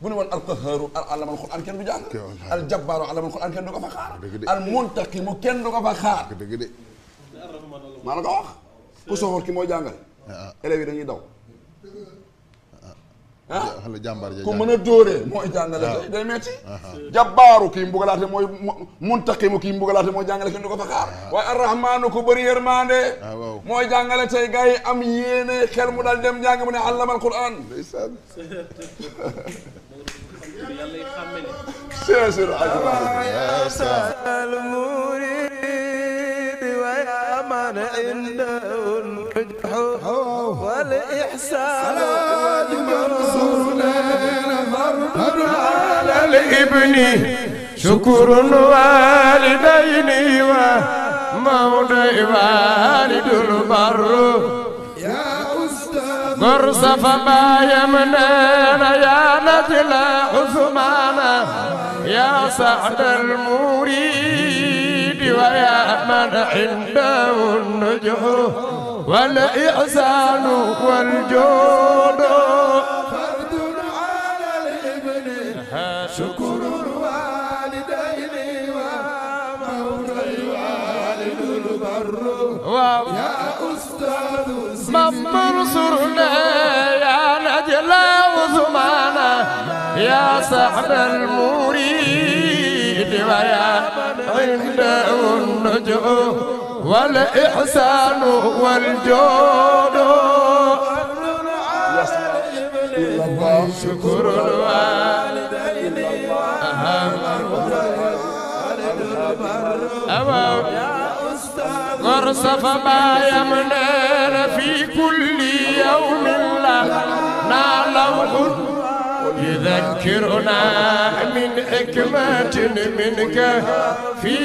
bu ne woon alqahaaru alamal quran kenn du jàng aljabbaaru alamal quran kenn du ko fa xaar almuntaqimu kenn du ko fa xaar dëgg de maa la ko wax ku soxor ki moo jàngal ah. élèves yi dañuy daw ah xale jàmbaar ku mën a dóoree mooy jàngale tey ah. day metti ah, ah. jabbaaru kii mbugalaate mooy muntaqimu kii mbugalaate mooy jàngale kenn du ko fakaar waaye arrahmaanu ku bëri yërmande mooy jàngale tey gars yi am yéene xel mu daal dem jàng mu ne allama alquran ndeysaan yàlla xàmme ne ويا من عنده الفتح والإحسان والمنصور فرد على الابن شكر والدين ومولى والد البر يا أستاذ غرصف ما يمنانا يا نجل عثمان يا سعد المريد ويا من عنده النجوم والإحسان والجود فرد على الابن شكر الوالدين ومولى الوالد البر يا أستاذ من منصرنا يا نجلا وزمانا يا صاحب المريد ويا عند النجوم والإحسان والجود شكر الوالدين أهم أمام غرسف ما يمنان في كل يوم الله نعلم يذكرنا من حكمة منك في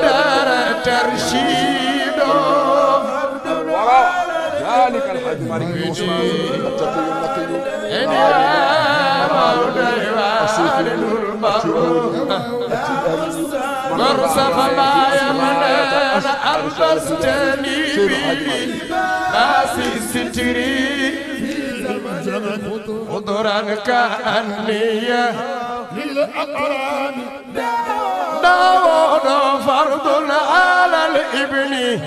دار ترشيده وراء ذلك الحج مالك يا مولاي والد المقبول مرسف ما يمنى ألبستني بي قاسي ستري الزمن خضرا كأنية للأقران داود فرض على الابن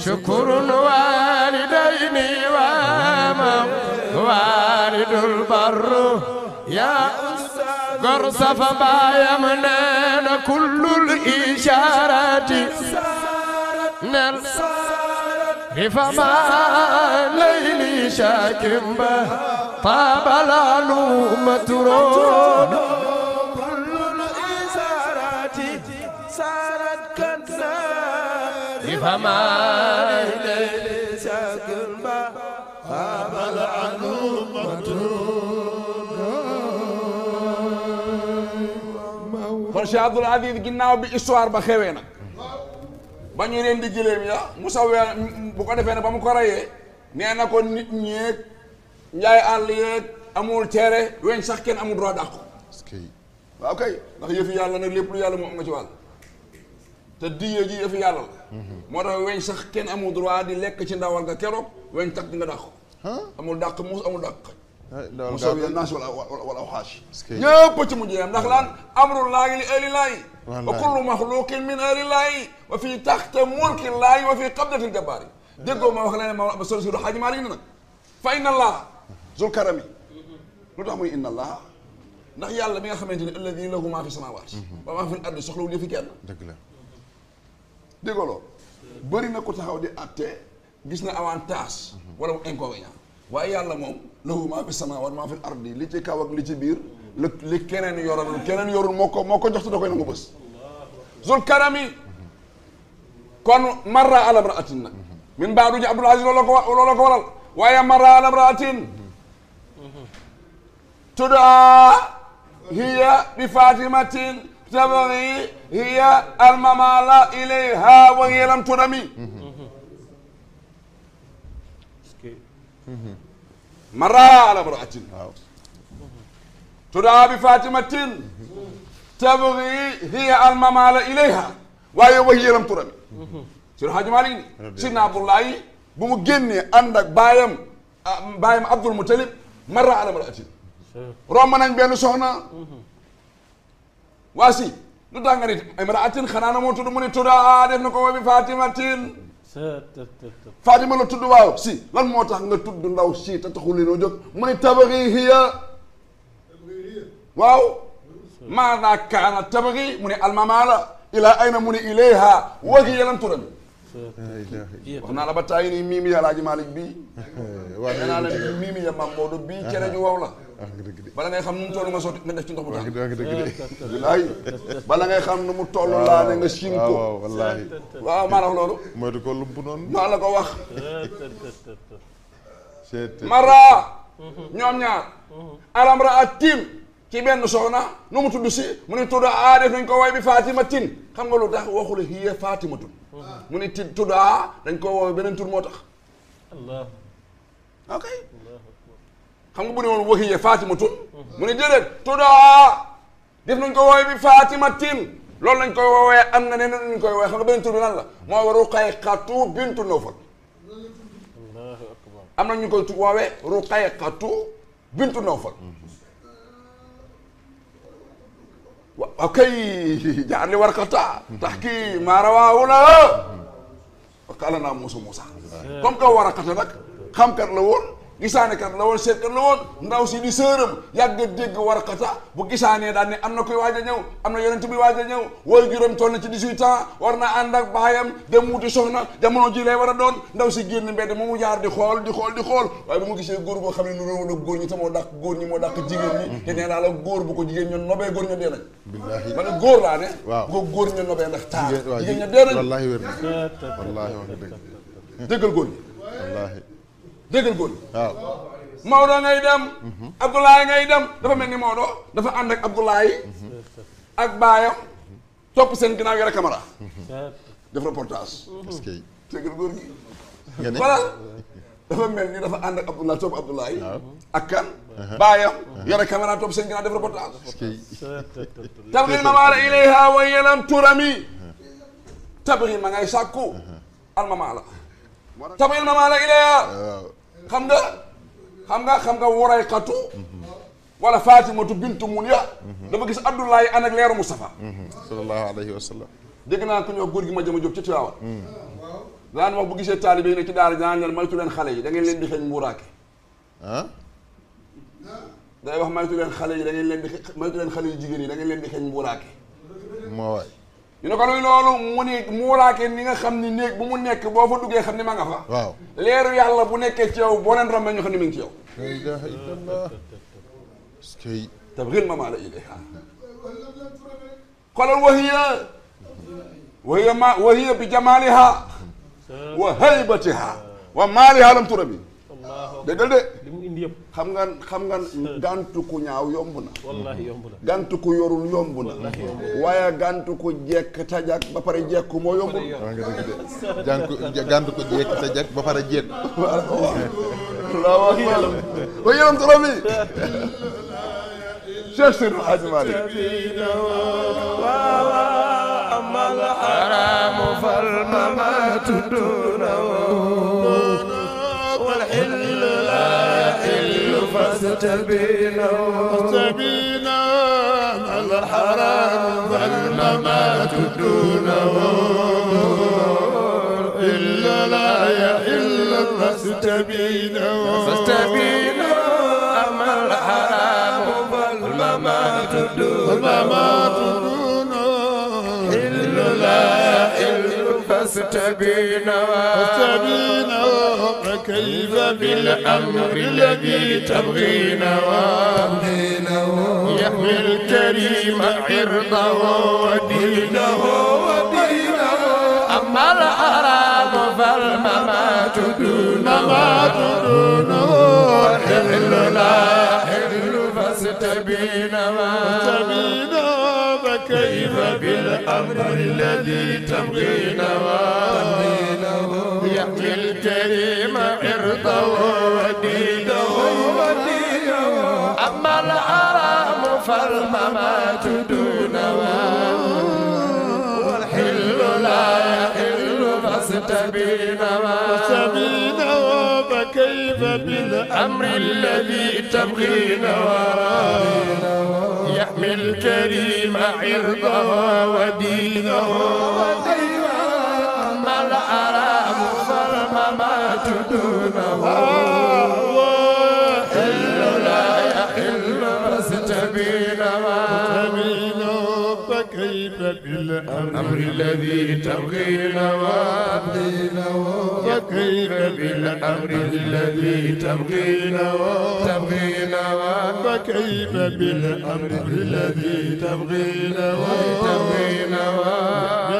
شكر والدين وامام والد البر يا قرص فما يمنان كل الإشارات نلصار كيف ما ليلي شاكم به طاب العلوم ترون كل الإزارات صارت كالنار كيف ما ليلي شاكم به طاب العلوم مترون خرش عبد العزيز قلناه بإسوار بخيوينك ba ñu reen di jëleem ya ah Moussa Wéa bu ko defee ne ba mu ko reyee nee na ko nit ñeeg njaay àll yeeg amul cere weñ sax kenn amul droit dàq ko waaw kay ndax yëfi yàlla nag lépp lu yàlla moom am nga ci wàll te diye ji yëfi yàlla mhm. moo tax weñ sax kenn amul droit di lekk ci ndawal nga keroog weñ takk di nga dàq ko amul dàq muus amul dàq musawiya naas wal awxaash ñëpp ci mujj yam ndax laan amrullaahi li ahlillaahi wa kullu maxluqin min ahlillaahi wa fii taxta mulkillaahi wa fii qabdati ljabaari déggoo ma wax la ne ma ba sol si xaaj maa ngi na fa inna allaha zul karami lu tax muy inna allaha ndax yàlla bi nga xamante ni alladi lahu maa fi samawaat wa maa fi ardi soxlawul yëfi kenn dëgg la déggoo loolu bëri na ko taxaw di atte gis na avantage wala mu inconvénient waaye yàlla moom lahu maa fi sama war maa fi ardi li ci kaw ak li ci biir li keneen yoral keneen yorul moo ko moo ko jox te da koy nangu bés zul karami kon marra ala mraatin nag min baadu ji abdul aziz loolu ko loolu ko waral waaye marra ala mraatin tudaa hiya bi fatimatin tabagi hiya almamala ilayha wa hiya lam tudami مر على امرأة تدعى بفاطمة تبغي هي الممال إليها waaye wax yëram turam sëñ Hadj Malick ni sidna Abdoulaye bu mu génnee ànd ak baayam baayam Abdoul Moutalib marra ala mar'atin romb nañ benn soxna waa si lu tax nga ni imra'atin xanaa na moo tudd mu ne tuddaa def na ko wa bi Fatimatin Fatima la tudd waaw si lan moo tax nga tudd ndaw si te taxul leen a jóg mu ne tabari hiya waaw maanaa kaana tabari mu ne almamaala ilaa ayna mu ne ilayha wagi yeneen turam wax naa la ba taay nii mii mi Alaaji Malick bii nee naa la mii mi ya Mam Maodo bii cere ju wow la bala ngay xam nu mu toll nga sotti nga def ci ndox bu tàng bilaay bala ngay xam nu mu toll laa ne nga sin ko wallaahi waaw maa la wax loolu moytu ko lump noonu maa la ko wax mara ñoom ñaar alamra ak tiim ci benn soxna nu mu tudd si mu ni tudd a def nañ ko way bi Fatima tin xam nga lu tax waxul hiya Fatima tun mu ni ti tudd a dañ ko woowe beneen tur moo tax allah ok nga bu ne woon wa hiya Fatima tun mu ni déedéet tudd a def nañ ko woowe bi Fatima tin loolu lañ koy woowee am na neneen nuñ koy woowee xam nga beneen tur bi lan la moo wa Ruqayqatu bintu Nawfal am na ñu وكي جعلني ورقة تحكي ما رواهنا وقال أنا موسى موسى كم كان ورقة لك خم كان لون gisaane kat la woon seet kat la woon ndaw si di sëram yàgg dégg warqata bu gisaanee daan ne am na koy waaj a ñëw am na yonent bi waaj a ñëw wooy juróom toll na ci 18 ans war na ànd ak baayam dem wuti soxna jamono ji lay war a doon ndaw si génn mbedd moomu jaar di xool di xool di xool waaye bu mu gisee góor goo xam ne nuroo na góor ñi te moo dàq góor ñi moo dàq jigéen ñi te nee naa la góor bu ko jigéen ña nobee góor ña dee nañ billaahi góor laa ne bu ko góor déggal góor waaw Maodo ngay dem Abdoulaye ngay dem dafa mel ni Maodo dafa ànd ak Abdoulaye ak baayam topp seen ginnaaw yore caméra def reportage déggal góor gi dafa mel ni dafa ànd ak Abdoulaye topp Abdoulaye ak kan uh-huh. baayam uh-huh. yore caméra topp seen def reportage tabri ma maala ilayha turami tabri ma ngay sàkku al mamaala tabri xam nga xam nga xam nga waraykatu wala fatimatu bintu munya dafa gis abdoulaye an ak leeru moustapha sallallahu alayhi wa sallam dégg naa ko ñoo góor gi ma jëm a jóg ci Tiwaawan wax bu gisee taalibe yi ne ci daara daan leen maytu leen xale yi da ngeen leen di xeeñ mbuuraake ah day wax maytu leen xale yi da ngeen leen di xale yu jigéen yi da ngeen leen di xeeñ mbuuraake ñu ne ko loolu mu ni muuraake ni nga xam ni néeg bu mu nekk boo fa duggee xam ni ma nga fa waaw leeru bu nekkee ci yow boo leen rombee ñu xam ni mi ci yow la ilaha ma maa la ilayha xoolal wahiya bi jamaaliha wa haybatiha wa maaliha lam turabi déggal xam nga xam nga gàntu ku ñaaw yomb na. wallaahi yomb yorul yomb na. waaye gàntu jekk ta ba pare jekk moo yomb. waaw nga dëgg jekk ta ba pare jekk. voilà waaw waaw waaw yéen trop bi. مستبينا مستبينا الحرام ظل ما تدونه إلا لا يا إلا مستبينا مستبينا أما الحرام ظل ما تدونه واستبينا واستبينا فكيف بالأمر الذي تبغينا يحمي الكريم عرضه ودينه ودينه أما الحرام فالممات دون ممات دونه حل لا حل فاستبينا واستبينا كيف بالأمر الذي تبغينا نواه الكريم عرضه ودينه أما الحرام فالممات دونه والحل لا يحل فاستبينه وكيف بالأمر الذي تبغي نوارا يحمي الكريم عرضه ودينه ما لا أرى مصر ما تدونه أمر الذي تبغي نواه فكيف بالأمر الذي تبغي نواه تبغي فكيف بالأمر الذي تبغي نواه تبغي نواه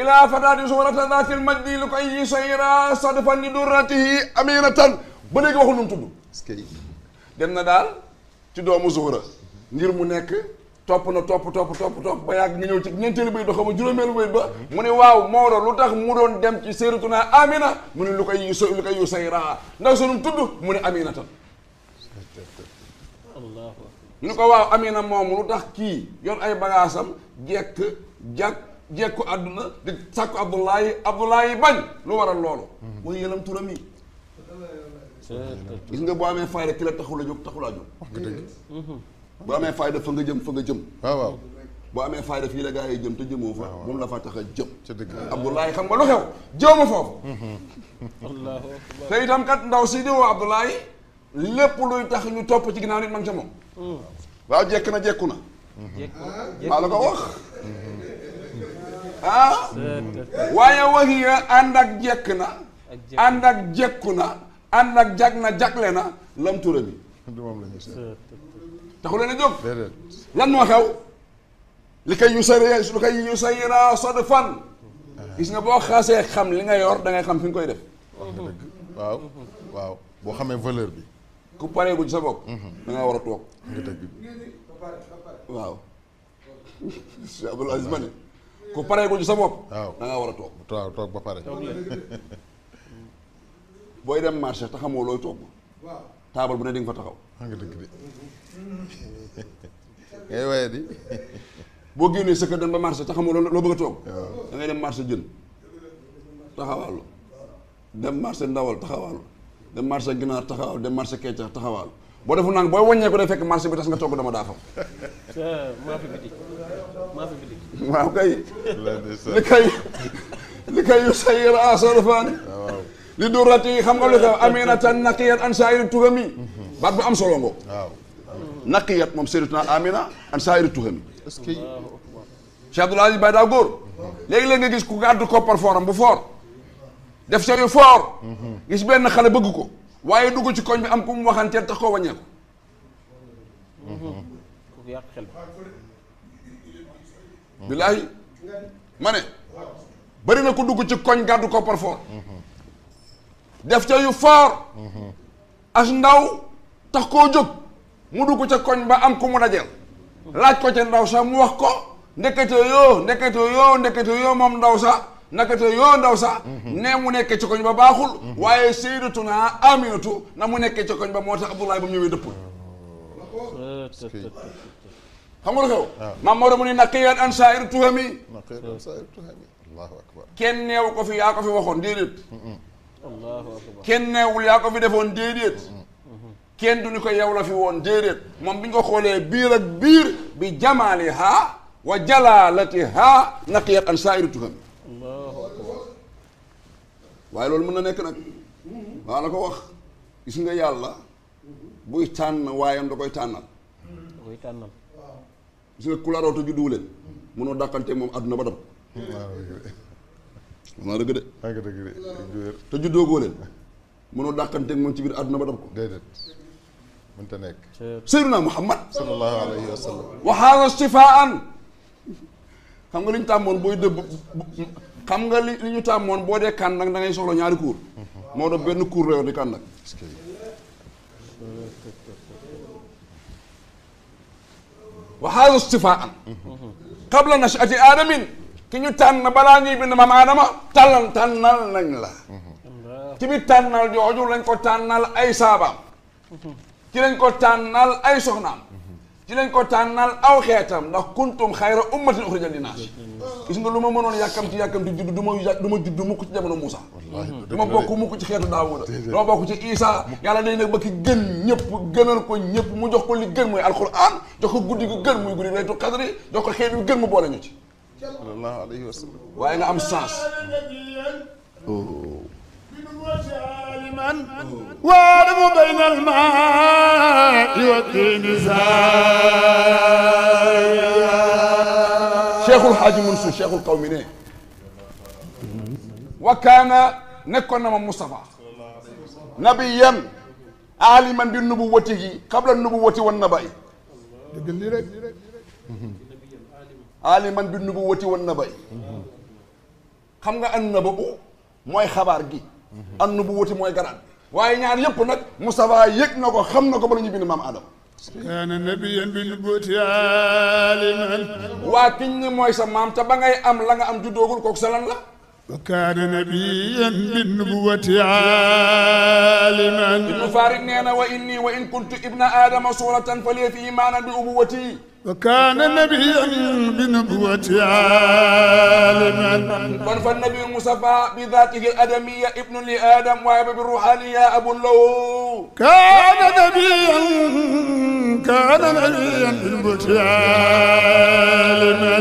ila fataati suwarata naatil majdi li koy yi sayra sadfan li durratihi aminatan ba léegi waxul nu mu tudd dem na daal ci doomu zuhra ngir mu nekk topp na topp topp topp topp ba yàgg nga ñëw ci ñeenteelu bayit ba xam nga ba mu ne waaw Maodo lu tax mu doon dem ci sayratuna amina mu ne lu koy yi lu koy yu sayra ndax mu ne aminatan ñu ko waaw amina moomu lu tax kii yor ay bagaasam jekk jak jekku àdduna di sàkku abdoulaye abdoulaye bañ lu waral loolu mooy yëlam turam yi gis nga boo amee faay rek ki la taxul a jóg taxul boo amee faay da fa nga jëm fa nga jëm waaw boo amee faay da fii la gaa yi jëm te jëmoo fa moom la fa tax a jëm abdoulaye xam nga lu xew a foofu te itam kat ndaw si di woo abdoulaye lépp luy tax ñu topp ci ginnaaw nit ma ngi ca moom mm. waaw jekk na jekku na maa la ko wax ah waaye waxiya ànd ak jekk na ànd ak jekku na ànd ak jag na jagle na lam tura bi taxu leen a jóg lan moo xew li koy yu sara li koy yu sayra sod fan gis nga boo xasee xam li nga yor dangay xam fi nga koy def waaw boo xamee valeur bi ku paree bu sa bopp mhm. da war a toog waaw [LAUGHS] Abdoul Aziz ma ku ko ci sa bopp. waaw war a toog. [LAUGHS] waaw toog ba pare. [LAUGHS] booy dem marché te xamoo looy toog. waaw taabal bu ne di nga fa taxaw. maa ngi dëgg de. [LAUGHS] ngay waaye di. boo génnee sa dem ba marché te xamoo loo bëgg a toog. da dem marché jën taxawaalu. dem marché ndawal taxawaalu. dem marché ginaar taxawaalu dem marché keccax taxawaalu. boo defu naan booy wàññeeku day fekk marché bi tas nga togg dama daa fam. maa fi waaw kay li kay li kay yu sayir asar faani li du rat yi xam nga lu xew aminatan naqiyat an saayiri tuhami baat bu am solo ngo naqiyat moom sayyidatuna amina an saayiri tuhami est-ce que Cheikh Abdoul daa góor léegi-léeg nga gis ku gàddu koppar fooram bu foor def sa yu foor gis benn xale bëgg ko waaye dugg ci koñ bi am ku mu waxanteel tax koo wàññeeku bilaay ma ne bëri na ko dugg ci koñ gàddu ko parfois def ca yu fort as ndaw tax koo jóg mu dugg ca koñ ba am ku mu dajeel laaj ko ca ndaw sa mu wax ko ndekete yoo ndekete yoo ndekete yoo moom ndaw sax nakate yoo ndaw sax nee mu nekkee ci koñ ba baaxul waaye sayyidatuna Aminatu na mu nekkee ci koñ ba moo tax Abdoulaye ba mu ñëwee dëppul xam nga lu xew. waaw ah. maam Maodo mu ne naqiyan an saa'iri tuhami. tuhami. kenn neew ko fi yaa ko fi waxoon déedéet. kenn neewul yaa ko fi defoon déedéet. kenn du ni ko yow la fi woon déedéet moom bi ñu ko xoolee biir ak biir bi jamaaliha wa jalaalatiha naqiyat an saa'iri tuhami. waaye loolu mën na nekk nag. waa la ko wax. gis nga yàlla. buy tànn waayam da da koy tànnal. gis nga kulaaroota ju duwu leen moom àdduna ba dam te juddoo koo leen mënoo dàqante moom ci àdduna ba dam ko déedéet mënta nekk sayyiduna muhammad sallallahu alayhi wa sallam waxaana sifaan xam nga li ñu tàmmoon booy dëbb xam nga li li ñu tàmmoon boo dee kàn nag da ngay soxla ñaari kuur mhm. moo doon benn kuur la yor di kàn nag wa haada istifaan qabla nashati aadamin ki ñu tànn balaa ñuy bind maam aadama tàllal tànnal nañ la ci biir tànnal jooju lañ ko nal ay saaba ci lañ ko tànnal ay soxnaam dinañ ko tànnal aw xeetam ndax kuntum xayra ummatin uxrijat linnaas gis nga lu ma mënoon yàkkamti yàkkamti juddu du ma du ma juddu mukk ci jamono Moussa du ma bokk mukk ci xeetu Daawuda du ma bokk ci Isa yàlla day nag ba gën ñëpp gënal ko ñëpp mu jox ko li gën mooy alquran jox ko guddi gu gën muy guddi laytu qadri jox ko xeet yu gën mu boole ñu ci sallallahu alayhi wa sallam waaye nga am sens oh. وسالما واعلم بين الماء والدين زايا شيخ الحاج منصور شيخ القوم نه وكان نكون من مصطفى نبيا عالما بالنبوته قبل النبوة والنبأ عالما بالنبوة والنبأ xam nga an nabu mooy xabaar gi an nu bu wuti mooy garaan waaye ñaar yëpp nag Moustapha yëg na ko xam na ko ba la ñu bind maam Adama kaana nabiyan bi nubuwwati aliman waa kiñ ni mooy sa maam te ba ngay am la nga am juddoogul kooku sa lan la wa kaana nabiyan bi nubuwwati aliman ibnu Farid nee na wa inni wa in kuntu ibna adama suratan fa lee fi imaana bi ubuwati وكان نبيا بنبوة عالما من فالنبي المصطفى بذاته الأدمية ابن لآدم وابن بالروحانية أبو الله كان نبيا كان نبيا بنبوة عالما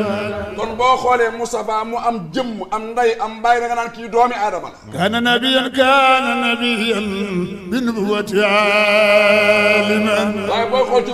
كون بو خولي مصطفى مو ام جيم ام داي ام باي دا نان كي دومي ادم كان نبيا كان نبيا بنبوة عالما واي بو خولي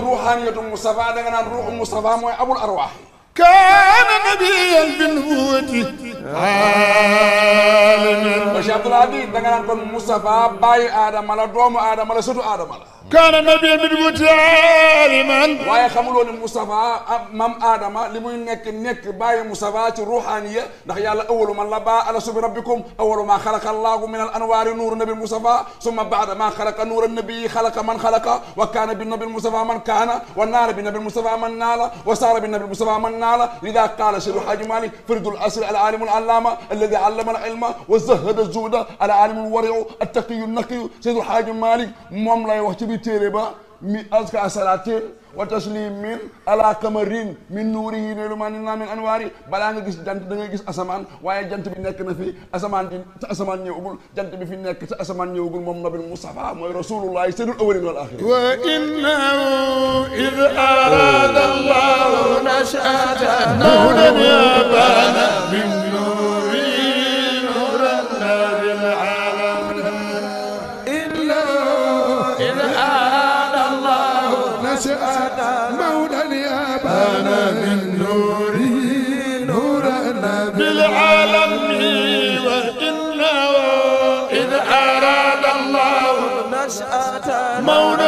Moustapha mooy abul arwaax. kaana nabiyan bi nubuwwati. aalamiin. Cheikh Abdoul Aziz da nga naan kon Moustapha baayu aadama la doomu aadama la sëtu aadama la. كان النبي من مجال من واي خمولون المصطفى مام ادم لي نيك نيك باي مصطفى روحانية دا يالا اول من لبا على سب ربكم اول ما خلق الله من الانوار نور النبي المصطفى ثم بعد ما خلق نور النبي خلق من خلق وكان بالنبي المصطفى من كان والنار بالنبي المصطفى من نال وصار بالنبي المصطفى من نال لذا قال شيخ الحاج مالي فرد الاصل العالم العلامه الذي علم العلم وزهد الزهد العالم الورع التقي النقي سيد الحاج مالي مملا يوحي téere ba mi azka salaatin wa taslimin ala kamarin min nuuri ne lu maa min anwaari balaa nga gis jant da ngay gis asamaan waaye jant bi nekk na fi asamaan di te asamaan ñëwagul jant bi fi nekk te asamaan ñëwagul moom nabil mustafa mooy rasulullahi sayyidul awwalin wal axirin min nuur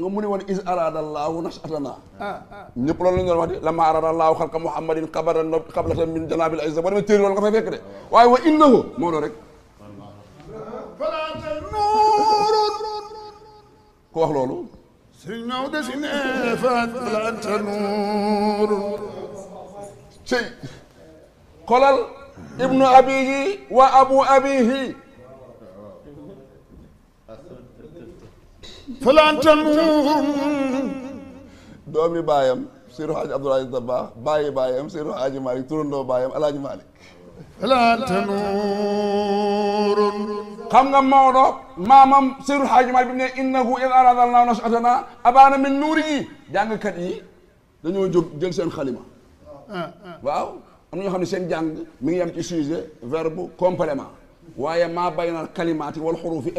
nga mu ne woon is aradallaahu nashatana ñëpp loolu la ñu doon wax de lama aradallaahu xalqa muhammadin xabaran xablatan min janabil izza boo demee téere loolu nga fay fekk de waaye wa innahu moo loolu rek ku wax loolu sëñ maw de si ne falanta nuur sëy xolal ibnu abihi wa abu abihi falantan doomi baayam Seydou Hadj Abdoul Aziz Dabakh bàyyi baayam Seydou Hadj Malick turandoo baayam El Hadj Malick xam nga Maodo maamam Seydou Hadj Malick bi mu ne innahu in abana min nuurihi jàngkat yi dañoo jóg jël seen xalima am na ñoo xam ne seen jàng mi ngi yem ci sujet verbe complément waaye maa baynal kalimaati wal xuruufi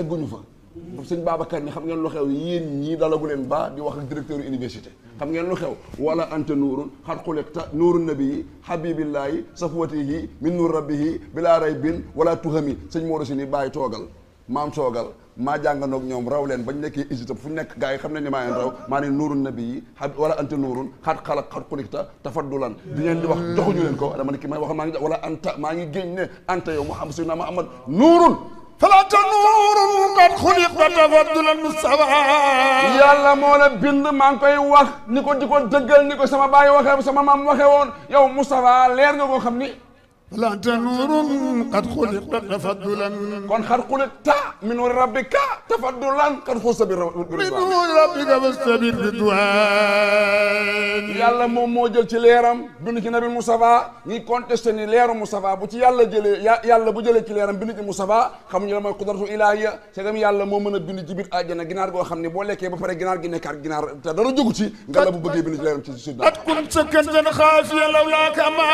comme sëñ Babacar ni xam ngeen lu xew yéen ñii dalagu leen ba di wax ak directeur université xam ngeen lu xew wala anta nuurun xar xuliqta nuuru nabi yi habibillaahi safwatihi min nuur rabbihi bilaa raybin wala tuhami sëñ Modou si ni bàyyi toogal maam toogal maa jànganoog ñoom raw leen bañ nekkee Égypte fu nekk gars yi xam nañ ne maa leen raw maa ne nuurun nabi yi wala anta nuurun xat xalak xat xuliqta tafaddulan di leen di wax joxuñu leen ko ma ne ki may wax maa ngi wala anta maa ngi géñ ne anta yow Muhammad sayyidina Muhammad nuurun فلات نور قد خلق تفضل المستوى yàlla moo la bind maa ngi koy wax ni ko di ko dëggal ni ko sama baay waxee sama maam waxee woon yow Moustapha leer nga koo xam ni لا أنت نور قد خلق تفضلا كون خر تا من ربك تفضلا قد خص برضوان من ربك فاستبير بالدعاء يلا مو مو جيل سي ليرام بن سي نبي مصطفى ني كونتيستي ني ليرو مصطفى بو سي يلا جيل يلا بو جيل سي ليرام بن سي مصطفى خم ني موي قدرته الهيه سي غام يلا مو مeuna بن جي بير اجانا غينار غو خم ني بو ليكي با فري غينار غي كار غينار تا دا جوغو سي غالا بو بغي بن سي ليرام سي سيدا كنت سكنت خافيا لولاك ما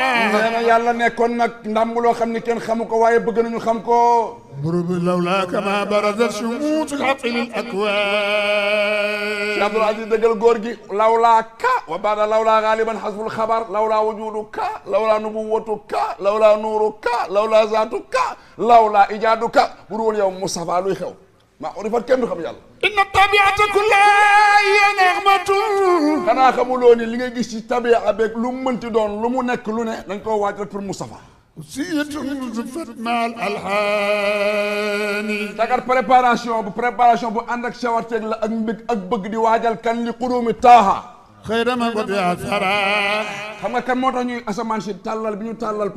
nee na yàlla nekkoon nag ndam loo xam ni kenn برب لولاك ما برزت شموس حق الأكوان يا العزيز دقل جورجي لولاك وبعد لولا غالبا حسب الخبر لولا وجودك لولا نبوتك لولا نورك لولا ذاتك لولا إيجادك برول يوم مصطفى لو maa ko defar kenn du xam yàlla. inna tabiata kullaha nixmatun. xanaa xamuloo ni li nga gis ci tabiya beeg lu mu mënti doon lu mu nekk lu ne. dañ koo waaj rek pour mu siyatun zufat maal alhaani. tagar préparation bu préparation bu ànd ak sawarteeg la ak ak bëgg di waajal kan li qurumi taaha. xëy na ma kan moo tax ñuy asamaan si tàllal bi ñu tàllal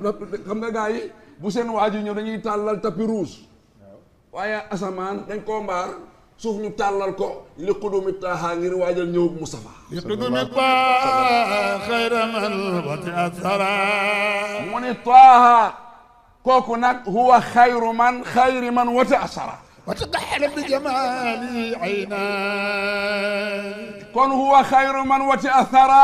xam nga gars bu seen waaju ñëw dañuy tàllal tapis rouge. waaye asamaan dañ koo mbaar suuf ñu tàllal ko li xudumi taaxaa ngir waajal ñëw Mustafa li xudumi ba xayramal wati asara mu ni taaha kooku nag huwa xayru man xayri man wati asara wati daxala bi jamaali ayna kon huwa xayru man wati asara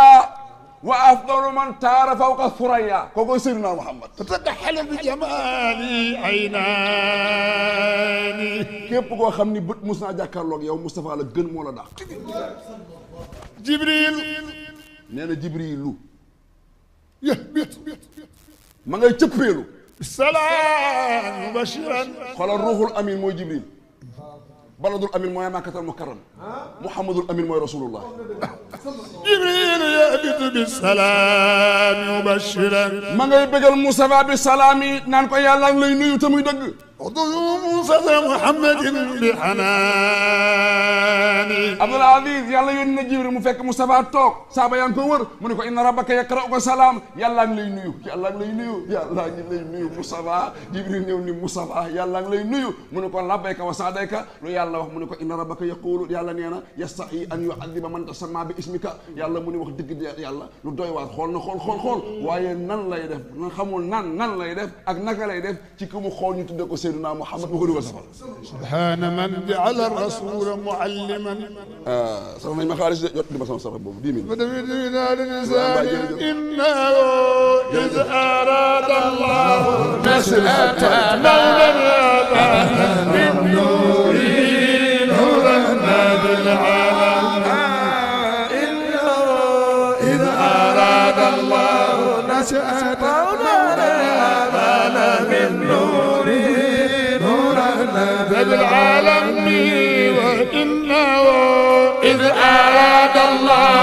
وأفضل من تار فوق الثريا كوكو سيدنا محمد تتكحل بجمالي عيناني كيف كو خمني بت مسنا جاكارلوك يا مصطفى على جن مولا داف جبريل نانا جبريل لو يه بيت بيت ما غاي تبيلو سلام بشيرا الروح الامين مو جبريل بلد الامين مويا مكه المكرم محمد الامين مويا رسول الله جبريل يأتي بالسلام يبشرك ما ngay الموسى بالسلام نانكو يا yi naan ko yàlla ngi xudum sada muhammadin bi xanaani abdul aziz yàlla yónni na jibril mu fekk Mustafa toog saaba yaa ngi ko wër mu ne ko inna rabbaka yaqra'uka salaam yàllaa ngi lay nuyu yàllaa ngi lay nuyu yàllaa ngi lay nuyu Mustafa jibril ñëw ni Mustafa yàllaa ngi lay nuyu mu ne ko labbayka wa saadayka lu yàlla wax mu ne ko inna rabbaka yaqulu yàlla nee na yastahi an yu'adhiba man tasamma bi ismika yàlla mu ne wax dëgg yàlla lu doy waar xool na xool xool xool waaye nan lay def na xamul nan nan lay def ak naka lay def ci ku mu xool ñu tudde ko سيدنا محمد بقول وصفه سبحان من جعل الرسول معلما اه صار ما خارج يوت ما صار بوب دي مين بدينا انه اذا اراد الله نشأة مولانا من نوره نورا بالعالم شاءت آه،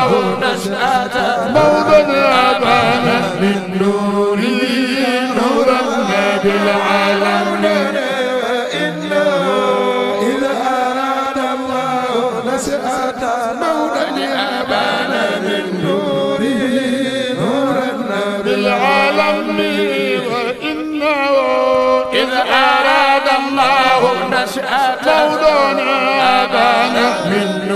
الله نشأة موضع أبانا من نوره نورا ما بالعالم إذا أراد الله نشأة موضع أبانا من نوره نورا ما وإنه إذا أراد الله نشأة موضع أبانا من نوره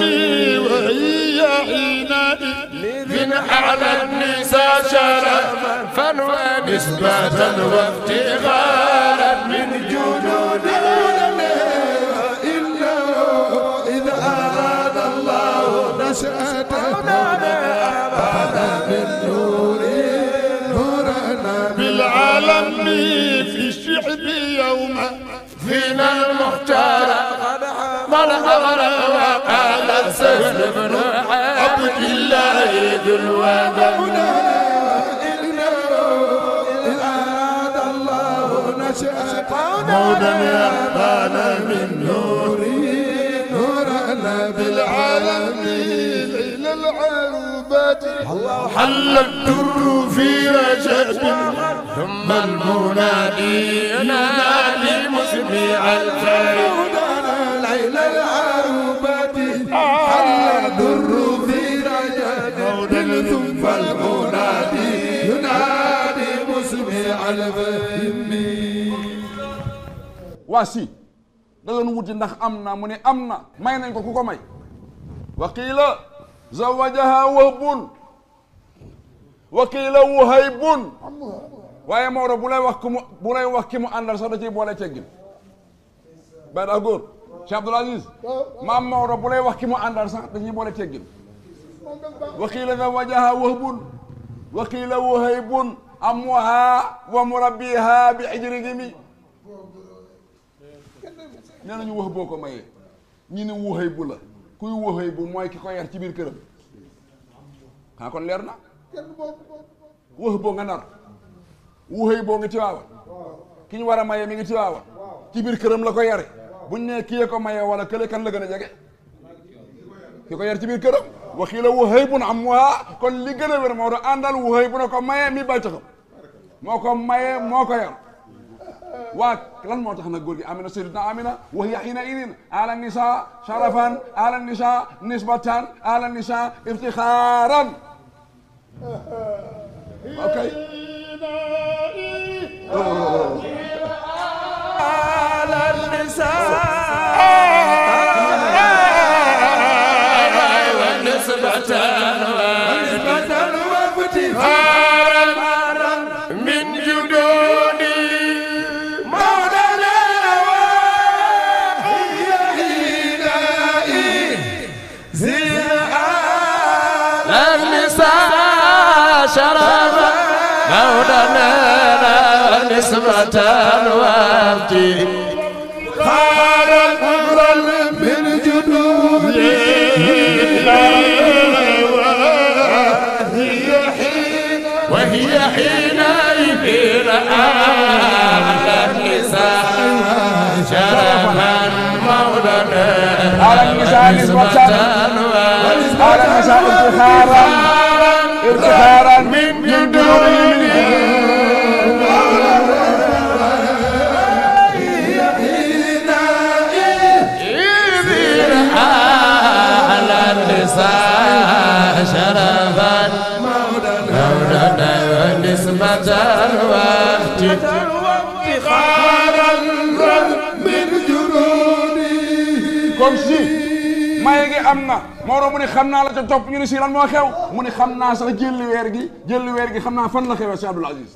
هي من على النساء شرفا فنوى نسبة وافتخارا من جنود إلا إذا أراد الله نشأتنا بعد من نور نورنا بالعالم في الشعب يوما فينا المختار من أغرى وقال الله الودم مودا يحبانا من نوري نورنا بالعالم إلى العربات حل الدر في رجاء ثم المنادي ينادي مسميع الخير Wasi da lañu wuti ndax amna mune amna may nañ ko kuko may wa qila zawajaha wahbun wa qiila wuhaybun waye Maodo bu lay wax ko bu lay wax ki mu andal sax da ci bolé teggin bay dax góor Cheikh Abdoul Aziz ma Maodo bu lay wax ki mu andal sax da ciy boole teggin wa qila zawajaha wahbun wa qiila wuhaybun amuha wa murabbiha bi ajri jimi nee nañu wax boo ko mayee ñi ne waxay bu la kuy waxay bu mooy ki ko yar ci biir këram ah, kon leer na wax boo nga nar waxay boo nga ci ki ñu war a mayee mi ngi ci waawa ci biir këram la ko yare buñ ne kii ko mayee wala kële kan la gën a jege ki ko yar ci biir këram waxii la waxay bu na am waa kon li gën a wér moo doon àndal waxay bu na ko mayee mi bàyyi ko moo ko mayee moo ko yar ولا المعتقد نقول امنه سيدنا امنه وهي حينئذ على النساء شرفا على النساء نسبه على النساء افتخارا اوكي على النساء ونسبه آه. سلطان وابدي خار من جنوبي وهي حين وهي حين أهل شرفا مولانا على النساء نسبة من جنوبي xam na Maodo mu ne xam naa la ca topp ñu ne si lan moo xew mu ne xam naa sax jëlli weer gi jëlli weer gi xam naa fan la xewee si Abdoul Aziz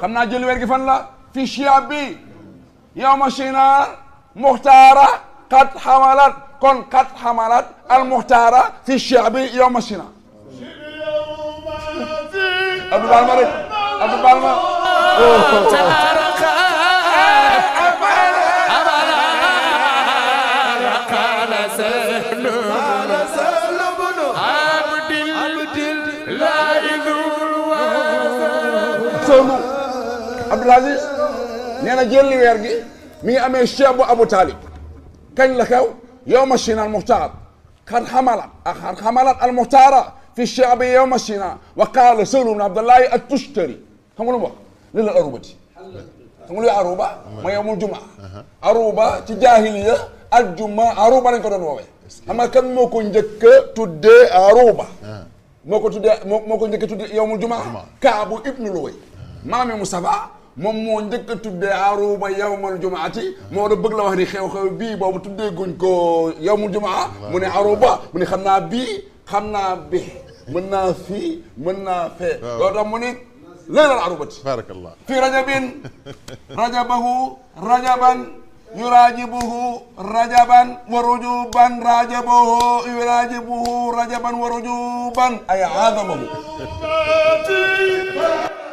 xam naa jëlli weer gi fan la fi chiab bi yow ma chinaar muxtaara xat xamalat kon xat xamalat al muxtaara fi chiab bi yow ma chinaar Abdou Balma rek Abdou Balma عبدالعزيز مي أمي الشيب أبو طالب كان لكو يوم الشينا المختار كان حملا أخر حملا المختارة في الشعب يوم الشينا وقال سولو من عبد الله التشتري تقولوا بقى للأروبة تقولوا يا أروبة ما يوم الجمعة أروبة تجاهلية الجمعة أروبة لن تدن وغي أما كان موكو نجك تدي أروبة موكو تدي موكو نجك تدي يوم الجمعة كعبو ابن الوي maami Moustapha moom moo njëkk a tuddee aruuma yawmal jumaati moo da bëgg la wax ni xew-xew bii boobu tuddee guñ ko yawmul jumaa mu ne aruuba mu ne xam naa bii xam naa bi mën naa fii mën naa fee loolu tax mu ne leelal arubati barakallah fi rajabin rajabahu rajaban yuraajibuhu rajaban wa rujuban rajabahu yuraajibuhu rajaban wa rujuban ay aadamahu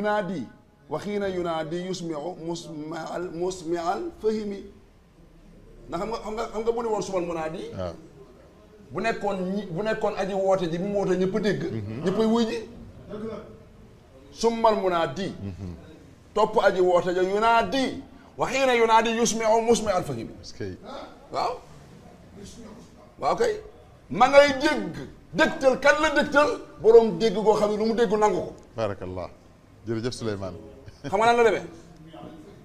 yunaadi waxiina yunaadi yusmiu musmial musmial fahimi ndax xam nga xam nga xam nga bu ne woon sumal munaadi ah. bu nekkoon ñi bu nekkoon aji woote ji bu mu woote ñëpp dégg mhm. ñëppay wuy ji summal munaadi mhm. topp aji woote ja yunaadi waxiina yunaadi yusmiu musmial fahimi waaw waaw kay ma ngay dégg dégtal kan la dégtal boroom dégg goo xam ne lu mu dégg nangu ko jërëjëf Souleymane. xam nga nan la demee.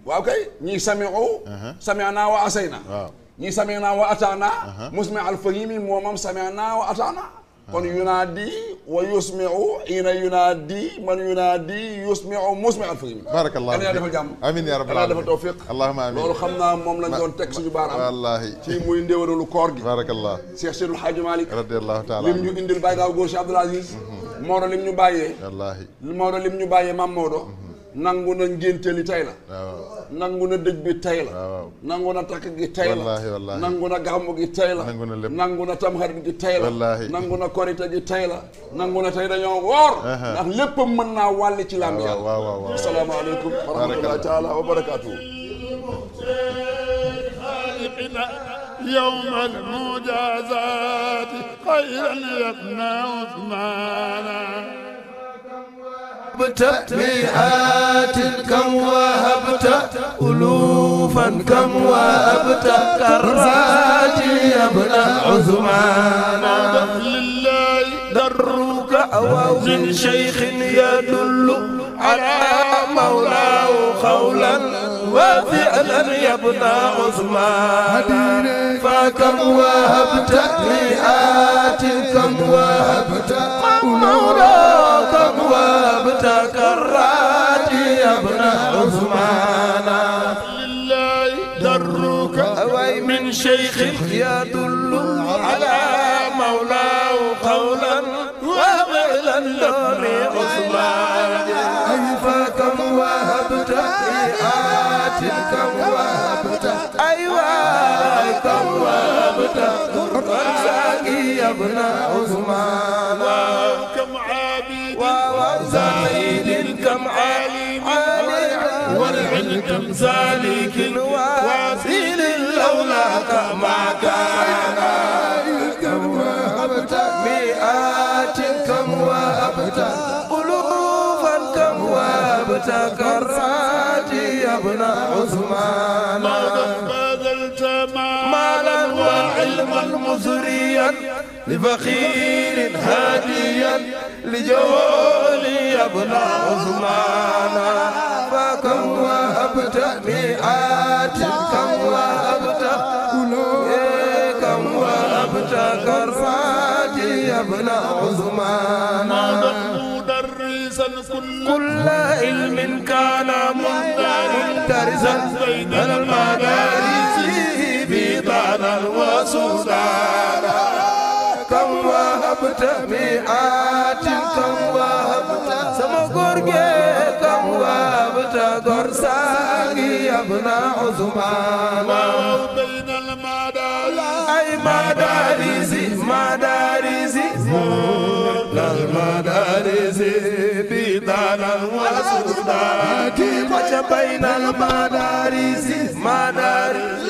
waaw kay ñii sami ow. Uh-huh. sami naa wa asay na. waaw ñii sami naa wa ataana. mos ma alfahimi moomam sami naa wa ataana. kon yunaadi wa yusmiu ina yunaadi man yunaadi yusmiu musmiu alfahim barakallahu yàlla defal jàmm amin ya rabbil alamin defal tawfiq allahumma amin loolu xam naa moom lañ doon teg suñu baaraam wallahi ci muy ndéwénalu koor gi barakallah Cheikh Seydou Hadji Malick radiyallahu taala lim ñu indil bàyyi gaaw góor si Aziz Maodo lim ñu bàyyee wallahi Maodo lim ñu bàyyee Mam Maodo nangu na ngénte li tey la nangu na dëj bi tey la nangu na takk gi tey la nangu na gàmmu gi tey la nangu na tamxarit gi tey la nangu na korite gi tey la nangu na tey dañoo woor ndax lépp mën naa wàlli ci laam yàlla asalaamaaleykum wa rahmatullahi taala wa barakatuhu يوم المجازات خيرا يبنى عثمانا وهبت مئات كم وهبت ألوفا كم وهبت كرات يا ابن عثمان لله درك من شيخ يدل على مولاه قولا وفعلا يا ابن عثمان فكم وهبت مئات كم وهبت مولاه وابتك الراجي يا ابن عثمان لله درك من شيخك يدل على مولاه قولا وفعلا لم عثمان أي فكم وهبت آتك وهبت أيوة كم وهبت قرآن يا ابن عثمان سالك واصل لولاك ما كان كم وهبت مئات كم وهبت ألوفا كم وهبت كرات يا ابن عثمان بذلت مالا وعلما مزريا لفقير هاديا لجولي يا ابن عثمان فكم وهبت كم وهبت كرفاتي يا ابن عثمان مدرسا كل علم كان مدرسا بين المدارس بيطانا وسودان سيدنا عثمان بين المدارس أي مدارس مدارس المدارس بيدانا وسلطان كيف بين المدارس مدارس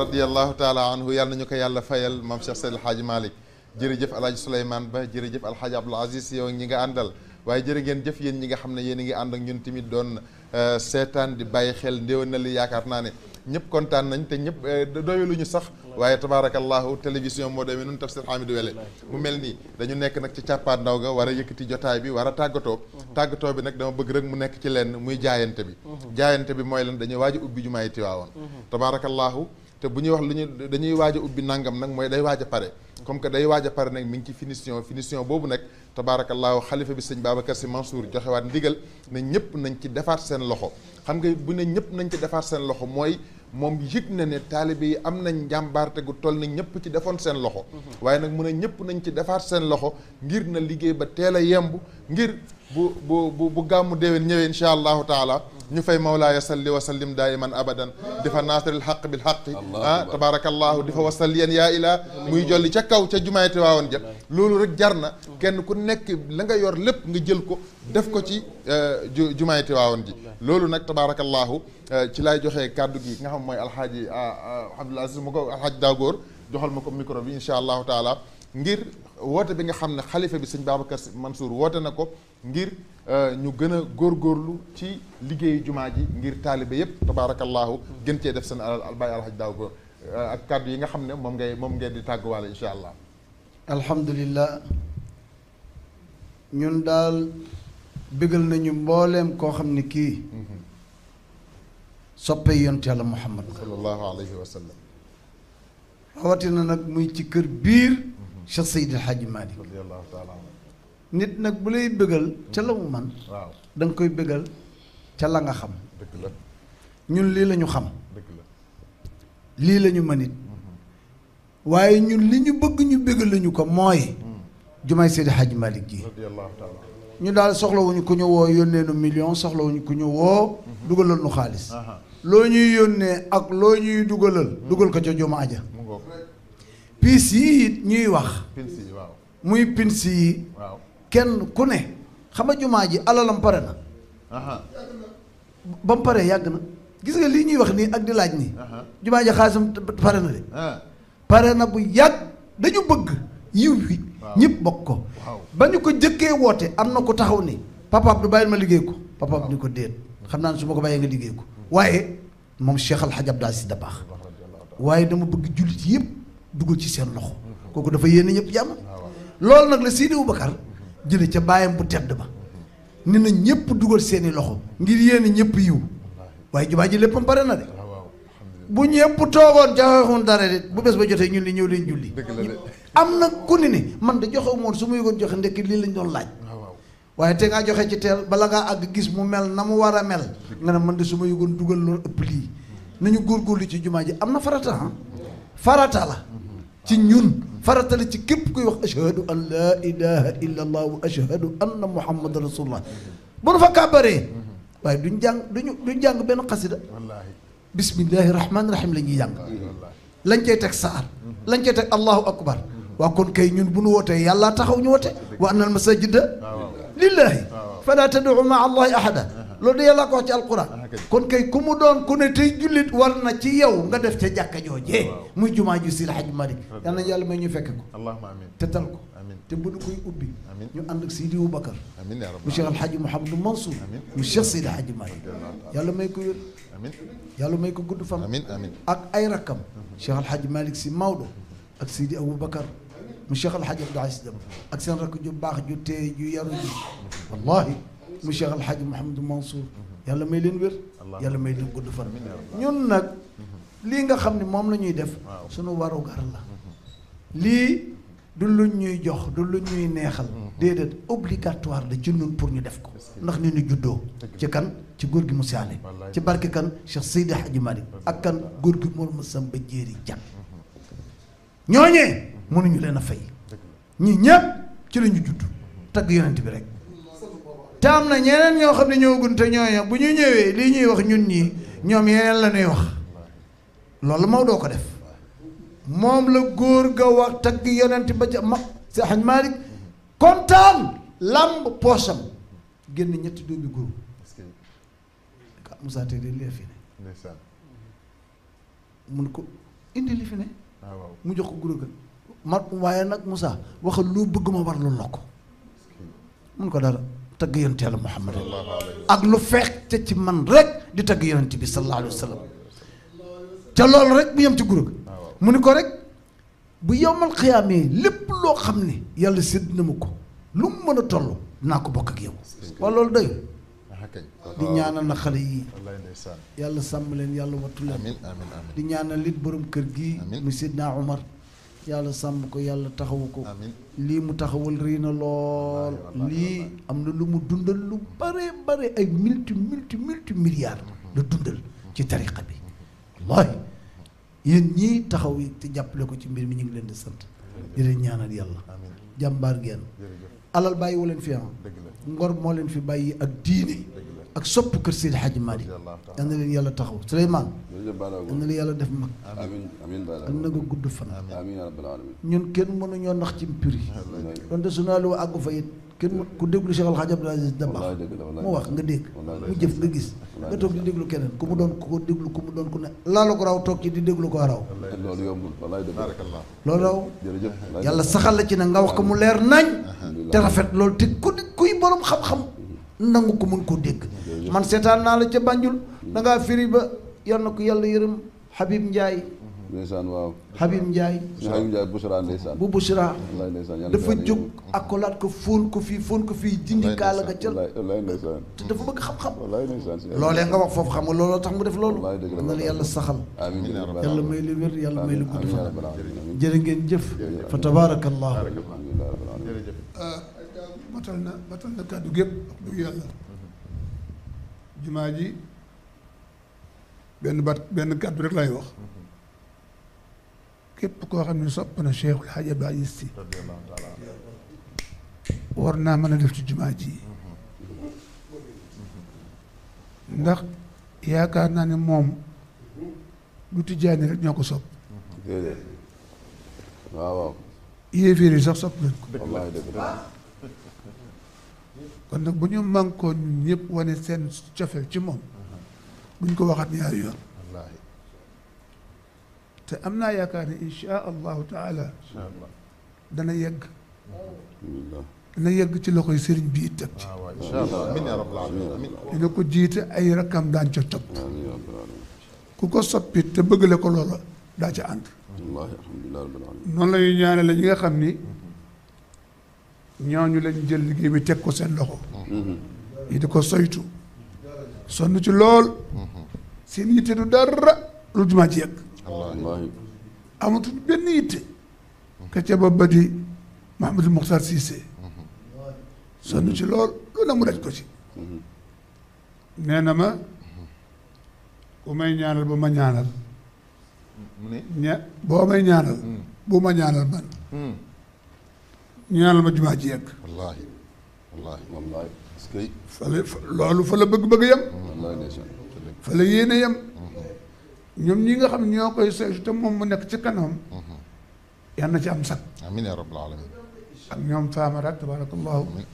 radiallahu taala anhu yàlla nañu ko yàlla fayal maam Cheikh Seydil Hadji Malick jërëjëf alhaji Souleymane Ba jërëjëf alhaji Abdoul Aziz yow ñi nga àndal waaye jërë ngeen jëf yéen ñi nga xam ne yéen a ngi ànd ak ñun tamit doon euh, seetaan di bàyyi xel ndéwén na li yaakaar naa ne ñëpp kontaan nañ te ñëpp euh, doyaluñu sax waaye tabaarakallahu télévision moo demee nun tafsir Hamidou Wele mu mel nii dañu nekk nag ci càppaat ndaw ga war a yëkkati jotaay bi war a tàggatoo tàggatoo bi nag dama bëgg rek mu nekk ci lenn muy jaayante bi jaayante bi mooy lan dañuy waaj a ubbi jumaay Tiwaawoon te bu ñuy wax lu ñu dañuy waaj ubbi nangam nag mooy day waaja a pare comme que day waaj pare nag mi ngi ci finition finition boobu nag tabaarakallaahu xalifa bi sëñ Babacar Si Mansour joxewaat ndigal ne ñëpp nañ ci defaat seen loxo xam nga bu ne ñëpp nañ ci defaat seen loxo mooy moom yëg na ne taalibe yi am nañ njàmbaarte gu toll na ñëpp ci defoon seen loxo waaye nag mu ne ñëpp nañ ci defaat seen loxo ngir na liggéey ba teel a yemb ngir bu bu bu bu gàmmu déwén ñëwee incha allahu taala ñu fay mawlaaya salli wa sallim daayiman abadan di fa naasiril xaq bil xaq ah tabarakallahu di fa wasalliyan yaa ilaa muy jolli ca kaw ca jumaayati waawoon ja loolu rek jar na kenn ku nekk la nga yor lépp nga jël ko def ko ci jumaayati waawoon ji loolu nag tabarakallahu ci laay joxe kàddu gi nga xam mooy alxaaji Abdul Aziz mu ko alxaaji Daagóor joxal ma ko micro bi incha allahu taala ngir wote bi nga xam ne xalifa bi sëñ Babacar Mansour woote na ko ngir ñu gën a góorgóorlu ci liggéeyu jumaa ji ngir taalibe yëpp tabaarakallaahu gën cee def seen alal bàyyi alxaj daaw ko ak kàddu yi nga xam ne moom ngay moom ngay di tàgguwaale incha allah alhamdulilah ñun daal bëggal nañu mbooleem koo xam ne kii soppe yonte yàlla muhammad sallallahu alayhi wa sallam rawatina nag muy ci kër biir Cheikh Seydi El Hadji Malick nit nag bu lay bëggal ca la mu man waaw da koy bëggal ca la nga xam ñun lii lañu xam lii lañu ñu mën mm-hmm. waaye ñun li ñu bëgg ñu bëggal lañu ko mooy mm. jumaay Seydi El Hadji Malick ji ñu daal soxlawuñu ku ñu woo yónnee nu million soxlawuñu ku ñu woo mm-hmm. dugalal nu xaalis loo ñuy yónnee ak loo ñuy dugalal mm. dugal ko ca jumaa ja piis yi ñuy wax. muy pins yi. waaw kenn ku ne xam nga jumaa ji alalam pare na. ba mu paree yàgg na gis nga lii ñuy wax nii ak di laaj nii. jumaa ji xaalisam pare na de. pare na bu yàgg dañu bëgg yiw wi. ñëpp bokk ko. ba ñu ko jëkkee woote am na ko taxaw ni papa Abdou bàyyil ma liggéey ko. papa Abdou ni ko déet xam naa ne su ma ko bàyyee nga liggéey ko. waaye moom Cheikh Al Hadj Abdou Aziz da baax. waaye dama bëgg jullit yëpp. dugal ci seen loxo kooku dafa yéene ñëpp jàmm loolu nag la Sidi Boubacar jële ca baayam bu tedd ba ni na ñëpp dugal seeni loxo ngir yéene ñëpp yiw waaye jumaa ji léppam pare na de bu ñëpp toogoon joxewuñ dara de bu bés ba jotee ñun li ñëw leen julli am na ku ni ne man de joxewu moon su ma yëgoon joxe ndekki lii lañ doon laaj waaye te ngaa joxe ci teel bala ngaa àgg gis mu mel na mu war a mel nga ne man de su ma yëgoon dugal loolu ëpp lii nañu góorgóorlu ci jumaa ji am na farata ah. farata la ci ñun farata la ci képp kuy wax ashhadu an laa ilaha illa allah wa ashhadu anna muhammadan rasulullah bu nu fa kàbbaree waaye duñ jàng duñu duñ jàng benn xasida bismillahi rahmaani rahim la ñuy jàng lañ cay teg saar lañ cay teg allahu akbar waa kon kay ñun bu nu wootee yàlla taxaw ñu woote wa anna al masajida lillahi fala tad'u maa allahi ahada loolu du yàlla ko wax ci alquran ah, kon kay ku mu doon ku ne tey jullit war na ci yow nga def ca jàkka joojee muy jumaa ji Seydi Hadji Malick yal na yàlla may ñu fekk ko allahumma amiin te tal ko te bu ñu koy ubbi ñu ànd ak Seydi Boubacar mu Cheikh Alhaji Mouhamadou Mansour mu Cheikh Seydi Hadji Malick yàlla may ko wér yàlla may ko gudd fan ak ay rakkam Cheikh Alhaji Malick Sy Maodo ak Seydi Aboubacar mu Cheikh Alhaji Abdou Aziz Deme ak seen rakk ju baax ju tee ju yaru ji wallahi mu Cheikh Al Hadj Mouhamadou Mansour yàlla may leen wér yàlla may leen gudd fan ñun nag mm-hmm. lii nga xam ne moom la ñuy def suñu warugar la mm-hmm. lii du lu ñuy jox du lu ñuy neexal mm-hmm. déedéet obligatoire la ci ñun pour ñu def ko ndax ni ñu juddoo ci kan ci góor gi mu saale ci barke kan Cheikh Seydi Hadji Malick ak kan góor gi mool ma samba jéeri jan ñooñee mënuñu leen a fay ñi ñëpp ci la ñu tagg yonent bi rek tam na ñeneen ñoo xam ne ñëwagun te ñooña bu ñu ñëwee li ñuy wax ñun ñii ñoom yeneen la ñuy wax loolu Maodo ko def moom la góor ga wax tagg yonent ba ma si xaj Malick kontaan làmb poosam génn ñetti doomi góor ka Moussa Tédé lii fi ne mun ko indi li fi ne mu jox ko góor ga ma waaye nag Moussa waxal loo bëgg ma war lu la ko mun ko dara tëgg yonent la Muhammad ak lu fekk ci man rek di tëgg yonent bi sallallahu alayhi wa sallam te rek yem ci gurug mu ni ko rek bu yowmal xiyaamee lépp loo xam ne yàlla sédd na ma ko lu mu mën a toll naa ko bokk ak yow waaw loolu doy di ñaanal na xale yi yàlla sàmm leen yàlla wattu leen di ñaanal lit borom kër gi mu Seydina Omar yàlla sàmm ko yàlla taxawu ko lii mu taxawal rëy na lool lii am na lu mu dundal lu bare bare ay multi multi multi milliards la dundal ci tariqa bi wallaahi yéen ñi taxaw te jàppale ko ci mbir mi ñu ngi leen di sant di ñaanal yàlla jàmbaar ngeen alal bàyyi wu leen fi am ah. ngor moo leen fi bàyyi ak diine ak sopp kër Seydi Hadji Malick yal na leen yàlla taxaw Souleymane yal na def mag gudd fan ñun kenn mënuñoo nax ci mpir yi donte su naa lu àggu fa it kenn ku déglu Cheikh Al Hadj Abdoul Aziz Dabakh mu wax nga dégg mu jëf nga gis nga toog di déglu keneen ku mu doon ku ko déglu ku mu doon ku ne laalu ko raw toog ci di déglu ko raw loolu yombul loolu raw yàlla saxal la ci ne nga wax ko mu leer nañ te rafet loolu te ku kuy borom xam-xam nangu ko mun koo dégg man seetaan naa la ca Banjul mm. da ngaa firi ba yal na ko yàlla yërëm Habib Ndiaye mm-hmm. ndeysaan waaw Habib Ndiaye Habib Ndiaye Bouchra ndeysaan bu Bouchra dafa jóg akolaat ko fóon ko fii fóon ko fii dindi kaala ga ca te dafa bëgg xam-xam loolee nga wax foofu xam nga looloo tax mu def loolu na la yàlla saxal yàlla may la wér yàlla may la gudd fan jërë ngeen jëf fa tabaarakallah matal na kàddu gépp jumaa ji benn bat benn kàddu rek lay wax képp koo xam ne sopp na Cheikhul Hadj Abdou Aziz Sy war naa mën a def ci jumaa ji ndax yaakaar naa ne moom du tijjaani rek ñoo ko sopp yéeféer yi sax sopp nañ ko kon nag bu ñu mànkoo ñun ñëpp wane seen cofeel ci moom buñ ko waxat ñaari yoon te am naa yaakaar ne insha allahu taala dana yegg dana yegg ci loxoy sëriñ bi itam ci dina ko jiite ay rakkam daan ca topp ku ko soppi te bëgg la ko loola daa ca ànd noonu la ñuy ñaanale ñi nga xam ni ñooñu lañ jël liggéey bi teg ko seen loxo. ñu di ko soytu. sonn ci lool. seen yitte du dara lu jumaa ji yegg. benn yitte. ka ca ba badi Mahamadul Muxtar Cissé. sonn ci lool lu na mu daj ko ci. nee na ma ku ñaanal bu ma ñaanal. boo may ñaanal. bu ma ñaanal mm. man. Mm. نيان المجمع جيك والله والله والله اسكي لولو فلا بق بق يم والله ليش فلا يين يم نيوم نيغا خم نيو كاي سي تام موم مو نيك تي كانهم يانا تي ام سات امين يا رب العالمين ام نيوم فام رك تبارك الله امين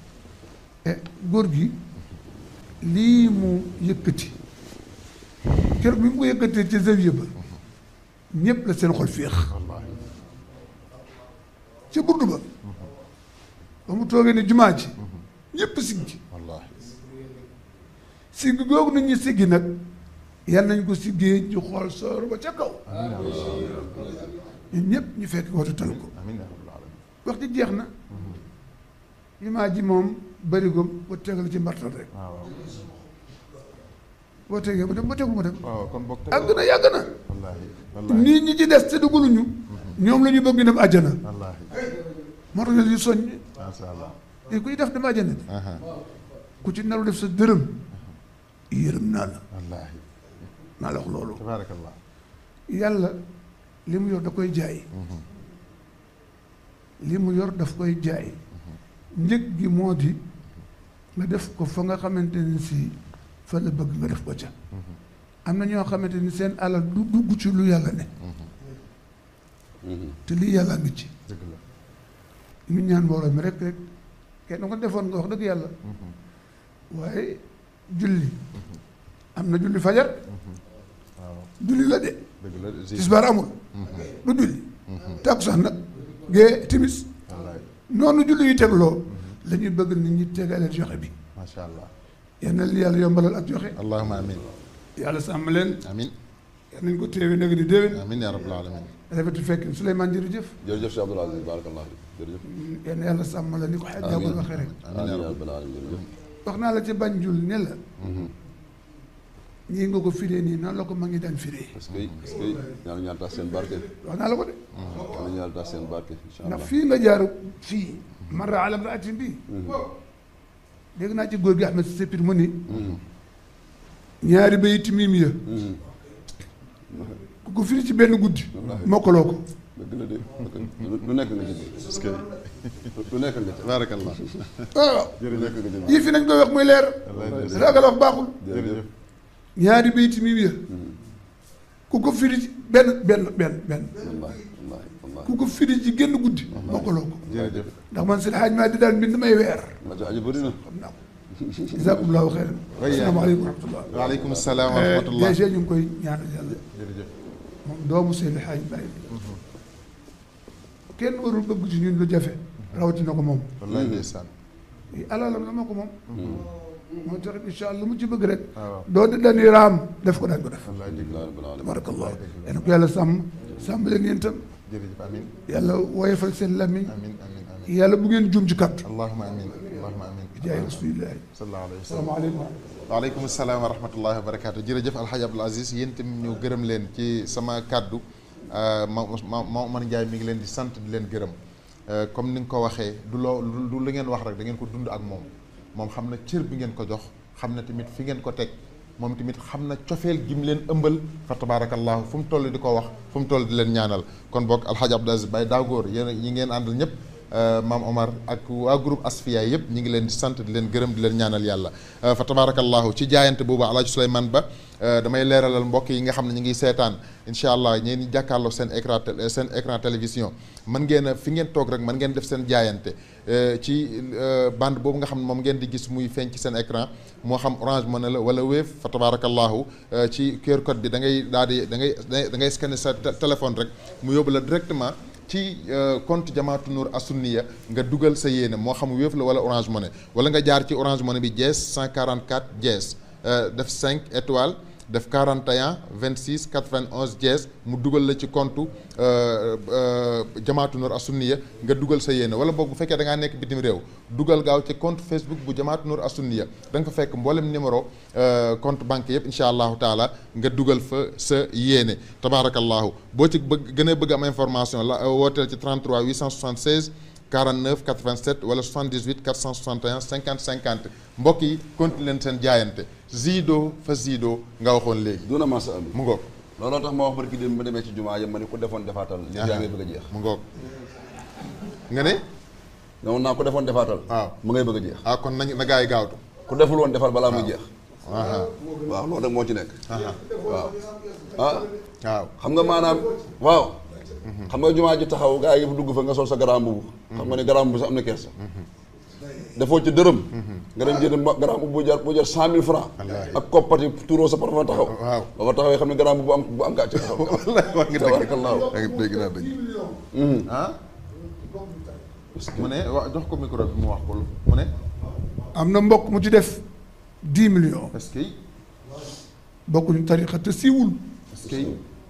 إيه غورغي لي مو يكتي كير بيم كو يكتي تي زيفيبا نيب لا سين خول فيخ والله تي بوردو ba mu toogee ni jumaa ji ñëpp siggi wallaahi boobu googu nit ñi siggi nag yal nañ ko siggee ñu xool soor ba ca kaw ñun ñëpp ñu fekk watu tal ko wax ji jeex na mhm. jumaa ji moom bërigom ba tegal ci mbartal rek ah, boo tegee mu dem boo tegul mu dem ah, àgg na yàgg na nii ñi ci des te duggaluñu mhm. ñoom la ñu bëgg ñu dem àjjana moo tax ñu soññ macha allah eh, kuy def damaa jënd. ku ci naru def sa dërëm. yërëm naa la. wallaahi loolu. yàlla li mu yor da koy jaay. Mhm. li mu yor daf koy jaay. Mhm. njëg gi moo di nga def ko fa nga xamante ni si fa la bëgg nga def ko ca. Mhm. am na ñoo xamante ni seen alal du dugg ci lu yàlla ne. te lii yàlla ngi ci. ñu ñaan mbooloo mi rek rek kenn ko defoon nga wax dëgg yàlla waaye julli am na julli fajar julli la de tisbaar amul du julli takkusaan nag gee timis noonu julli yu tegloo la ñuy bëgg ni ñi tegaleel joxe bi macha allah yal na yàlla yombalal ak joxe allahumma amin yàlla sàmm leen amin yal nañ ko téewe nag di déwén amin ya rabbal alamin rafetul fekk Souleymane jërëjëf. jërëjëf Cheikh Abdoul Aziz barakallah jërëjëf. yéen yàlla sàmm la ni ko xaj jaabul waxee rek. wax naa la ci Banjul ni la. Mhm. ñii nga ko firee nii nan la ko ma ngi daan firee. parce que parce que ñaar ñaar tax seen wax naa la ko de. Mhm. ñaar ñaar tax seen barke. incha allah ndax fii nga jaar fii. marra ala imra'atin bi. Mhm. dégg naa ci góor Ahmed Sépir mu ni. ñaari bayit miim ya ku ci benn guddi. mokkaloo ko. lu nekk nga ci parce que lu nekk nga ci baarakallah. Ah. yii fi nañ koy wax muy leer. ragal wax baaxul. ñaari bayti mi wér. Hmm. ku ko firi ci benn benn benn benn. ku ko firi ci génn guddi. mokkaloo ko. ndax man seen xaaj maa di daan bind may weer. jazakumullahu a asalaamaaleykum wa rahmatulah. waaleykum salaam wa eh, ñu ngi koy ñaanal yàlla. moom doomu Seydi Hadj Malick kenn warul bëgg ci ñun lu jafe rawatina ko moom wallaay ndeysaan alalam la moo ko moom moo tax incha allah lu mu ci bëgg rek doo di dañuy raam def ko daan ko def tabarakallah yéen ko yàlla sàmm sàmm leen yéen tam jërëjëf amin yàlla woyofal seen lamiñ yàlla bu ngeen jum ci kàttu allahumma amin allahumma amin jaay rasulillahi sallallahu alayhi wa sallam waaleykum salaam wa rahmatullahi wa barakaatu jërëjëf Alxaaj Abdul Aziz yéen itam ñu gërëm leen ci sama kàddu euh, ma ma Omar Ndiaye mi ngi leen di sant di leen gërëm euh, comme ni nga ko waxee du loo du lu ngeen wax rek da ngeen ko dund ak moom moom xam na cër bi ngeen ko jox xam na tamit fi ngeen ko teg moom tamit xam na cofeel gi mu leen ëmbal fa tabaarakallaahu fu mu toll di ko wax fu mu toll di leen ñaanal kon boog Alxaaj Abdul Aziz Baye Daagóor yéen yi ngeen àndal ñëpp Euh, maam Omar ak waa group Asfiya yëpp ñu ngi leen di sant di leen gërëm di leen ñaanal yàlla euh, fa tabarakallahu ci jaayante boobu Alaaji Souleymane Ba euh, damay leeralal mbokk yi nga xam ne ñu ngi seetaan incha allah ñeen jàkkaarloo seen écran seen écran télévision mën ngeen a fi ngeen toog rek man ngeen def seen jaayante ci bande boobu nga xam ne moom ngeen di gis muy feeñ ci seen écran moo xam orange mën na la wala wéef fa tabarakallahu ci QR code bi da ngay daal di da ngay da ngay scanner téléphone rek mu yóbbu la directement ci euh, compte Jamaatu Nour Assunniya nga dugal sa yéene moo xamu Wave la wala Orange Money wala nga jaar ci Orange Money bi cent jees 144 jees def cinq étoiles def 41 26 91 jees mu dugal la ci compte euh, euh, jamaatu Noor Assunniya nga dugal sa yéene wala boog bu fekkee da ngaa nekk bitim réew dugal gaaw ci compte Facebook bu jamaatu Noor Assunniya da fa fekk mboolem numéro euh, compte banque yëpp incha allahu taala nga dugal fa sa yéene tabaarakallahu boo ci bëgg gën a bëgg am information la wooteel ci 33 876. 49 87 wala 78 461 50 50 mbokk yi continué leen seen jaayante ziidoo fa ziidoo nga waxoon léegi. duna masa am mu ngoog. looloo tax ma wax barki dem ba demee ci jumaa yam ma ne ku defoon defaatal. li ngay bëgg a jeex mu ngoog. nga ne. non naa ku defoon defaatal. waaw mu ngay bëgg a jeex. ah kon nañu na gaa yi gaawtu. ku deful woon defal balaa muy jeex. waaw loolu nag moo ci nekk. waaw. ah waaw xam nga maanaam waaw. xam nga jumaa ji taxaw gaa yi dugg fa nga sol sa garaam bu xam nga ne garaam bu sax am na kees dafoo ci dërëm nga dem jënd garaam bu jar bu jar cent mille francs ak koppati tuuroo sa parfum taxaw waaw ba fa taxawee xam ne garaam bu am bu am gàcce hmm. ah? ne wax jox ko micro bi mu ko mu ne am na mbokk mu ci def dix millions parce bokkuñu tarixa te siiwul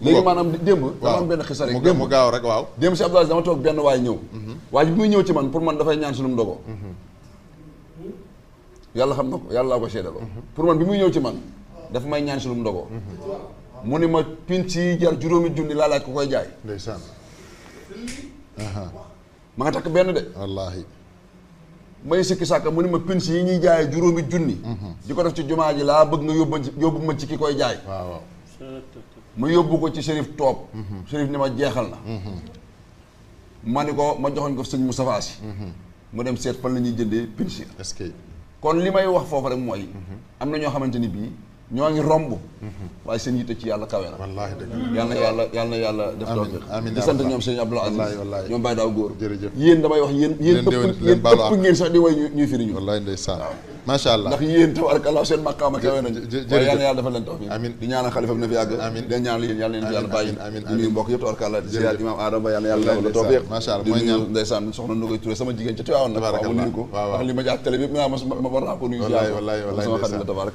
léegi maanaam démb dama benn xisa rek démb mu gaaw waaw démb si Abdoulaye toog benn waay ñëw mhm. waa ji bi muy ñëw ci man pour man dafay ñaan sunu ndogo mhm. yàlla xam na ko yàlla laa ko seedaloo mhm. pour man bi muy ñëw ci man dafa may ñaan sunu ndogo mu ni ma pinc yi jar juróomi junni laa laaj ko koy jaay ndeysaan ma nga takk benn de wallaahi may sikki sàkka mu ni ma pinc yi ñuy jaayee juróomi junni di ko def ci jumaa ji laa bëgg nga yóbbu ma ci ki koy jaay ma yóbbu ko ci shérif toob shérif ni ma jeexal na ma ni ko ma joxoñ ko sëñ Moustapha Sy mu dem seet fan la ñuy jëndee pincir kon li may wax foofu rek mooy am na ñoo xamante ni bii ñoo ngi romb waaye seen yitte ci yàlla kawe na yàlla yàlla yàlla yàlla def tooke di sant ñoom sëñ Abdoul Aziz ñoom Baye Daaw Góor jërëjëf damay wax yéen yéen ëpp ngeen sax di way ñuy firi ñu macha allah ndax yéen tabaarkalla seen maqaama kawe nañu ma jaar télé ma ma war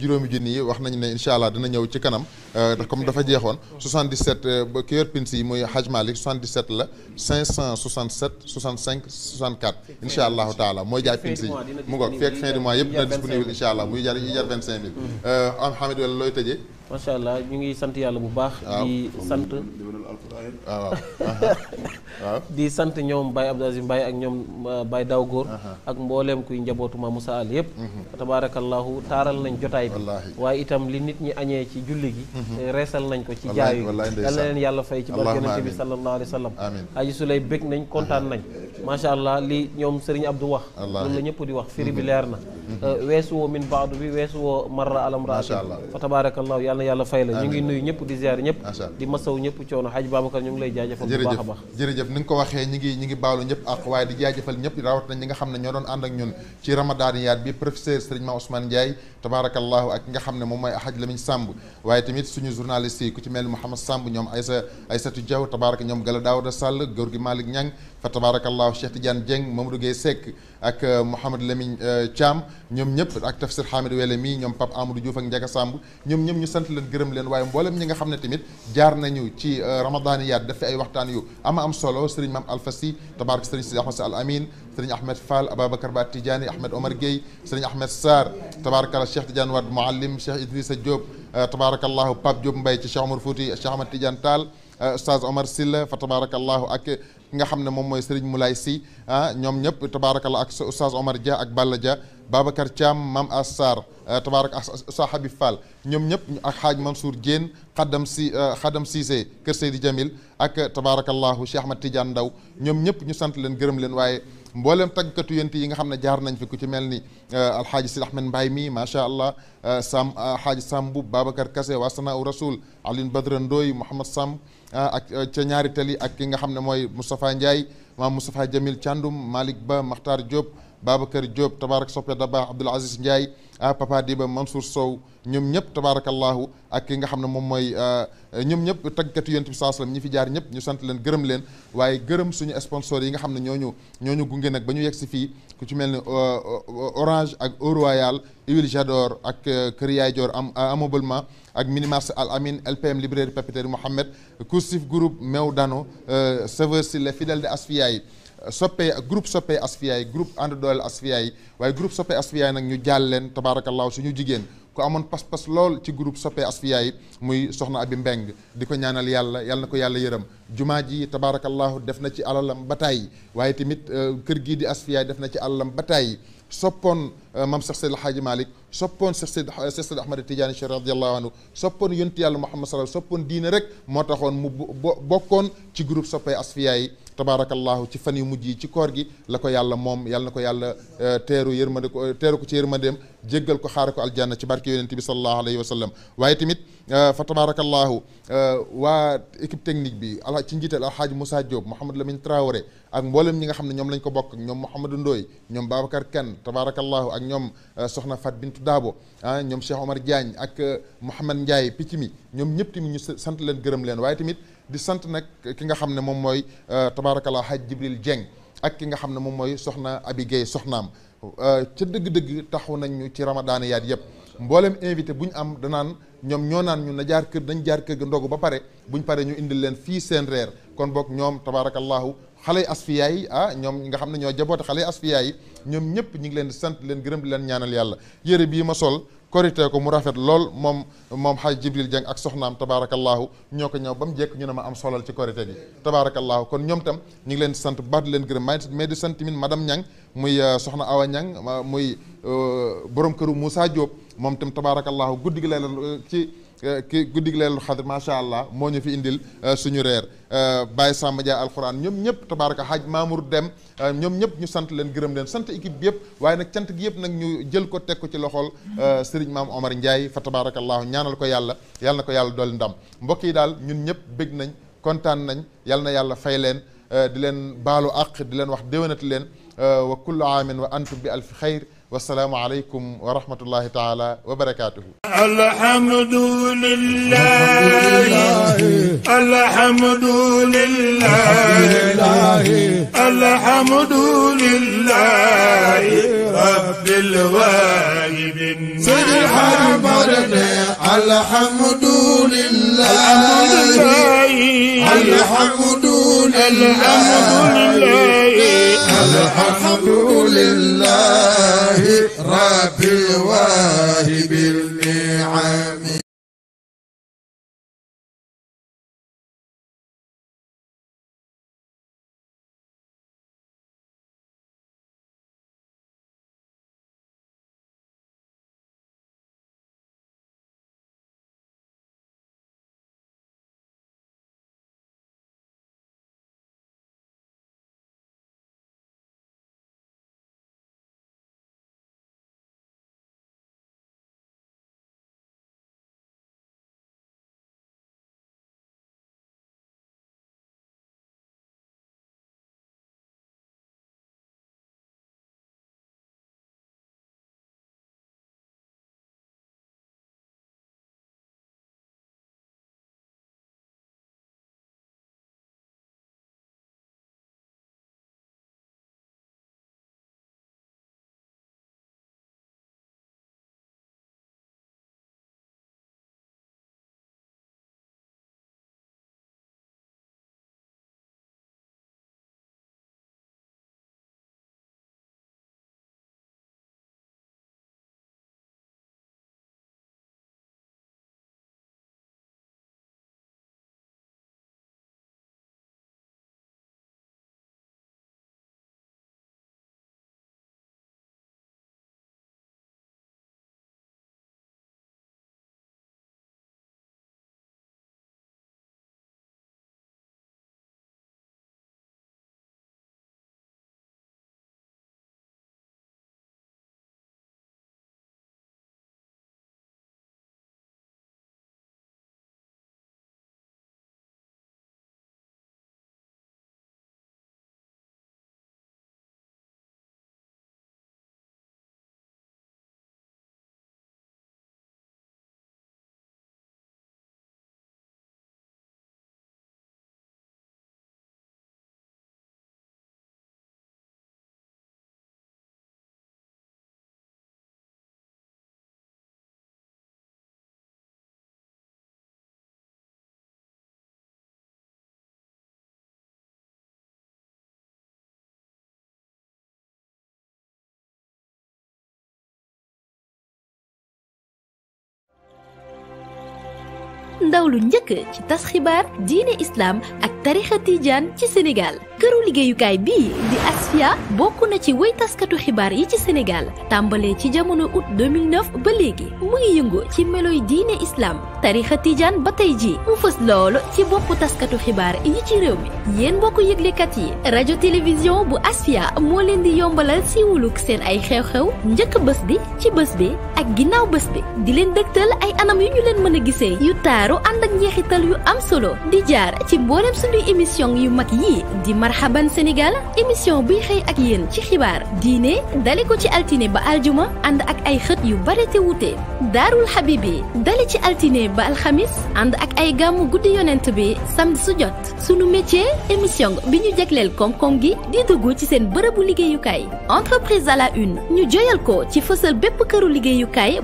juróomi junni yi wax na ne incha allah dina ñëw ci kanam Euh, comme dafa jeexoon 77 euh, ba ki yor pins yi Haj Malik 77 la 567 65 64 inshallah taala moy jaay pins yi mu ngoog fin du mois yëpp na disponible inshallah allah muy jar 25000 mm. euh 25 000 am Hamid wala looy tëjee Masya allah ñu ngi sant yàlla bu baax. di sant di [LAUGHS] sant ñoom Bay Abdou Aziz Mbaye ak ñoom euh, Baye Daw Góor. ak mbooleem kuy njabootu Maam Moussa All yëpp. Mhm. tabaarakallahu taaral nañ jotaay bi. waaye itam li nit ñi añee ci julli gi. Mhm. Euh, reesal nañ ko ci jaay yi leen yàlla fay ci barke yonent bi sallallahu alayhi wa aji su lay bég nañ kontaan nañ. macha allah li ñoom Serigne Abdou wax. loolu la ñëpp di wax firi bi mhm. leer na. Euh, weesu woo min baadu bi weesu woo marra alam raati fa tabaarakallahu yàlla yàlla fay la ñu ngi nuyu ñëpp di ziar ñëpp di masaw ñëpp coono xaj Babacar ñu ngi lay jaajëfal bu baax a baax jërëjëf ni nga ko waxee ñi ngi ñi ngi baalu ñëpp ak waaye di jaajëfal ñëpp rawat na ñi nga xam ne ñoo doon ànd ak ñun ci ramadan yaat bi professeur Serigne Mame Ousmane Ndiaye ak nga xam ne moom mooy xaj Lamine Samb waaye tamit suñu journaliste yi ku ci mel ni Mouhamed ñoom Aïssa Aïssatou Diaw tabaraka ñoom Gala Daouda Sall góor gi Malick sant leen gërëm leen waaye mboolem ñi nga xam ne tamit jaar nañu ci ramadaniyaat def fi ay waxtaan yu ama am solo sëriñ maam Alfa Si tabarak sëriñ Sidi Ahmed Si Al Amin sëriñ Ahmed Fall Ababacar Ba Tidiane Ahmed Omar Gueye sëriñ Ahmed Sarr tabarakallah Cheikh Tidiane Wade Mouallim Cheikh Idrissa Diop tabarakallahu Pape Diop Mbaye ci Cheikh Omar Fouti Cheikh Ahmed Tidiane Tall Oustaz Omar Silla fa tabarakallahu ak ki nga xam ne moom mooy sëriñ Moulay Si ah ñoom ñëpp tabarakallah ak Oustaz Omar Dia ak Balla Dia Babacar Thiam Mam As Sarr Tabarak Sa Habib Fall ñoom ñëpp ak xaaj Mansour Diène xadam si xadam Cissé Kër Seydi Jamil ak tabarakallahu Cheikh Ahmad Tidiane Ndaw ñoom ñëpp ñu sant leen gërëm leen waaye mboolem tàggkatu yent yi nga xam ne jaar nañ fi ku ci mel ni alxaaji Sidi Ahmed Mbaye mi macha allah Sam alxaaji Sam Boub Babacar Kassé waa Sanaa Rasoul Alioune Badra Ndoye Sam ak ca ñaari tali ak ki nga xam ne mooy Moustapha Ndiaye maam Jamil chandum malik Ba Makhtar Diop Babacar Diop tabarak soppe da baax Abdoul Aziz Ndiaye ah Papa Diba Mansour Sow ñoom ñëpp tabaarakallahu ak ki nga xam ne moom mooy ñoom ñëpp taggatu yonent bi saa sallam ñi fi jaar ñëpp ñu sant leen gërëm leen waaye gërëm suñu sponsor yi nga xam ne ñooñu ñooñu gunge nag ba ñu yegg si fii ku ci mel ne Orange ak Eau Royal Huile Jador ak Kër Yaay Dior am ameublement ak Minimarché Al Amin LPM librairie papeterie Mohamed Coursif groupe Mew Dano serveur si les fidèles de Asfiyahi soppee groupe soppee asfiyaay groupe ànd dooleel asfiyaay waaye groupe soppee asfiyaay nag ñu jaal leen tabaarakallaahu suñu jigéen ku amoon pas-pas lool ci groupe soppee asfiyaay muy soxna abi mbeng di ko ñaanal yàlla yàlla na ko yàlla yërëm jumaa ji tabaarakallaahu def na ci alalam bataay waaye tamit euh, kër gii di asfiyaay def na ci alalam bataay soppoon euh, mam Seex Seydi El Hadji soppoon Seex Seydi Seex a Ahmad Tijaani Chérif radiyallahu anhu soppoon yonti yàlla Muhammad sallallahu soppoon diine rek moo taxoon mu bokkoon ci groupe soppee asfiyaay tabarakallahu ci fan yu mujj yi ci koor gi la ko yàlla moom yàlla na ko yàlla teeru yërmande ko teeru ko ci yërmandeem jéggal ko xaare ko aljanna ci barke yonente bi salallahu alayhi wa sallam waaye tamit fa tabarakallahu waa équipe technique bi ala ci njiital alxaaji Moussa Diop Mouhamed Lamine Traoré ak mboolem ñi nga xam ne ñoom lañ ko bokk ak ñoom Mouhamadou Ndoye ñoom Babacar Kane tabarakallahu ak ñoom soxna Fat Bintou Dabo ah ñoom Cheikh Omar Diagne ak Mouhamed Ndiaye picc mi ñoom ñëpp tamit ñu sant leen gërëm leen waaye tamit di sant nag ki nga xam ne moom mooy euh, tabaarakallaa Hadj Jibril Dieng ak ki nga xam ne moom mooy soxna Abi Guèye soxnaam euh, ca dëgg-dëgg taxu nañ ñu ci ramadaana yaat yëpp mboolem invité bu am danaan ñoom ñoo naan ñu na jaar kër dañ jaar kër ga ndogu ba pare buñ pare ñu indil leen fii seen reer kon boog ñoom tabaarakallaahu xale asfiya yi ah ñoom nga xam ne ñoo jaboote xale asfiya yi ñoom ñëpp ñu ngi leen di sant leen gërëm di leen ñaanal yàlla yére bii ma sol korité ko mu rafet lool moom moom xaj Jibril Dieng ak soxnaam tabaarakallaahu ñoo ko ñaw ba mu jekk ñu ne ma am solal ci korité gi tabaarakallaahu kon ñoom tam ñu ngi leen sant bu baax leen gërëm mais di sant tamit madame Niang muy euh, soxna Awa Niang euh, muy euh, borom këru Moussa Diop moom tam tabaarakallaahu guddi gi lay la ci Euh, ki guddig leelu xadr macha allah moo ñu fi indil euh, suñu reer euh, Baye Samba Dia alxuraan ñoom ñëpp tabaraka xaaj Mamour Dem ñoom ñëpp ñu sant leen gërëm leen sant équipe bi yëpp waaye nag cant gi yëpp nag ñu jël ko teg ko ci loxol Serigne Maam Omar Ndiaye fa tabarakallahu ñaanal ko yàlla yàlla na ko yàlla dolli ndam mbokk yi daal ñun ñëpp bég nañ kontaan nañ yàlla na yàlla fay leen di leen baalu àq di leen wax déwénati leen wa kullu aamin wa antum bi alfi xayr والسلام عليكم ورحمة الله تعالى وبركاته الحمد لله الحمد لله الحمد لله رب الوالدين سيد الحرب الحمد لله الحمد لله الحمد لله رب الواهب النعم ndaw lu njëkk ci tas xibaar diine islam ak tarixa tijaan ci Sénégal këru liggéeyukaay bii di Asfia bokk na ci way taskatu xibaar yi ci Sénégal tàmbalee ci jamono août 2009 ba léegi mu ngi yëngu ci meloy diine islam tarixa tijaan ba tey ji mu fës loolu ci boppu taskatu xibaar yi ci réew mi yéen mbokk yëglekat yi rajo télévision bu asfia moo leen di yombalal siiwuluk seen ay xew-xew njëkk bés bi ci bés bi ak ginnaaw bés bi di leen dëgtal ay anam yu ñu leen mën a gisee yu taaru ànd ak njeexital yu am solo di jaar ci mboolem suñuy émission yu mag yii di marhaban sénégal émission buy xëy ak yéen ci xibaar diine dale ko ci altine ba aljuma ànd ak ay xët yu bare te altine ba alxamis and ak ay gamu guddi yonent bi samedi su jot sunu métier émission biñu ñu kom kom gi di duggu ci seen bërëbu liggéeyukaay entreprise à la une ñu joyal ko ci fësal këru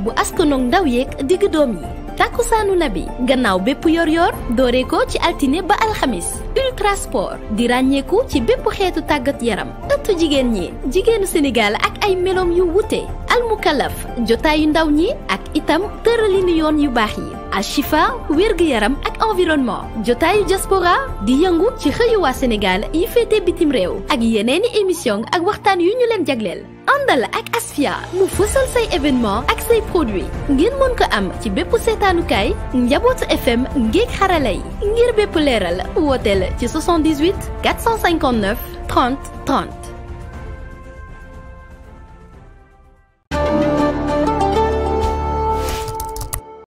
bu askonong ndaw yek digg doom yi nabi gannaaw bépp yor yor dooree ko ci altiné ba alxamis ultra sport di ràññeeku ci tagat yaram ëttu jigen ñi Senegal sénégal ak ay melom yu wute almukalaf yu ndaw ñi ak itam tëralinu yoon yu bax yi Ashifa wérgu yaram ak environnement jotaayu diaspora di yëngu ci xëyu waa Sénégal yi féete bitim réew ak yeneeni émission ak waxtaan yu ñu leen jagleel àndal ak Asfia mu fësal say événement ak say produit ngeen mën ko am ci bépp seetaanukaay njabootu FM ngéeg xarala yi ngir bépp leeral wooteel ci 78 459 30 30